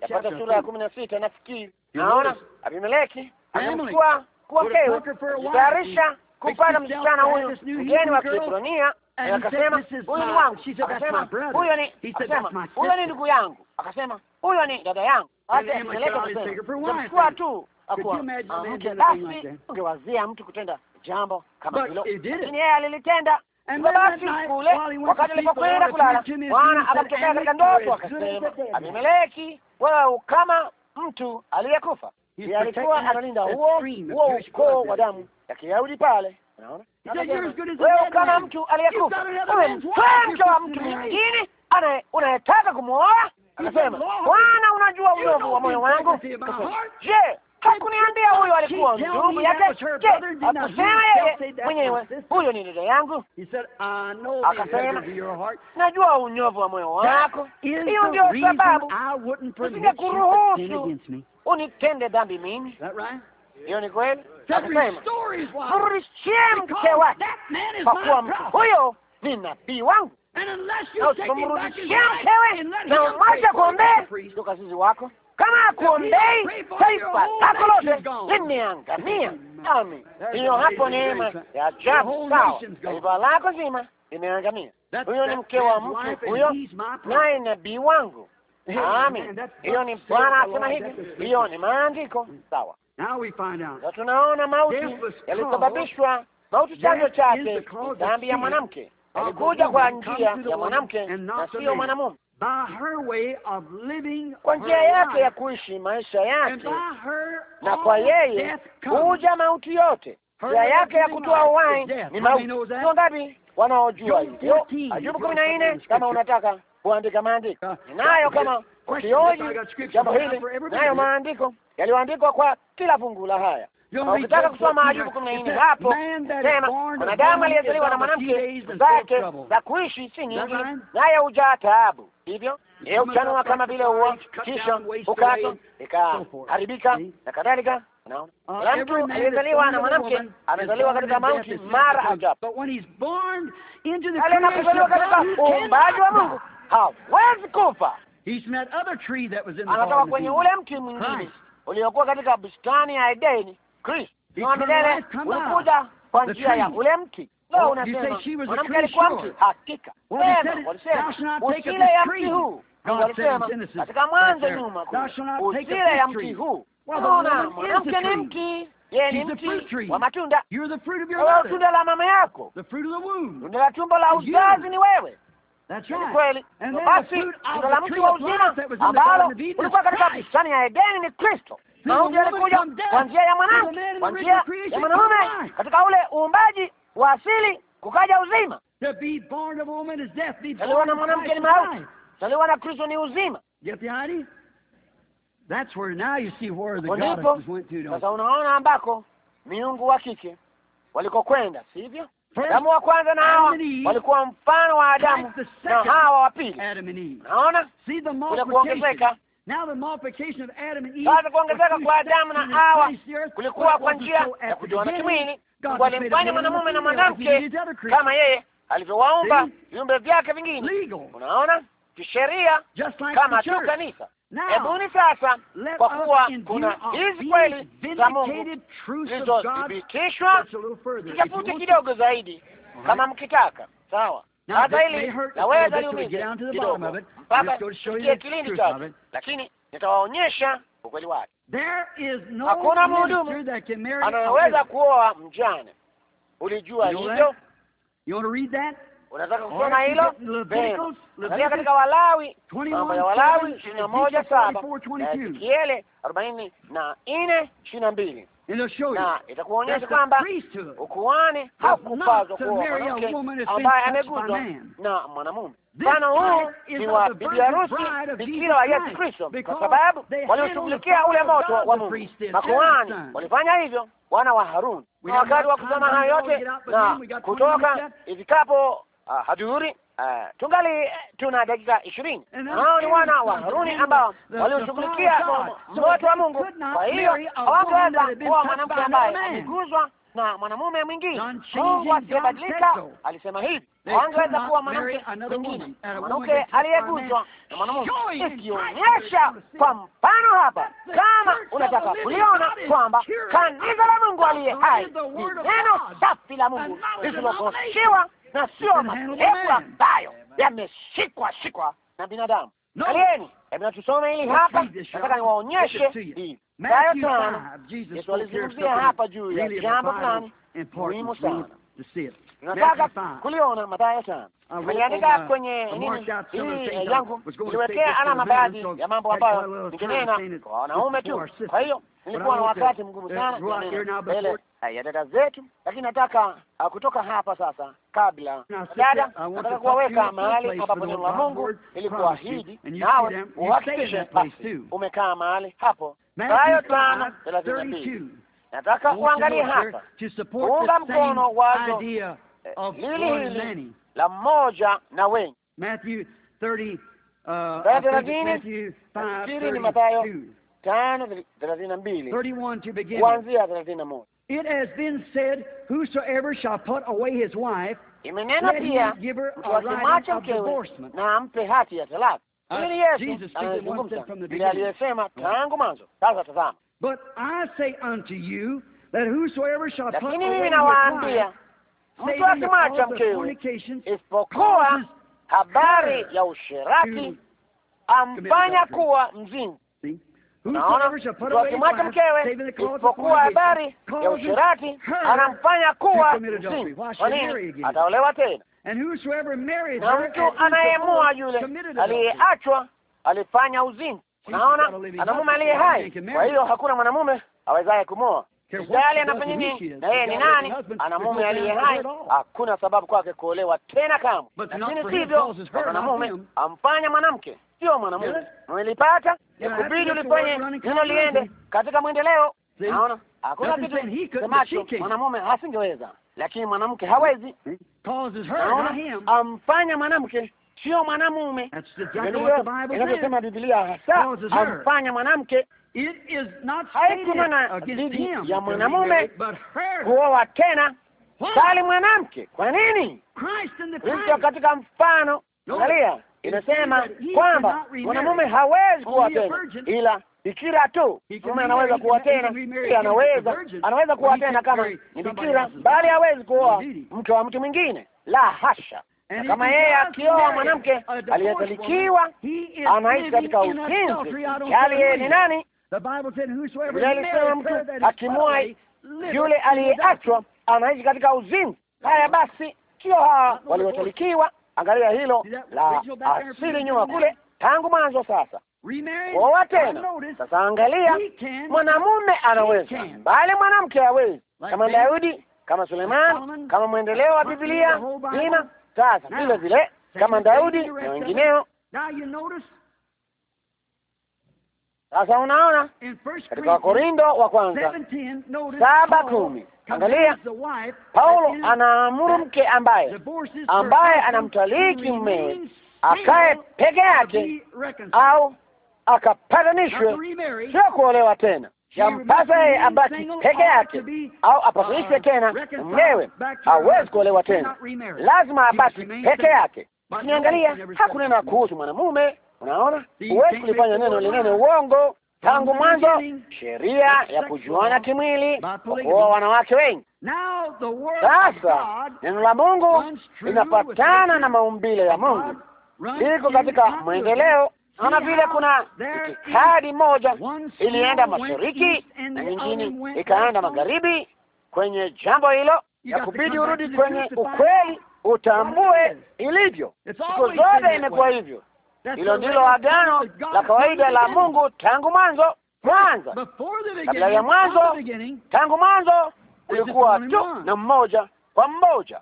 yapata sura ya kumi na sita nafikiri, naona Abimeleki amemchukua kuwa mkewe, kutayarisha kupata msichana huyu mgeni wa Kiebrania akasema huyu ni wangu, akasema huyo ni, akasema huyo ni ndugu yangu, akasema huyo ni dada yangu. Chukua tu ah, basi, ungewazia mtu kutenda jambo kama hilo, lakini yeye alilitenda. Basi kule wakati alipokwenda kulala, Bwana akamtokea katika ndoto, akasema Abimeleki, wewe kama mtu aliyekufa. Alikuwa analinda huo huo ukoo wa damu ya Kiyahudi pale wewe kama mtu aliyekufa, wewe mtoto wa mtu mwingine unayetaka kumwoa. Akasema, Bwana, unajua unyovu wa moyo wangu. Je, hakuniambia huyo alikuwa ndugu yake? Je, akusema yeye mwenyewe huyo ni dada yangu? Akasema, najua unyovu wa moyo wako, hiyo ndio sababu kuruhusu unitende dhambi mimi. Hiyo ni kweli akasema mrudishie mke wake, kwa kuwa mtu huyo ni nabii wangu. Usipomrudishia mkewe na mwacha kuombee kutoka sisi wako, kama akuombei, taifa lako lote limeangamia. Ami, hiyo hapo neema ya ajabu. Sawa, taifa lako zima limeangamia. Huyo ni mke wa mtu huyo, naye nabii wangu. Ami, hiyo ni Bwana asema hivi, hiyo ni maandiko. Sawa na tunaona mauti yalisababishwa mauti, chanzo chake dhambi ya mwanamke alikuja kwa njia ya mwanamke na siyo mwanamume, kwa njia yake ya kuishi maisha yake, na kwa yeye kuja mauti yote. Njia yake ya kutoa uhai ni mauti. Sio ngapi wanaojua hivyo? Ajabu kumi na nne kama unataka kuandika maandiko nayo, kama ukioji jambo hili, nayo maandiko yaliyoandikwa kwa kila fungu la haya. Ukitaka kusoma Ayubu kumi na nne hapo sema, mwanadamu aliyezaliwa na mwanamke zake za kuishi si nyingi, naye hujaa taabu, hivyo yeye huchanua kama vile uo, kisha ukato ikaharibika na kadhalika. Kila uh, mtu aliyezaliwa na mwanamke amezaliwa katika mauti mara ajabu, ale anapozaliwa katika uumbaji wa Mungu hawezi kufa. Anatoka kwenye ule mti mwingine uliokuwa katika bustani ya Edeni. Kristo milele ulikuja kwa njia ya ule mti. Oh, mwanamke alikuwa mti. Hakika usile ya mti huu, walisema katika mwanzo nyuma, usile ya mti huu. Ona, mwanamke ni mti yeye ni mti wa matunda. tunda la mama yako, tunda la tumbo la uzazi ni wewe ni yaani kweli. Basi tunda la mti wa uzima ambalo ulikuwa katika bustani ya Edeni ni Kristo, mauti yalikuja kwa njia ya mwanamke, kwa njia ya mwanamume, katika ule uumbaji wa asili kukaja uzima. Zaliwa na mwanamke ni mauti, zaliwa na Kristo ni uzima. Yaani, ndipo sasa unaona ambako miungu wa kike walikokwenda, sivyo? Adamu wa kwanza na Hawa walikuwa mfano wa Adamu na Hawa wa pili. Naona kuna kuongezeka sasa, kuongezeka kwa Adamu na Hawa kulikuwa kwa njia ya kutoana kimwili. Walimfanya mwanamume na mwanamke kama yeye alivyowaumba viumbe vyake vingine. Unaona kisheria kama tu kanisa. Hebuni sasa, kwa kuwa kuna hizi kweli za Mungu zilizothibitishwa, tutafute kidogo zaidi kama mkitaka, sawa. Hata hili naweza liumize kidogo mpaka ikie kilindi chake, lakini nitawaonyesha ukweli wake. Hakuna mhudumu anayeweza kuoa mjane. Ulijua hivyo? Unataka kusoma hilo pia katika Walawi, mambo ya Walawi ishirini na moja saba Ezekiele arobaini na nne ishirini na mbili na itakuonyesha kwamba ukuhani hakupazwa kuoa mwanamke ambaye ameguzwa na mwanamume. Mfano huu ni wa bibi harusi bikira wa Yesu Kristo, kwa sababu walioshughulikia ule moto wa Mungu. Makuhani walifanya hivyo, wana wa Haruni. Na wakati wa kusoma hayo yote na kutoka ifikapo uh, ah, hadhuri uh, ah, tungali eh, tuna dakika ishirini. Eh, Hao ni eh, wana wa Haruni ambao walioshughulikia moto wa Mungu. Kwa hiyo hawangeweza kuwa mwanamke ambaye aliguzwa na mwanamume mwingine. Mungu asiyebadilika alisema hivi, hawangeweza kuwa mwanamke mwingine, mwanamke aliyeguzwa na mwanamume, ikionyesha kwa mfano hapa, kama unataka kuliona kwamba kanisa la Mungu aliye hai ni neno safi la Mungu lisilokoshiwa na sio madhehebu ambayo yameshikwa shikwa na binadamu. Angalieni, hebu natusome hili hapa, nataka niwaonyeshe Mathayo tano. Yesu alizungumzia hapa juu ya jambo fulani muhimu sana nataka kuliona mabaya sana. Niliandika ah, kwenye nini hii eh, yangu, niliwekea alama baadhi ya mambo ambayo ningenena kwa wanaume tu. Kwa hiyo nilikuwa na wakati mgumu sana mbele ya dada zetu, lakini nataka ah, kutoka hapa sasa. Kabla dada, nataka kuwaweka mahali ambapo neno la Mungu ilikuahidi, nawe uhakikishe basi umekaa mahali hapo. Mathayo tano thelathini na mbili nataka uangalie hapa kuunga mkono wazo Eh, oh, neno hili la mmoja na wengi. Nafikiri ni Mathayo tano thelathini na mbili kuanzia thelathini It has been said, whosoever shall put away his wife, imenena pia wakimacha mkewe na ampe hati ya talaka. Ili uh, Yesu anazungumza vile aliyesema tangu mwanzo. Sasa tazama, away his wife. mtu akimwacha mkewe, isipokuwa habari ya usherati amfanya kuwa mzinzi. Naona mtu akimwacha mkewe, isipokuwa habari ya usherati anamfanya kuwa mzinzi. Kwa nini? Ataolewa tena. Na mtu anayeamua yule aliyeachwa alifanya uzinzi, naona anamume aliye hai. Kwa hiyo hakuna mwanamume awezaye kumoa Sijali anafanya nini, na yeye eh, ni nani, ana mume aliye hai, hakuna sababu kwake kuolewa tena kamwe. Lakini sivyo, mwanamume amfanya mwanamke, sio mwanamume. Mlipata ikubidi ulifanye neno liende katika mwendeleo. Naona hakuna kitu semacho mwanamume hasingeweza, lakini mwanamke hawezi. Hmm? Naona amfanya mwanamke sio mwanamume. Inavyosema Biblia hasa amfanya mwanamke haikunena dhidi ya mwanamume kuoa tena, bali mwanamke. Kwa nini? Kristo katika mfano, angalia, inasema kwamba mwanamume hawezi kuoa tena ila bikira tu. Mume anaweza kuoa tena, anaweza anaweza kuoa tena kama ni bikira, bali hawezi kuoa mke wa mtu mwingine, la hasha na kama yeye akioa mwanamke aliyedhalikiwa, anaishi katika uzinzi, hali yeye ni nani? Biblia ilisema mtu akimwoa yule aliyeachwa anaishi katika uzinzi. Haya basi, sio hawa waliotalikiwa. Angalia hilo la asili nyuma kule, tangu mwanzo. Sasa oa tena. Sasa angalia, mwanamume anaweza, bali mwanamke hawezi, kama Daudi, kama Sulemani, kama mwendeleo wa Biblia nzima sasa vile vile kama Daudi na wengineo. Sasa unaona katika wakorindo wa kwanza saba kumi, angalia Paulo anaamuru mke ambaye ambaye anamtaliki mumewe akae peke yake au akapatanishwe, sio kuolewa tena yampasa yeye abaki peke yake au apasishwe tena mwenyewe. hawezi kuolewa tena, lazima abaki peke yake. Niangalia, hakunena kuhusu mwanamume. Unaona, huwezi kulifanya neno linene uongo tangu mwanzo, sheria ya kujuana kimwili kwa wanawake wengi. Sasa neno la Mungu linapatana na maumbile ya Mungu, liko katika mwendeleo Naona vile kuna itikadi moja ilienda mashariki na nyingine ikaenda magharibi kwenye jambo hilo, ya kubidi urudi kwenye ukweli, utambue ilivyo. Siku zote imekuwa hivyo. Hilo ndilo agano la kawaida la Mungu tangu mwanzo kwanza kabla ya mwanzo, tangu mwanzo kulikuwa tu na mmoja kwa mmoja.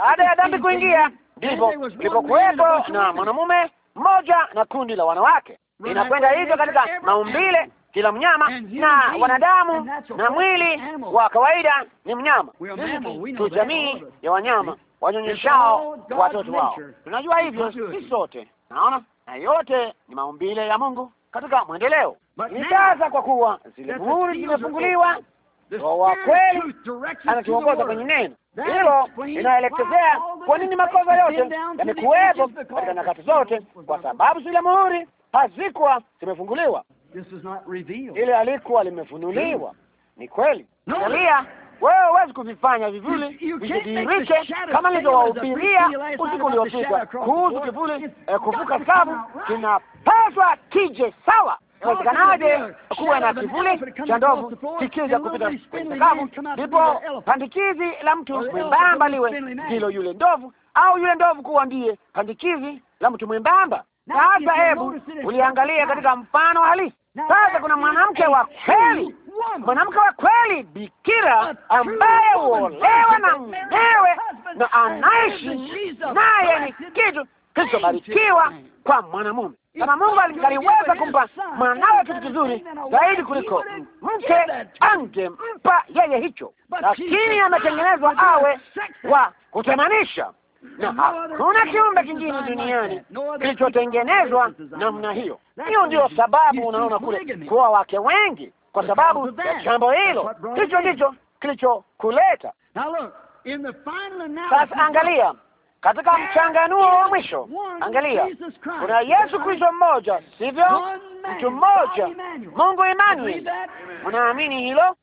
Baada ya dhambi kuingia, ndipo ilipokuwepo na mwanamume mmoja na kundi la wanawake. Inakwenda hivyo katika maumbile, kila mnyama na wanadamu na mwili wa kawaida ni mnyama. Sisi tu jamii ya wanyama wanyonyeshao watoto wao, tunajua hivyo sisi sote, naona na yote ni maumbile ya Mungu katika mwendeleo. Ni sasa, kwa kuwa zile muhuri zimefunguliwa, wa kweli anatuongoza kwenye neno hilo inaelekezea kwa nini makosa yote yamekuwepo katika nyakati zote, kwa sababu zile muhuri hazikuwa zimefunguliwa. Ile alikuwa limefunuliwa. Hmm. Ni kweli, angalia wewe huwezi kuvifanya vivuli visidhihirike kama nilivyowahubiria usiku uliopita kuhusu kivuli. Eh, kuvuka safu kinapaswa kije sawa iwezekanaje kuwa na kivuli cha ndovu kikija kupita kwenye sakafu, ndipo pandikizi la mtu mwembamba liwe ndilo yule ndovu, au yule ndovu kuwa ndiye pandikizi la mtu mwembamba. Sasa hebu uliangalia katika mfano halisi. Sasa kuna mwanamke wa kweli, mwanamke wa kweli, bikira ambaye huolewa na mmewe na anaishi naye, ni kitu kilichobarikiwa kwa mwanamume. Kama Mungu aliweza kumpa mwanawe kitu kizuri zaidi kuliko mke, angempa yeye hicho, lakini ametengenezwa awe wa kutamanisha, na hakuna kiumbe kingine duniani kilichotengenezwa namna hiyo. Hiyo ndiyo sababu unaona kule kuwa wake wengi, kwa sababu ya jambo hilo. Hicho ndicho kilichokuleta sasa. Angalia katika mchanganuo wa mwisho. Angalia, kuna Yesu Kristo mmoja, sivyo? Mtu mmoja, Mungu Immanueli. Mnaamini hilo?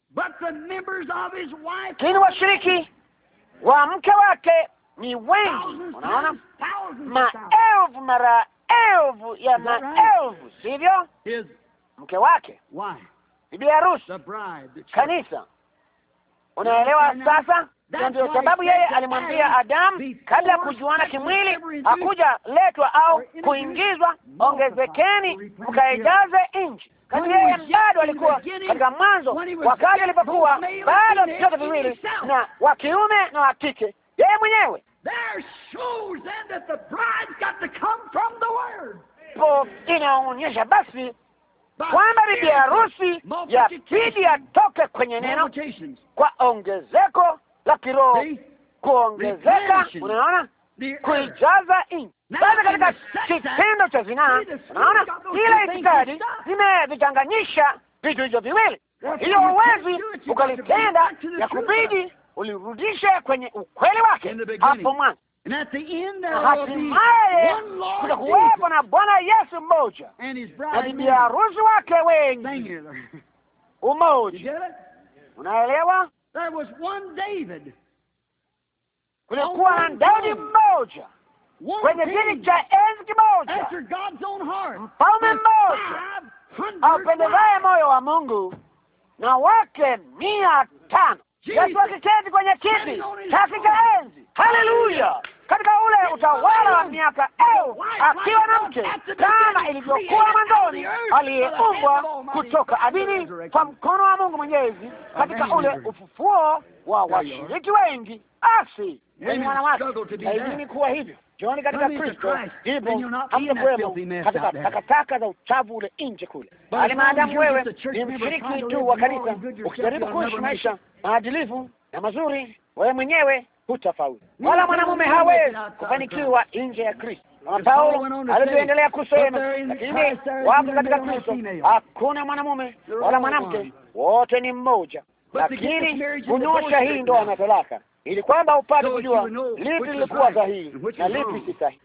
Lakini washiriki wa mke wake ni wengi, unaona, maelfu mara elfu ya maelfu, sivyo? Mke wake, bibi harusi, kanisa. Unaelewa sasa? na ndio sababu yeye alimwambia Adamu kabla ya kujuana kimwili hakuja letwa au kuingizwa, ongezekeni mkaijaze nchi kati. Yeye bado alikuwa katika mwanzo, wakati alipokuwa bado vitoto viwili na wa kiume na wa kike, yeye mwenyewe po inaonyesha basi kwamba bibi harusi ya pili atoke kwenye neno kwa ongezeko la kiroho kuongezeka, unaona, eh, kuijaza nchi. Sasa katika kitendo cha zinaa, unaona, ile itikadi zimevichanganyisha vitu hivyo viwili. Hiyo uwezi ukalitenda, ya kubidi ulirudishe kwenye ukweli wake hapo mwanzo. Hatimaye kutakuwepo na Bwana Yesu mmoja na bibi harusi wake wengi umoja. Unaelewa? kulikuwa na Daudi mmoja kwenye kiti cha enzi kimoja, mfalme mmoja aupendezaye moyo wa Mungu na wake mia tano. Yesu akiketi kwenye kiti cha enzi. Haleluya! katika ule utawala wa miaka elfu akiwa na mke kama ilivyokuwa mwanzoni, aliyeumbwa kutoka Adini kwa mkono wa Mungu Mwenyezi, katika ule ufufuo wa washiriki wengi. Asi mwenye wanawake aidini kuwa hivyo jioni katika Kristo, hivyo hamtakuwemo katika takataka za uchavu ule nje kule, bali maadamu wewe ni mshiriki tu wa kanisa, ukijaribu kuishi maisha maadilifu na mazuri, wewe mwenyewe hutafaulu, wala mwanamume hawezi kufanikiwa nje ya Kristo. Kama Paulo alivyoendelea kusema, lakini wapo katika Kristo hakuna mwanamume wala mwanamke, wote ni mmoja. Lakini kunyosha hii ndoa na talaka, ili kwamba upate kujua lipi lilikuwa sahihi na lipi si sahihi.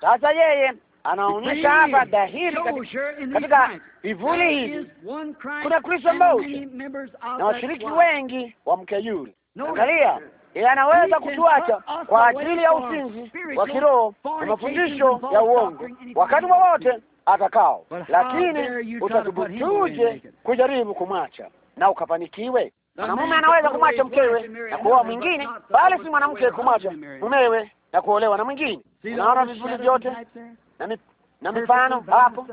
Sasa yeye anaonyesha hapa dhahiri katika vivuli hivi kuna Kristo mmoja na washiriki wengi wa mke yule. Angalia yeye anaweza kutuacha kwa ajili ya usinzi wa kiroho na mafundisho ya uongo wakati wowote atakao, lakini utatubutuje kujaribu kumwacha na ukafanikiwe. Mwanamume anaweza kumwacha mkewe na kuoa mwingine, bali si mwanamke kumwacha mumewe na kuolewa na mwingine. Unaona vivuli vyote na mifano hapo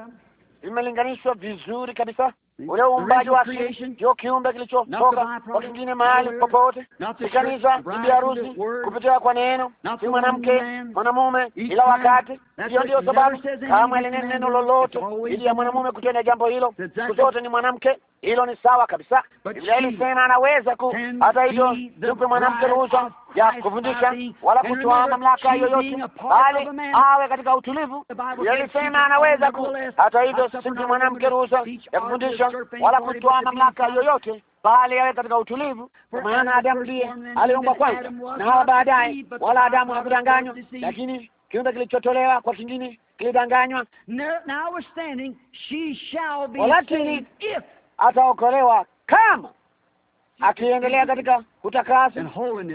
vimelinganishwa vizuri kabisa ule uumbaji wa asili, ndio kiumbe kilichotoka kwa kingine mahali popote, si kanisa, bibi harusi kupitia kwa neno, si mwanamke mwanamume, ila wakati. Hiyo ndio sababu kamwe alinena neno lolote ili ya mwanamume kutenda jambo hilo, kuzote ni mwanamke. Hilo ni sawa kabisa. Biblia ilisema anaweza ku, hata hivyo tupe mwanamke ruhusa ya kuvundisha wala kutoa mamlaka yoyote, bali awe katika utulivu. Yalisema anaweza ku. Hata hivyo, simpi mwanamke ruhusa ya kufundisha wala kutoa mamlaka yoyote, bali awe katika utulivu, kwa maana Adamu ndiye aliumbwa kwanza na Hawa baadaye, wala Adamu hakudanganywa, lakini kiumbe kilichotolewa kwa kingine kilidanganywa. Walakini ataokolewa kama akiendelea katika kutakasa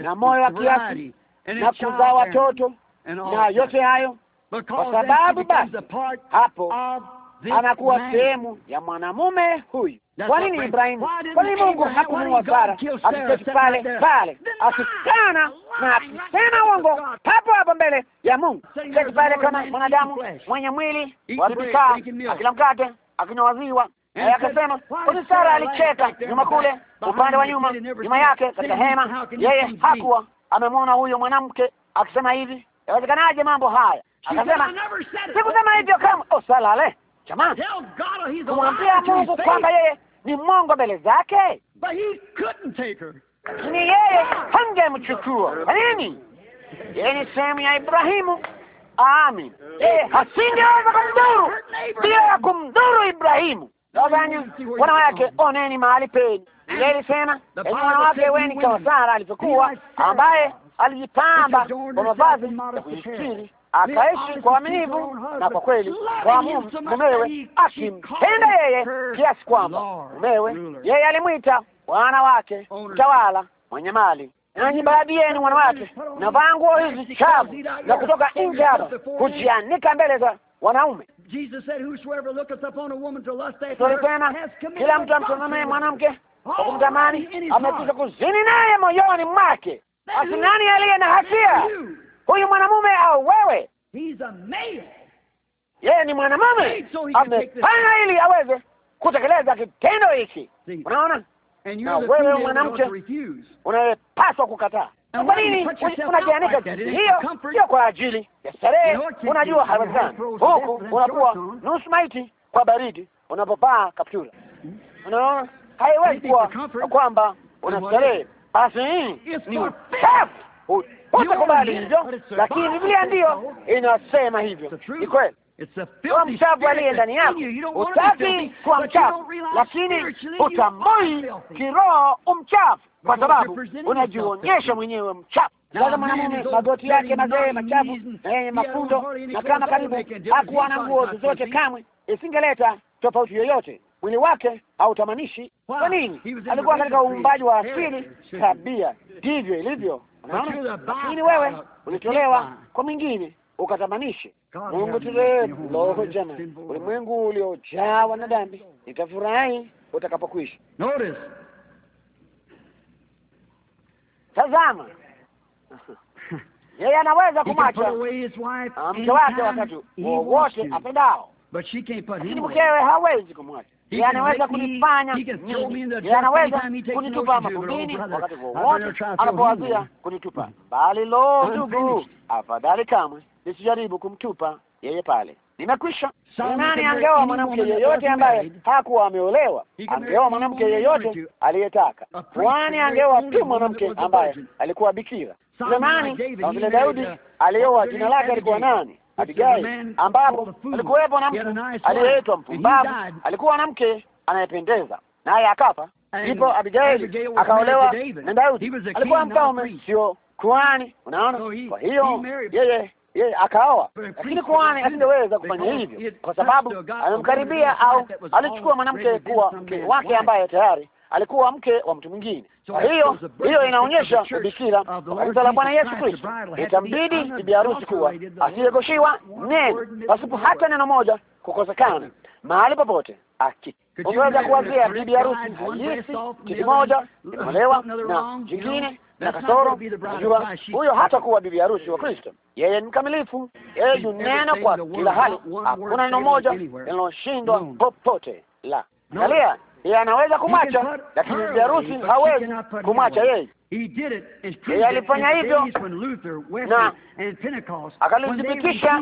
na moyo wa kiasi na kuzaa watoto na yote hayo, kwa sababu basi hapo anakuwa sehemu ya mwanamume huyu. Kwa nini Ibrahimu, kwa nini Mungu hakumuua Sara akiketi pale pale akikana na akisema uongo hapo hapo mbele ya Mungu, keti pale kama mwanadamu mwenye mwili wa kukaa, akila mkate, akinawaziwa akasema huyu Sara alicheka nyuma kule upande wa nyuma nyuma yake katika hema. Yeye hakuwa amemwona huyo mwanamke akisema hivi, yawezekanaje mambo haya? Akasema sikusema hivyo kama. Oh, salale jamani, kumwambia Mungu kwamba yeye ni mwongo mbele zake, ni yeye hangemchukua. Kwa nini? Yeye ni sehemu ya Ibrahimu. Amin, yeye hasingeweza kumdhuru, bila ya kumdhuru Ibrahimu. Lozani wanawake, oneni mahali penu. Biblia ilisema enyi wanawake, weni kama Sara alivyokuwa, ambaye alijipamba kwa mavazi ya kujifikiri, akaishi kwa uaminivu na kwa kweli kwa mumewe, akimpenda yeye kiasi kwamba mumewe yeye alimwita bwana wake, mtawala, mwenye mali. Nanyi baadhi yenu wanawake navaa nguo hizi chafu za kutoka nje hapa, kujianika mbele za wanaume Tulisema kila mtu amtazamaye mwanamke kwa kumtamani amekwisha kuzini naye moyoni mwake. Basi nani aliye na hatia, huyu mwanamume au wewe? Yeye ni mwanamume, amefanya ili aweze kutekeleza kitendo hiki. Unaona, na wewe mwanamke unayepaswa kukataa. Kwa nini unajianika hiyo? Sio kwa ajili ya starehe, unajua hawezani. Huku unakuwa nusu maiti kwa baridi unapopaa kaptula, unaona haiwezi kuwa kwamba una starehe Basi ni uchafu, utakubali hivyo, lakini Biblia ndiyo inasema hivyo. Ni kweli kuwa mchafu aliye ndani yako, utafi kuwa mchafu, lakini utambui kiroho umchafu kwa sababu unajionyesha mwenyewe mchafu. Sasa mwanamume magoti yake mazee machafu na eh, yenye mafundo, na kama karibu hakuwa na nguo zozote kamwe, isingeleta tofauti yoyote. Mwili wake hautamanishi. Kwa nini? Alikuwa katika uumbaji wa asili, tabia ndivyo ilivyo. Unaona, lakini wewe ulitolewa kwa mwingine ukatamanishe. Mungu turefu, ulimwengu uliojaa na dhambi. Nitafurahi utakapokwisha Tazama, yeye anaweza kumwacha ah, mke wake wakati wowote apendao, lakini mkewe hawezi kumwacha. Yeye anaweza kunifanya, yeye anaweza kunitupa mavumbini wakati wowote anapowazia kunitupa, bali lo, ndugu, afadhali kamwe nisijaribu kumtupa yeye pale nimekwisha Nani angeoa mwanamke yeyote ambaye hakuwa ameolewa? Angeoa mwanamke yeyote aliyetaka. Kwani angeoa tu mwanamke ambaye alikuwa bikira zamani, na vile Daudi alioa, jina lake alikuwa nani? Abigaili, ambapo alikuwepo na mtu aliyeitwa mpumbavu, alikuwa na mke anayependeza, naye akafa. Ndipo Abigaili akaolewa na Daudi, alikuwa mfalme, sio kuhani. Unaona, kwa hiyo yeye yeye akaoa, lakini kuhani asingeweza kufanya hivyo kwa sababu amemkaribia au alichukua mwanamke kuwa mke wake ambaye tayari alikuwa mke wa mtu mwingine. Kwa hiyo hiyo inaonyesha bikira kanisa la Bwana Yesu Kristo, itambidi bibi harusi kuwa asiyegoshiwa neno, pasipo hata neno moja kukosekana mahali popote. Unaweza kuwazia bibi harusi halisi, kitu moja imeolewa na jingine na kasoro. Unajua, huyo kuwa bibi harusi wa Kristo. Yeye ni mkamilifu, yeye neno kwa kila hali, hakuna neno moja linaloshindwa popote la kalia. Yeye anaweza kumwacha, lakini bibi harusi hawezi kumwacha yeye. Yeye alifanya hivyo na akalithibitisha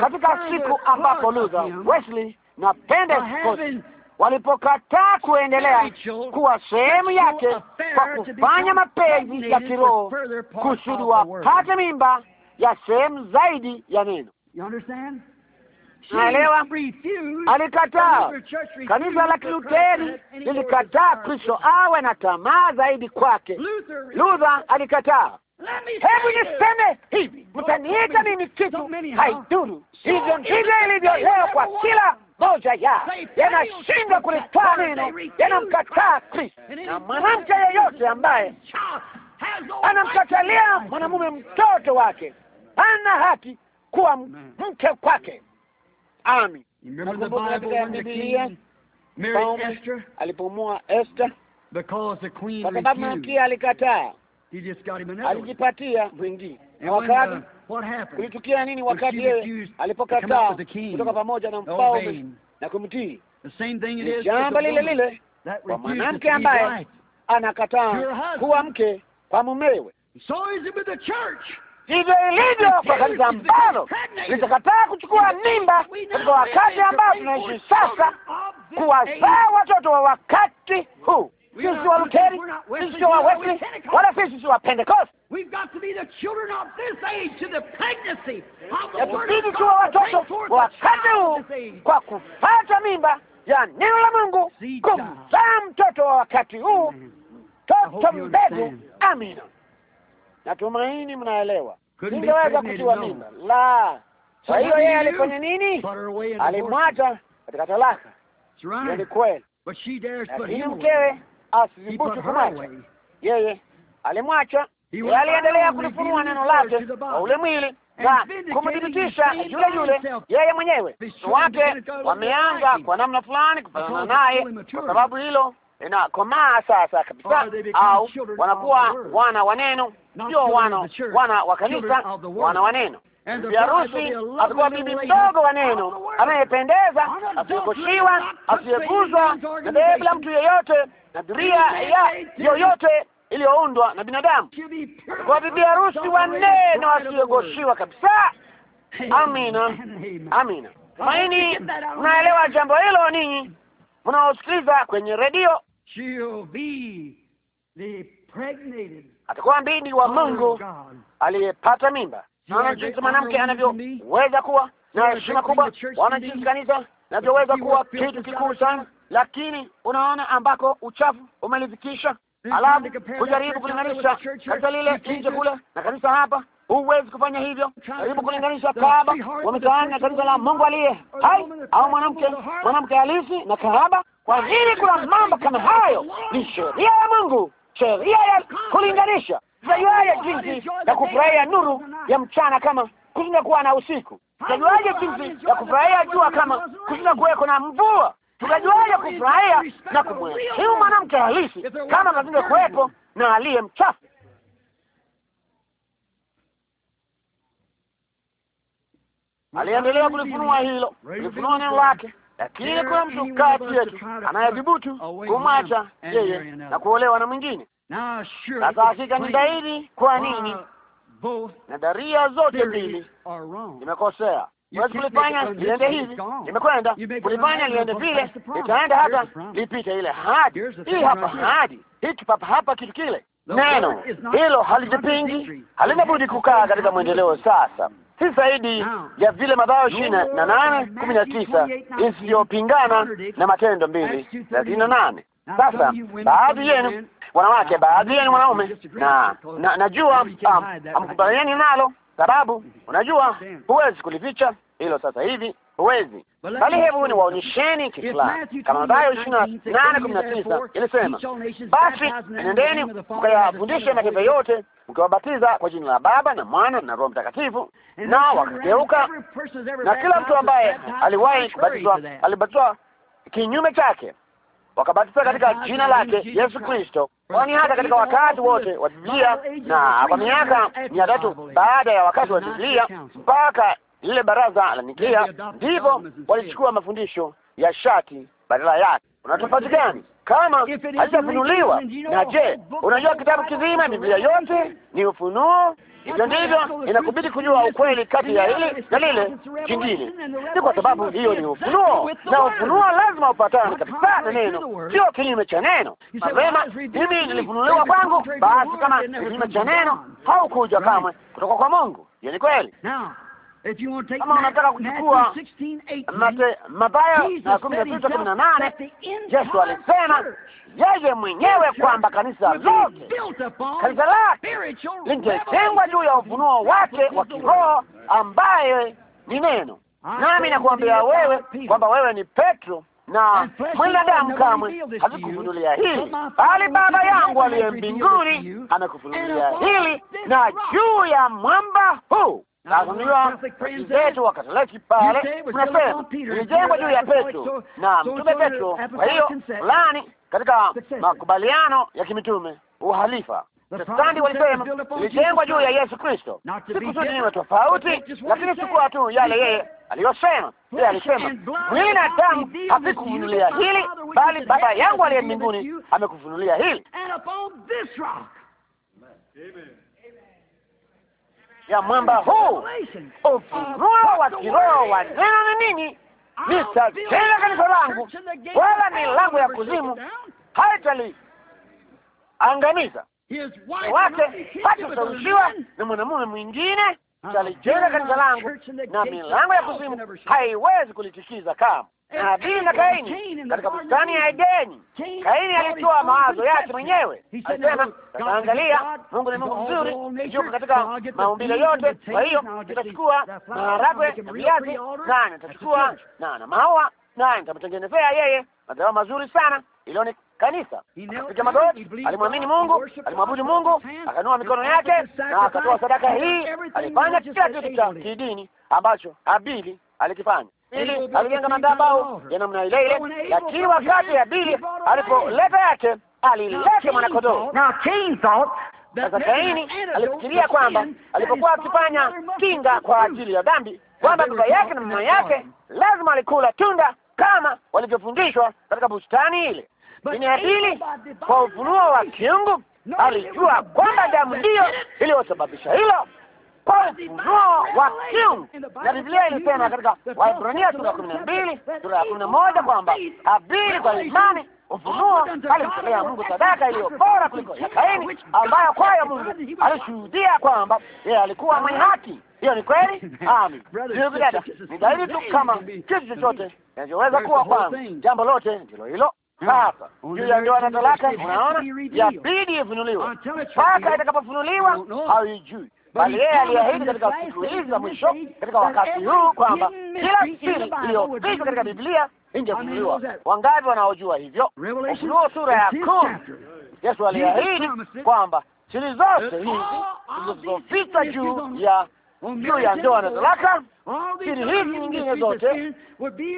katika siku ambapo Luther, Wesley na Pentecost walipokataa kuendelea kuwa sehemu yake kwa kufanya mapenzi ya kiroho kusudi wapate mimba ya sehemu zaidi ya neno. Naelewa, alikataa. Kanisa la Kiluteri lilikataa Kristo awe na tamaa zaidi kwake. Luther alikataa. Hebu niseme hivi, mtaniita mimi kitu, haiduru. Hivyo ndivyo ilivyo leo kwa kila moja ya yanashindwa kulitwaa neno, yanamkataa Kristo. Na mwanamke yeyote ambaye anamkatalia mwanamume mtoto wake ana haki kuwa mke kwake. Amin. Nakumbuka katika Biblia alipomua Esther kwa sababu malkia alikataa, alijipatia mwingine na wakati uh, kulitukia nini wakati yeye alipokataa kutoka pamoja na mfalme na kumtii? Ni jambo lile lile kwa mwanamke ambaye anakataa kuwa mke kwa mumewe. Hivyo ilivyo kwa kanisa ambalo litakataa kuchukua mimba katika wakati ambao tunaishi sasa, kuwazaa watoto wa wakati huu sisi wa Luteri, sisi wa Wesley, wala sisi wa Pentecost. Yatubidi tuwa watoto wa wakati huu kwa kupata mimba ya neno la Mungu, kumzaa mtoto wa wakati huu, mtoto mbegu. Amina, natumaini mnaelewa. Singeweza kutiwa mimba la kwa hiyo yeye alifanya nini? Alimwacha katika talaka, ni kweli, lakini mkewe asithubutu kumwacha yeye. Alimwacha, aliendelea kulifunua neno lake kwa ule mwili na kumthibitisha yule yule yeye mwenyewe. Wake wameanza kwa namna fulani kufanana naye, kwa sababu hilo inakomaa sasa kabisa, oh, au wanakuwa wana wa neno, sio wana wana wa kanisa, wana wa neno biharusi atakuwa bibi mdogo wa neno anayependeza, asiyekoshiwa, asiyeguzwa na dhehebu la mtu yeyote na dhuria ya yoyote iliyoundwa na binadamu. Atakuwa bibi harusi wa neno asiyegoshiwa kabisa. Amina, amina. Tumaini unaelewa jambo hilo, ninyi mnaosikiliza kwenye redio. Atakuwa bibi wa Mungu aliyepata mimba naona jinsi mwanamke anavyoweza kuwa na heshima kubwa, waona jinsi kanisa navyoweza kuwa kitu kikuu sana, lakini unaona ambako uchafu umelifikisha. Alafu kujaribu kulinganisha kanisa lile nje kule na kanisa hapa, huwezi kufanya hivyo. Jaribu kulinganisha kahaba wa mitaani na kanisa la Mungu aliye hai, au mwanamke mwanamke halisi na kahaba, kwa nini kuna mambo kama hayo? Ni sheria ya Mungu, sheria ya kulinganisha Tunajuaje jinsi ya kufurahia nuru ya mchana kama kusinga kuwa na usiku? Tunajuaje jinsi ya kufurahia jua kama kusinga kuweko na mvua? Tunajuaje kufurahia na kumheshimu mwanamke halisi kama kazinga kuwepo na aliye mchafu? Aliendelea kulifunua hilo, kulifunua neno lake, lakini kuna mtu kati yetu anayedhubutu kumwacha yeye na kuolewa na mwingine sasa hakika ni dhahiri kwa nini nadaria zote mbili nimekosea. Huwezi kulifanya liende hivi, limekwenda kulifanya liende vile, litaenda hata lipite ile hadi hii hapa, hadi hiki papa hapa, kitu kile. Neno hilo halijipingi, halina budi kukaa katika mwendeleo. Sasa si zaidi ya vile Mathayo ishirini na nane kumi na tisa isiyopingana na Matendo mbili thelathini na nane. Sasa baadhi yenu wanawake, baadhi ni wanaume, na najua amkubaliani nalo, sababu unajua huwezi kulificha hilo sasa hivi huwezi bali, hebu ni waonyesheni kifulani, kama Mathayo ishirini na nane kumi na tisa ilisema, basi nendeni mkayafundishe mataifa yote mkiwabatiza kwa jina la Baba na Mwana na Roho Mtakatifu. na wakageuka, na kila mtu ambaye aliwahi kubatizwa alibatizwa kinyume chake wakabatizwa katika jina lake Yesu Kristo. Kwani hata katika wakati wote wa Biblia na kwa miaka mia tatu baada ya wakati wa Biblia mpaka lile baraza la Nikea, ndipo walichukua mafundisho ya shati badala yake. Una tofauti gani kama haijafunuliwa? Na je, unajua kitabu kizima Biblia yote ni ufunuo hivyo ndivyo inakubidi kujua ukweli kati ya hili na lile jingine, ni kwa sababu hiyo ni ufunuo, na ufunuo lazima upatane kabisa na neno, sio kinyume cha neno. Mapema mimi nilifunuliwa kwangu, basi kama kinyume cha neno haukuja kamwe kutoka kwa Mungu. Hiyo ni kweli kama unataka kuchukua Mathayo kumi na sita kumi na nane Yesu alisema yeye mwenyewe kwamba kanisa lote kanisa lake lingejengwa juu ya ufunuo wake wa kiroho ambaye ni neno. Nami nakuambia wewe kwamba wewe ni Petro na mwanadamu kamwe hazikufunulia hili, bali Baba yangu aliye mbinguni amekufunulia hili, na juu ya mwamba huu sasa unajua mzetu wa Katoliki pale unasema ilijengwa juu ya Petro na mtume Petro. Kwa hiyo fulani katika makubaliano ya kimitume uhalifa Protestanti walisema ilijengwa juu ya Yesu Kristo, si kusudi niwe tofauti, lakini sikuwa tu yale yeye aliyosema. Yeye alisema mwili na damu havikufunulia hili, bali Baba yangu aliye mbinguni amekufunulia hili ya mwamba huu. Ufunuo wa kiroho wa neno ni nini? Nitajenga kanisa langu, wala milango ya kuzimu haitaliangamiza wake hatashawishiwa na mwanamume mwingine. Nitalijenga kanisa langu, na milango ya kuzimu haiwezi kulitikiza kama Abili na Kaini katika bustani ya Edeni. Kaini alitoa mawazo yake mwenyewe, alisema tutaangalia, Mungu ni Mungu mzuri, yuko katika maumbile yote. Kwa hiyo tutachukua maharagwe na viazi, nani atachukua na maua, nani tamtengenezea yeye mazao mazuri sana. Hilo ni kanisa. Akapiga magoti, alimwamini Mungu, alimwabudu Mungu, akanua mikono yake na akatoa sadaka hii. Alifanya kila kitu cha kidini ambacho Abili alikifanya ili alijenga madhabahu ya namna ile ile, lakini wakati abili alipoleta yake alileta mwanakondoo. Sasa Kaini alifikiria kwamba alipokuwa akifanya kinga kwa ajili ya dhambi kwamba baba yake na mama yake lazima alikula tunda kama walivyofundishwa katika bustani ile. Lakini Habili kwa ufunuo wa kiungu alijua kwamba damu ndiyo iliyosababisha hilo ufunuo wa kiungu. Na Biblia ilisema katika Waebrania sura ya kumi na mbili sura ya kumi na moja kwamba Habili kwa imani ufunuo alimtolea Mungu sadaka iliyo bora kuliko ya Kaini, ambayo kwayo Mungu alishuhudia kwamba yeye alikuwa mwenye haki. Hiyo ni kweli. Amin. Ndugu ni dalili tu kama kitu chochote kinachoweza kuwa kwangu, jambo lote ndilo hilo. Sasa juu ya ndoa na talaka, unaona, yabidi ifunuliwe. Mpaka itakapofunuliwa haijui bali yeye aliahidi katika siku hizi za mwisho, katika wakati huu, kwamba kila siri iliyofichwa katika Biblia ingefunuliwa. Wangapi wanaojua hivyo? Ufunuo sura ya kumi, Yesu aliahidi kwamba siri zote hizi zilizofichwa juu ya juu ya ndoa na talaka, siri hizi nyingine zote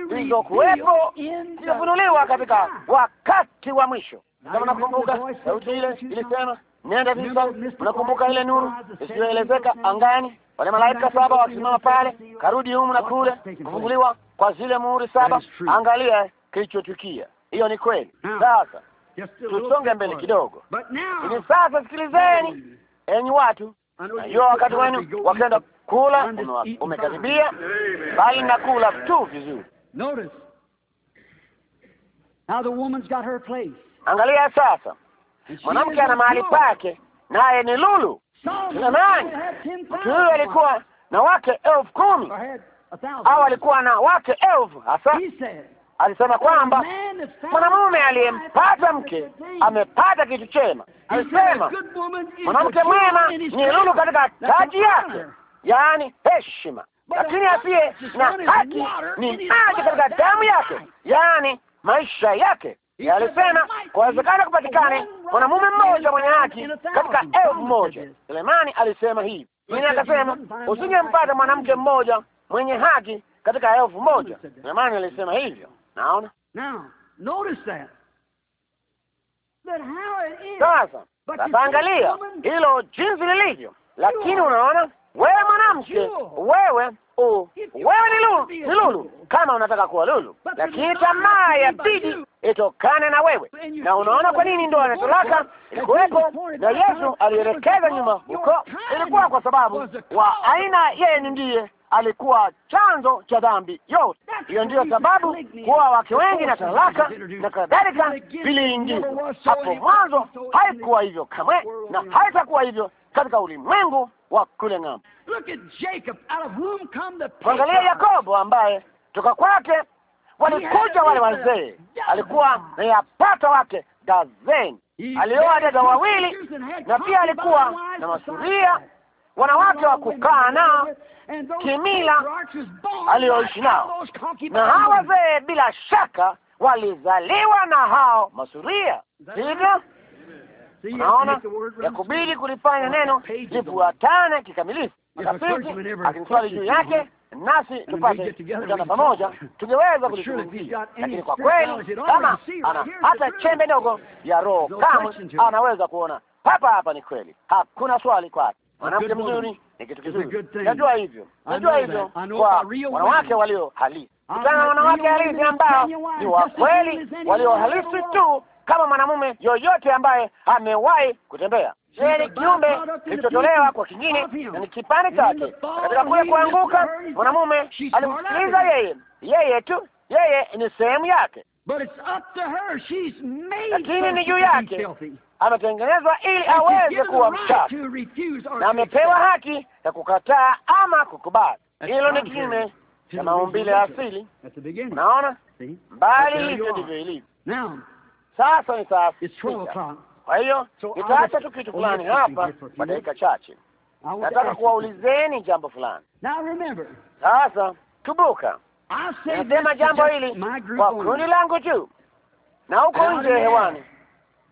zilizokuwepo zitafunuliwa katika wakati wa mwisho. Kama nakumbuka, sauti ile ilisema Nenda visa, Unakumbuka ile nuru isiyoelezeka angani, wale malaika saba wakisimama pale, karudi humu na kule, kufunguliwa kwa zile muhuri saba. Angalia kilichotukia. Hiyo ni kweli. Sasa tusonge mbele kidogo. Hivi sasa, sikilizeni enyi watu, hiyo wakati wenu wakenda kula umekaribia, bali na kula tu vizuri. Angalia sasa Mwanamke ana mahali pake, naye ni lulu. Jamani, mtu huyu alikuwa na wake elfu kumi au alikuwa na wake elfu hasa. Alisema kwamba mwanamume aliyempata mke amepata kitu chema. Alisema mwanamke mwema ni lulu katika taji yake, yaani heshima, lakini asiye na haki ni maji katika damu yake, yaani maisha yake alisema kwawezekana kupatikane mwanamume mmoja mwenye haki katika elfu moja. Sulemani alisema hivi, mwenye akasema usingempata mwanamke mmoja mwenye haki katika elfu moja. Sulemani alisema hivyo. Naona sasa, sasa angalia hilo jinsi lilivyo, lakini unaona wewe mwanamke, wewe u wewe ni lulu, ni lulu kama unataka kuwa lulu, lakini tamaa ya bidi itokane na wewe. Na unaona kwa nini ndoa na talaka ilikuwepo na Yesu alielekeza nyuma huko, ilikuwa kwa sababu wa aina, yeye ni ndiye alikuwa chanzo cha dhambi yote. Hiyo ndiyo sababu kuwa wake wengi na talaka na kadhalika viliingizwa hapo mwanzo. Haikuwa hivyo kamwe na haitakuwa hivyo katika ulimwengu wa kule ng'ambo. Kuangalia Yakobo ambaye toka kwake walikuja wale wazee, alikuwa ameyapata wake dazeni. Alioa dada wawili na pia alikuwa na masuria wanawake wa kukaa nao kimila alioishi nao, na hao wazee bila shaka walizaliwa na hao masuria, hivyo Unaona, yakubidi kulifanya neno lifuatane kikamilifu. Mtafiti akiswali juu yake nasi tupate kutana pamoja, tungeweza kulizungumzia, lakini kwa kweli, kama ana hata chembe ndogo ya roho, kama anaweza kuona hapa hapa, ni kweli, hakuna swali kwake. Mwanamke mzuri ni kitu kizuri, najua hivyo, najua hivyo, kwa wanawake walio halisi, kutana wanawake halisi ambao ni wa kweli, walio halisi tu kama mwanamume yoyote ambaye amewahi kutembea. Yeye ni kiumbe kilichotolewa kwa kingine na ni kipande chake. Katika kule kuanguka, mwanamume alimsikiliza yeye, yeye tu, yeye ni sehemu yake, lakini ni juu yake ametengenezwa ili aweze kuwa mchafu na amepewa haki ya kukataa ama kukubali. Hilo ni kinyume cha maumbile ya asili. Naona mbali, hivyo ndivyo ilivyo. Sasa ni saa sita. Kwa hiyo nitaacha tu kitu fulani hapa kwa dakika chache. Nataka kuwaulizeni jambo fulani. Sasa kumbuka, nasema jambo hili kwa kundi langu tu na huko nje hewani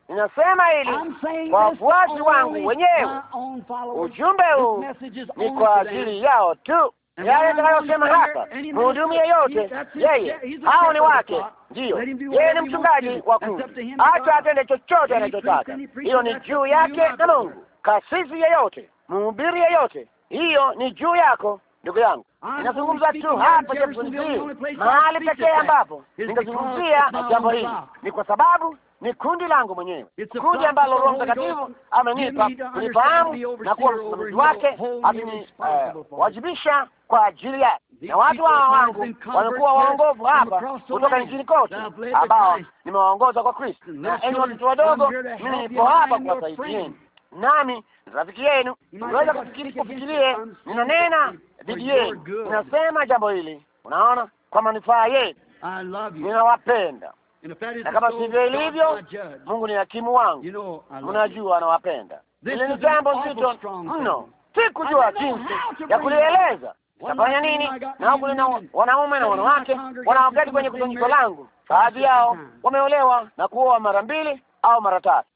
ninasema hili kwa wafuasi wangu wenyewe. Ujumbe huu ni kwa ajili yao tu yale yaani atakayosema hapa, mhudumu yeyote, yeye hao ni wake, ndio yeye ni mchungaji wa kundi, acha atende chochote anachotaka. Hiyo ni juu yake na Mungu. Kasisi yeyote, mhubiri yeyote, hiyo ni juu yako ndugu yangu. Ninazungumza tu hapa mahali pekee ambapo ningezungumzia jambo hili ni kwa sababu ni kundi langu mwenyewe, kundi ambalo Roho Mtakatifu amenipa kulifahamu na kuwa msimamizi wake, akinini kwa ajili yake, na watu hawa wangu wamekuwa waongovu hapa kutoka nchini kote, ambao nimewaongoza kwa Kristo. Na enyi watoto wadogo, mimi nipo hapa kuwasaidieni, nami rafiki yenu. Unaweza kufikiri, kufikirie ninanena dhidi yenu, ninasema jambo hili, unaona, kwa manufaa yenu. Ninawapenda na kama sivyo ilivyo, Mungu ni hakimu wangu. Mnajua anawapenda. Hili ni jambo zito mno, sikujua jinsi ya kulieleza Utafanya nini na huku? na wanaume na wanawake wanaoketi kwenye kusanyiko langu, baadhi yao wameolewa na kuoa mara mbili au mara tatu,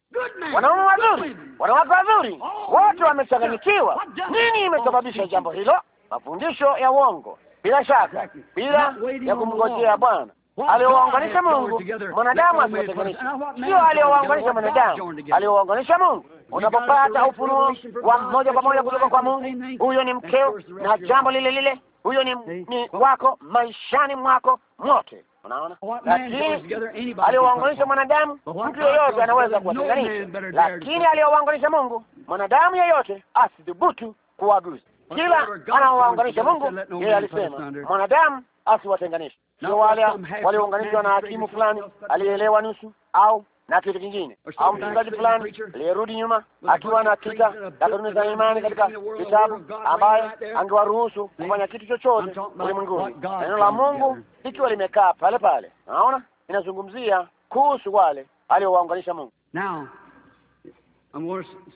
wanaume wazuri, wanawake wazuri, wote wamechanganyikiwa. Nini imesababisha jambo hilo? Mafundisho ya uongo, bila shaka, bila ya kumngojea Bwana aliowaunganisha Mungu, mwanadamu asiwatenganisha. Sio aliowaunganisha mwanadamu, aliowaunganisha Mungu unapopata ufunuo wa moja kwa moja kutoka kwa Mungu, huyo ni mkeo, na jambo lile lile huyo ni, ni wako maishani mwako mwote. Unaona, lakini aliyowaunganisha mwanadamu mtu yeyote anaweza kuwatenganisha, lakini aliyowaunganisha Mungu mwanadamu yeyote asithubutu kuwaguza Kila anaowaunganisha Mungu, yeye alisema mwanadamu asiwatenganishe. Sio wale waliounganishwa na hakimu fulani alielewa nusu au na kitu kingine, au mtangazaji fulani aliyerudi nyuma akiwa na picha na kanuni za imani katika kitabu ambaye angewaruhusu kufanya kitu chochote ulimwenguni, neno la Mungu ikiwa limekaa pale pale. Naona inazungumzia kuhusu wale aliowaunganisha Mungu.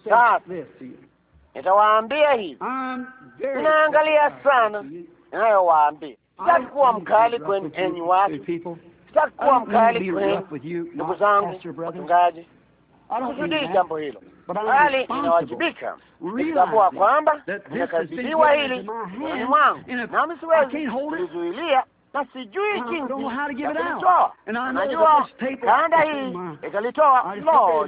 Sasa nitawaambia hivi, inaangalia sana inayowaambia, sitaki kuwa mkali kwenye enyi watu sitaki kuwa mkali ndugu zangu wachungaji, kusudii jambo hilo, bali inawajibika kutambua kwamba nimekabidhiwa hili ni mwangu, nami siwezi kuzuilia na sijui jinsi kulitoa. Najua kanda hii italitoa. Lo,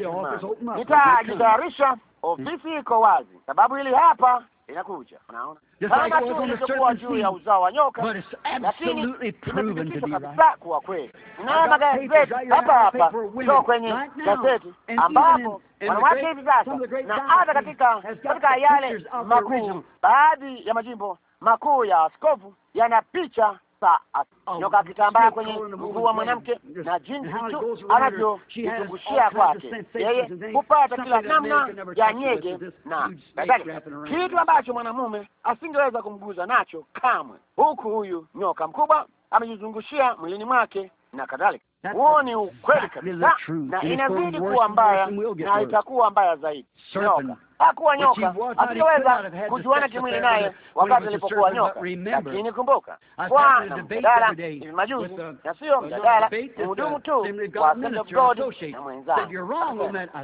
nitaajitayarisha. Ofisi iko wazi, sababu hili hapa inakuja. Unaona, kama tu ilivyokuwa juu ya uzao wa nyoka, lakini imethibitishwa kabisa kuwa kweli. Ninayo magazeti hapa hapa sio kwenye gazeti ambapo wanawake hivi sasa, na hata katika katika yale makuu, baadhi ya majimbo makuu ya askofu yana picha saa oh, nyoka akitambaa kwenye mguu wa mwanamke na jinsi tu anavyojizungushia kwake yeye kupata kila namna ya nyege na kadhalika, kitu ambacho mwanamume asingeweza kumguza nacho kamwe, huku huyu nyoka mkubwa amejizungushia mwilini mwake na kadhalika. Huo ni ukweli kabisa, na inazidi kuwa mbaya na itakuwa mbaya zaidi. Nyoka hakuwa nyoka, asingeweza kujuana kimwili naye wakati alipokuwa nyoka. Lakini kumbuka, kwa mjadala hivi majuzi, na sio mjadala, mhudumu tu wa Assembly of God na mwenzangu,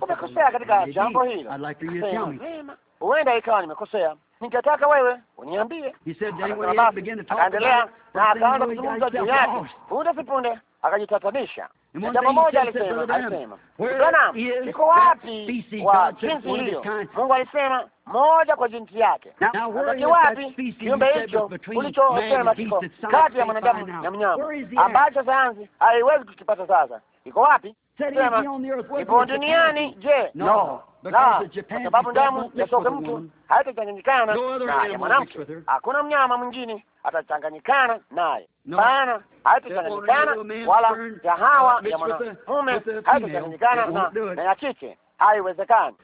umekosea katika jambo hilo. Huenda ikawa nimekosea, ningetaka wewe uniambie. Akaendelea na akaanza kuzungumza juu yake punde si punde akajitatanisha. Jambo moja alisema, alisema, bwana, iko wapi kwa jinsi hiyo? Mungu alisema moja kwa jinsi yake. Ni wapi kiumbe hicho ulichosema kiko kati ya mwanadamu na mnyama ambacho sayansi haiwezi kukipata sasa? Iko wapi? Sema ipo duniani? Je, no la, kwa sababu damu ya soke mtu haitachanganyikana na ya mwanamke. Hakuna mnyama mwingine atachanganyikana naye, maana haitachanganyikana, wala ya hawa ya mwanamume haitachanganyikana na ya kike haiwezekani.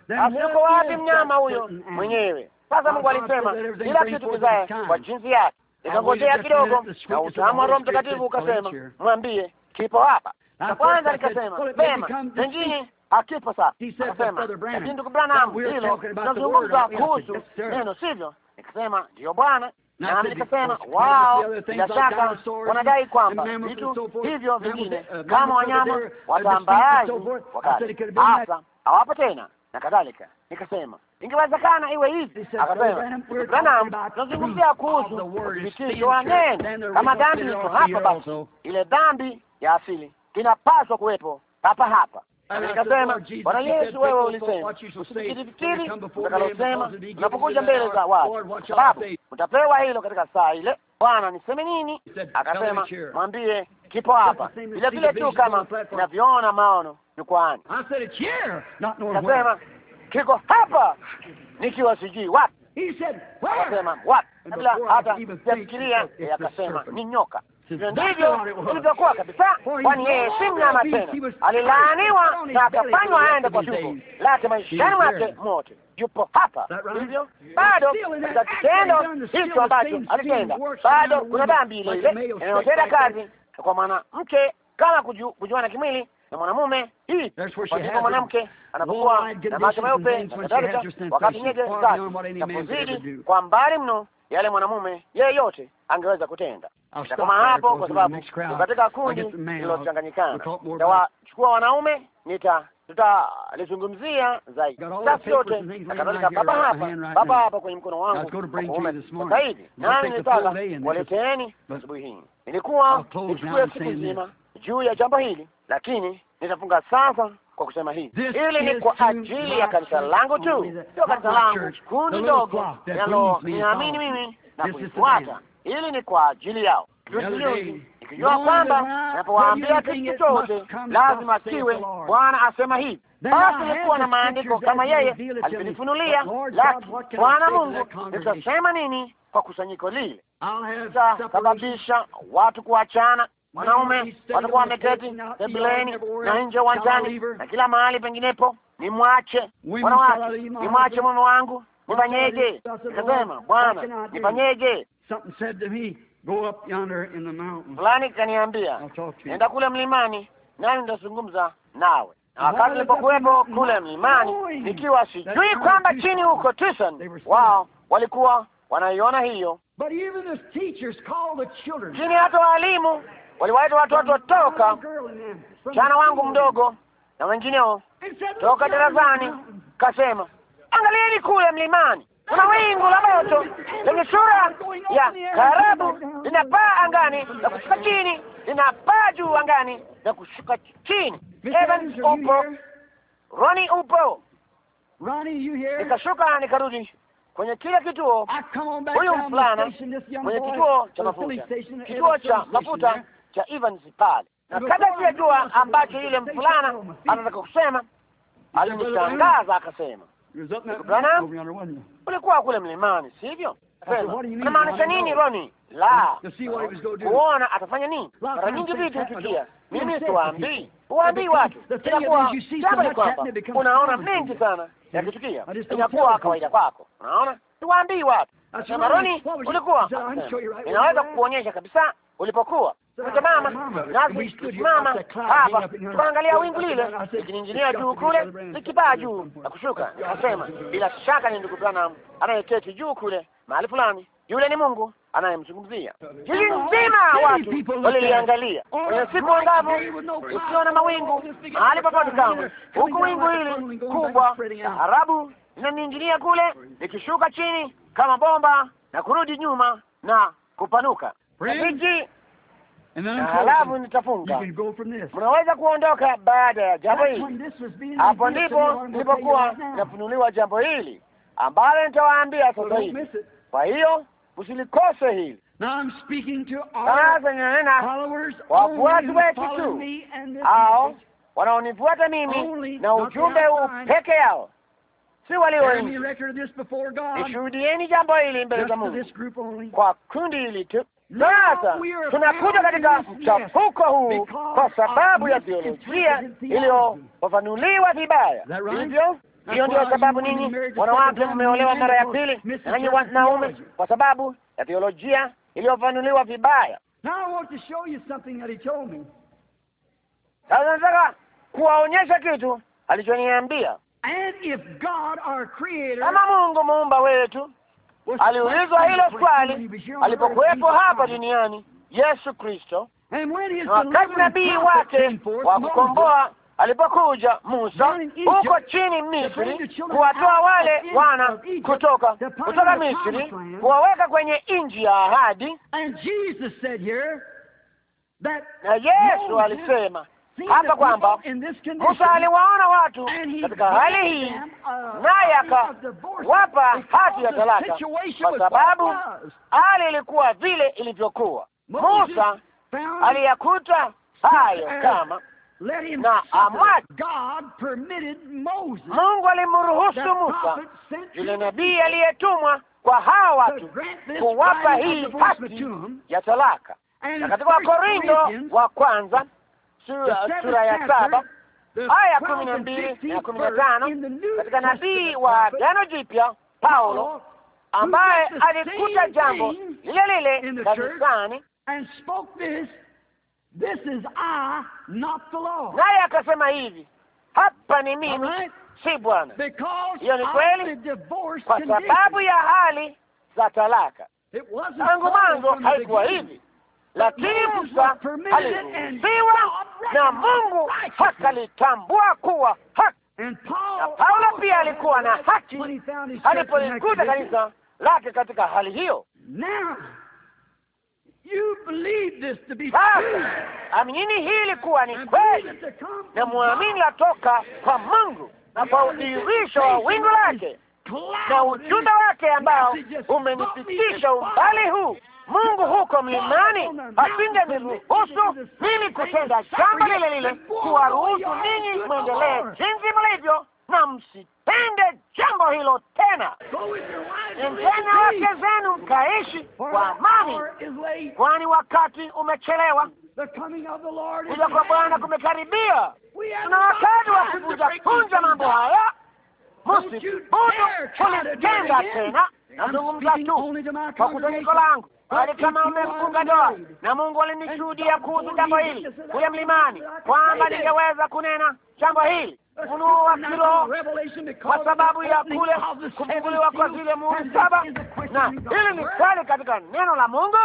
yuko wapi mnyama huyo mwenyewe? Sasa Mungu alisema kila kitu kizae kwa jinsi yake. Nikangojea kidogo, na utamu wa Roho Mtakatifu ukasema, mwambie kipo hapa. Na kwanza nikasema vema, pengine hakipo sasa. Akasema lakini, ndugu Branham, hilo tunazungumza kuhusu neno, sivyo? Nikasema ndiyo Bwana. Nami nikasema wao, bila shaka wanadai kwamba vitu hivyo vingine uh, kama wanyama uh, watambaaji wakati hasa hawapo tena na kadhalika. Nikasema ingewezekana iwe hivi. Akasema Branham, tunazungumzia kuhusu uthibitisho wa neno. Kama dhambi iko hapa, basi ile dhambi ya asili inapaswa kuwepo hapa hapa. Nikasema Bwana Yesu, wewe ulisema usifikiri utakalosema unapokuja mbele za watu, sababu utapewa hilo katika saa ile. Bwana, niseme nini? Akasema mwambie kipo hapa vile vile tu kama inavyoona maono jukwaani. Nasema kiko hapa nikiwa sijui wapi. Akasema wapi, kabla hata sijafikiria, akasema ni nyoka. Ndivyo ilivyokuwa kabisa, kwani yeye si mnyama tena, alilaaniwa na akafanywa aende kwa tumbo lake maishani mwake mote. Yupo hapa, hivyo bado katika kitendo hicho ambacho alitenda, bado kuna dhambi ile ile inayotenda kazi kwa maana mke kama kujuana kimwili na mwanamume hii ndipo mwanamke anapokuwa na macho meupe na kadhalika, wakati nyege zake kwa mbali mno yale mwanamume yeyote angeweza kutenda. Nitakoma hapo kwa sababu katika kundi lililochanganyikana, nitawachukua wanaume nita tutalizungumzia zaidi sasa yote na kadhalika. Baba hapa, baba hapa kwenye mkono wangu sasa hivi, nami nilitaka waleteeni asubuhi hii. Nilikuwa nichukue siku nzima juu ya jambo hili, lakini nitafunga sasa kwa kusema hivi, ili ni kwa ajili ya kanisa langu tu, sio kanisa langu, kundi ndogo linaloniamini mimi na kunifuata, ili ni kwa ajili yao kujua kwamba napowaambia kitu chochote lazima kiwe Bwana asema hivi. Basi nilikuwa na maandiko kama yeye alivyonifunulia, lakini Bwana Mungu nitasema nini kwa kusanyiko lile? tasababisha watu kuachana wanaume watakuwa wameketi sebuleni na nje uwanjani na kila mahali penginepo. Nimwache wanawake, nimwache mume wangu, nifanyeje? Nikasema, Bwana, nifanyeje? fulani kaniambia, nenda kule mlimani nani nitazungumza nawe. Na wakati nilipokuwepo kule mlimani, nikiwa sijui kwamba chini huko Tucson, wao walikuwa wanaiona hiyo chini. Hata waalimu waliwaita watoto toka chana wangu mdogo na wengineo toka darasani, kasema angalieni kule mlimani kuna wingu la moto lenye sura ya karabu linapaa angani na kushuka chini, linapaa juu angani na kushuka chini. Evans upo, Roni upo, nikashuka nikarudi kwenye kile kituo. Huyu mfulana kwenye kituo cha mafuta, kituo cha mafuta cha Evans pale, na kabla sijajua ambacho yule mfulana anataka kusema, alinishangaza akasema, Bwana ulikuwa kule mlimani, sivyo? Unamaanisha nini Roni? La, kuona atafanya nini? Mara nyingi vitu hutukia. Mimi siwaambii, huwaambii watu. Inakuwa jambo ni kwamba unaona mengi sana yakitukia, inakuwa kawaida kwako. Unaona, siwaambii watu. Sema Roni, ulikuwa inaweza kukuonyesha kabisa ulipokuwa Tukasimama nasi tukisimama hapa tukaangalia wingu lile likininginia juu kule likipaa juu na kushuka, nikasema bila shaka ni ndugu Branham anayeketi juu kule mahali fulani. Yule ni Mungu anayemzungumzia. Jiji nzima watu waliliangalia kwenye siku angavu, ukiwa na mawingu mahali popote kama huku, wingu hili kubwa harabu linaniingilia kule nikishuka chini kama bomba na kurudi nyuma na kupanuka na halafu nitafunga. Mnaweza kuondoka baada ya jambo hili. Hapo ndipo nilipokuwa nafunuliwa jambo hili ambalo nitawaambia sasa hivi. Kwa hiyo msilikose hili. Sasa ninanena wafuasi wetu tu, hao wanaonifuata mimi na ujumbe huu peke yao, si walio Nishuhudieni jambo hili mbele za Mungu kwa kundi hili tu. Sasa tunakuja katika mchafuko huu kwa sababu ya teolojia iliyofafanuliwa vibaya, hivyo hiyo ndio sababu ninyi wanawake mmeolewa mara ya pili, nanyi wanaume, kwa sababu ya teolojia iliyofafanuliwa vibaya. Sasa nataka kuwaonyesha kitu alichoniambia. Kama Mungu muumba wetu aliulizwa hilo swali alipokuwepo hapa duniani Yesu Kristo, eh, na wakati nabii wake wa kukomboa alipokuja Musa huko chini Misri, kuwatoa wale wana kutoka kutoka Misri, kuwaweka kwenye nchi ya ahadi. Na Yesu alisema hapa kwamba Musa aliwaona watu katika hali hii, uh, naye akawapa hati ya talaka, kwa sababu hali ilikuwa vile ilivyokuwa. Musa aliyakuta hayo kama na amwache Mungu alimruhusu Musa yule nabii aliyetumwa kwa hawa watu kuwapa hii hati ya talaka. Na katika Wakorintho wa kwanza sura ya saba aya ya kumi na mbili na kumi na tano katika nabii wa Agano Jipya Paulo ambaye alikuta jambo lile lile kanisani naye akasema hivi, hapa ni mimi, si Bwana. Hiyo ni kweli, kwa sababu ya hali za talaka. Tangu mwanzo haikuwa hivi lakini Musa aliruhusiwa na Mungu hakalitambua kuwa haki, na Paulo pia alikuwa na haki alipolikuta kanisa lake katika hali hiyo. Sasa amini hili kuwa ni kweli, na muamini latoka kwa Mungu na kwa udhihirisho wa wingu lake na ujumbe wake ambao umenipitisha umbali huu Mungu huko mlimani asingeniruhusu mimi kutenda jambo lile lile, kuwaruhusu ninyi mwendelee jinsi mlivyo, na msitende jambo hilo tena. Endeni wake zenu mkaishi kwa amani, kwani wakati umechelewa. Kuja kwa Bwana kumekaribia. tuna wakati wa kuvunjakunja mambo haya, msibudu kulitenda tena. Nazungumza tu kwa kutanyiko langu bali kama umefunga doa. Na Mungu alinishuhudia kuhusu jambo hili kule mlimani, kwamba ningeweza kunena jambo hili ufunuo wa kwa sababu ya kule kufunguliwa kwa zile muhuri saba, na hili ni kweli katika neno la Mungu.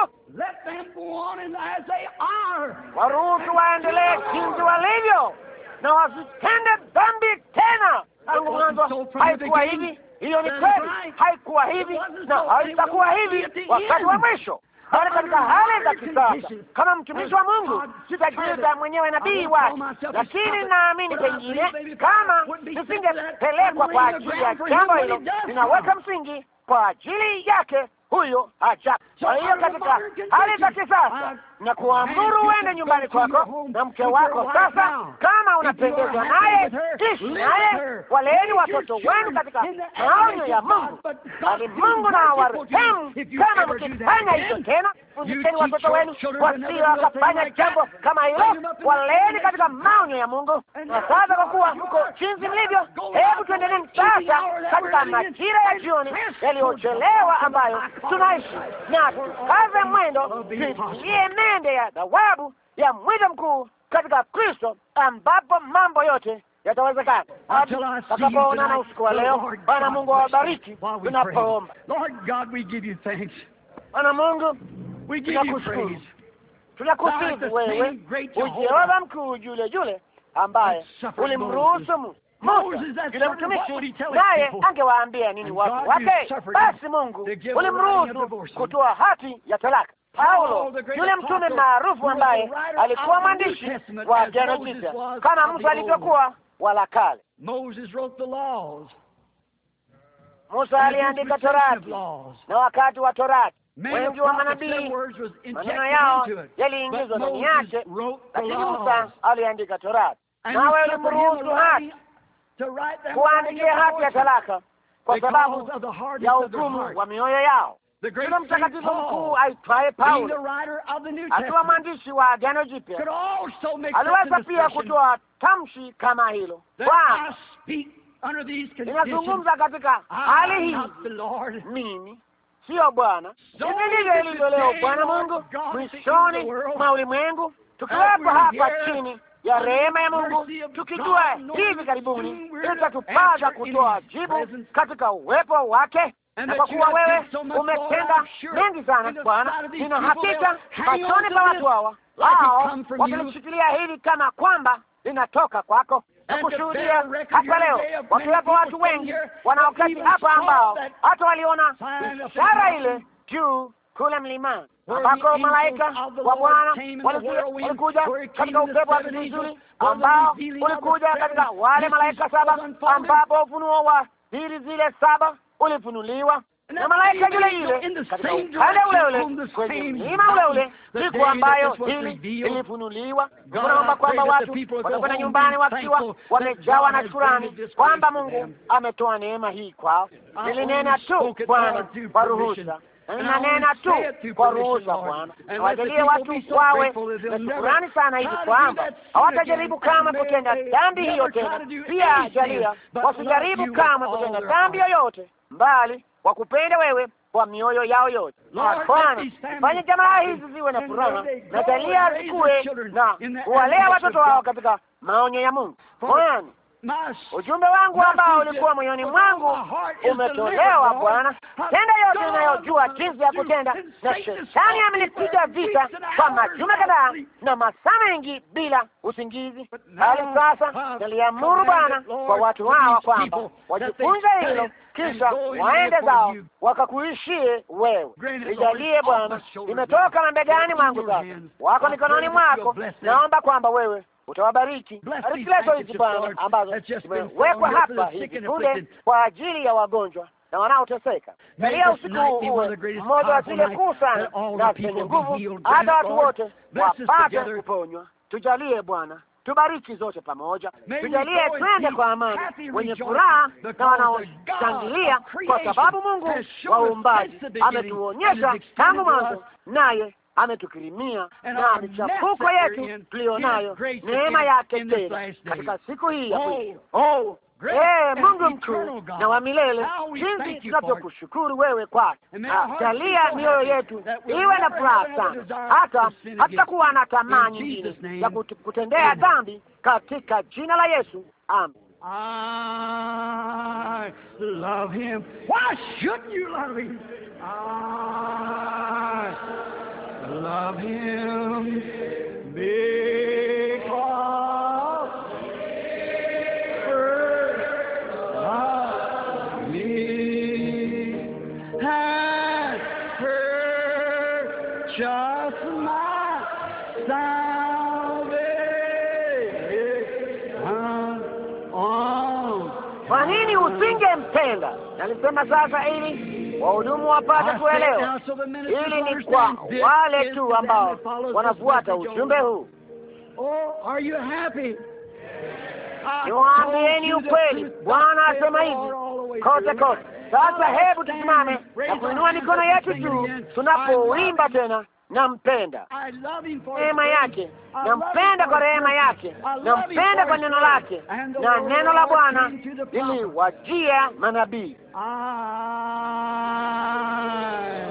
Waruhusu waendelee jinsi walivyo na wasitende dhambi tena tangu mwanzo haikuwa hivi. Hiyo ni kweli, haikuwa hivi na haitakuwa hivi wakati wa mwisho. Bali katika hali za kisasa, kama mtumishi wa Mungu, sitajiita mwenyewe nabii wake, lakini naamini pengine, kama nisingepelekwa kwa ajili ya jambo hilo, ninaweka msingi kwa ajili yake huyo haja kwa hiyo katika hali za kisasa ah, na kuamuru uende nyumbani kwako na mke wako sasa, kama unapendezwa naye, ishi naye, waleeni watoto wenu katika maonyo ya Mungu, bali Mungu na awarehemu. Kama mkifanya hicho tena, fundisheni watoto wenu wasio wakafanya jambo kama hilo, waleeni katika maonyo ya Mungu. Na sasa kwa kuwa mko chinzi mlivyo, hebu tuendeleni sasa katika majira ya jioni yaliyochelewa ambayo tunaishi na na kukaza mwendo tuingie mende ya thawabu ya mwito mkuu katika Kristo, ambapo mambo yote yatawezekana. Tutakapoonana usiku wa leo, Bwana Mungu awabariki. Tunapoomba Bwana Mungu, tunakushukuru, tunakusifu wewe, ujehova mkuu, yule yule ambaye ulimruhusu yule mtumishi naye angewaambia nini watu wake? Basi Mungu ulimruhusu kutoa hati ya talaka. Paulo yule mtume maarufu ambaye alikuwa mwandishi wa Agano Jipya kama mtu alivyokuwa wala kale. Musa aliandika Torati, na wakati wa Torati wengi wa manabii maneno yao yaliingizwa ndani yake, lakini Musa aliandika Torati, nawe ulimruhusu hati kuandikia hati ya talaka kwa sababu ya ugumu wa mioyo yao. Yule mtakatifu mkuu aitwaye Paulo, akiwa mwandishi wa Agano Jipya, aliweza pia kutoa tamshi kama hilo, kwa inazungumza katika hali hii, mimi sio Bwana. Ndivyo ilivyo leo, Bwana Mungu, mwishoni mwa ulimwengu, tukiwepo hapa chini ya rehema ya Mungu, tukijua hivi karibuni itatupaza kutoa jibu katika uwepo wake na kwa kuwa wewe umetenda mengi sana Bwana, nina hakika machoni pa watu hawa wao wakilishikilia hili kama kwamba linatoka kwako, na kushuhudia hata leo, wakiwepo watu wengi wanaoketi hapa ambao hata waliona ishara ile juu kule mlimani ambako malaika wa Bwana walikuja katika upepo wa vizuri ambao ulikuja katika wale malaika saba, ambapo ufunuo wa dili zile saba ulifunuliwa na malaika yule yule katika upande ule ule kwenye mlima ule ule siku ambayo hili ilifunuliwa. Tunaomba kwamba watu watakwenda nyumbani wakiwa wamejawa na shukrani kwamba Mungu ametoa neema hii kwao. Nilinena tu Bwana kwa ruhusa Ninanena tu kwa ruhusa, Bwana, awajalie watu wawe na shukurani sana, hivi kwamba hawatajaribu kama kutenda dhambi hiyo tena. Pia jalia wasijaribu kama kutenda dhambi yoyote, mbali kwa kupenda wewe kwa mioyo yao yote. Bwana, fanye jamaa hizi ziwe na furaha, na jalia zikuwe na kuwalea watoto wao katika maonyo ya Mungu Bwana ujumbe wangu ambao ulikuwa moyoni mwangu umetolewa, Bwana. Tenda yote inayojua jinsi ya kutenda, na shetani amenipiga vita kwa majuma kadhaa na masaa mengi bila usingizi, bali sasa naliamuru Bwana kwa watu hawa kwamba wajifunze hilo, kisha waende zao wakakuishie wewe. Nijalie Bwana, imetoka mabegani mwangu, sasa wako mikononi mwako. Naomba kwamba wewe utawabariki kila hizi Bwana ambazo zimewekwa hapa hivi punde kwa ajili ya wagonjwa na wanaoteseka. Jalia usiku huu mmoja wa zile kuu sana na zenye nguvu, hata watu wote wapate kuponywa. Tujalie Bwana, tubariki zote pamoja, tujalie twende kwa amani, wenye furaha na wanaoshangilia, kwa sababu Mungu wa uumbaji ametuonyesha tangu mwanzo, naye ametukirimia na michafuko yetu tuliyonayo neema yake tena katika siku hii ya mwisho. Oh, oh eh, Mungu mkuu na wa milele, jinsi tunavyokushukuru wewe kwake. Jalia mioyo yetu iwe na furaha sana, hata hatutakuwa na tamaa nyingine ya kutendea dhambi, katika jina la Yesu, amen. I love him. Why shouldn't you love him? I love him because first love me my salvation. Kwa nini usingempenda? Nalisema sasa hivi wahudumu wapate kuelewa. Ili ni kwa wale tu ambao wanafuata ujumbe huu. Oh, Niwaambieni ukweli, Bwana asema hivi kote kote. Sasa hebu tusimame na kuinua mikono yetu juu tunapoimba tena nampenda rehema yake, nampenda kwa rehema yake, nampenda kwa neno lake, na neno la Bwana liliwajia manabii. Ah.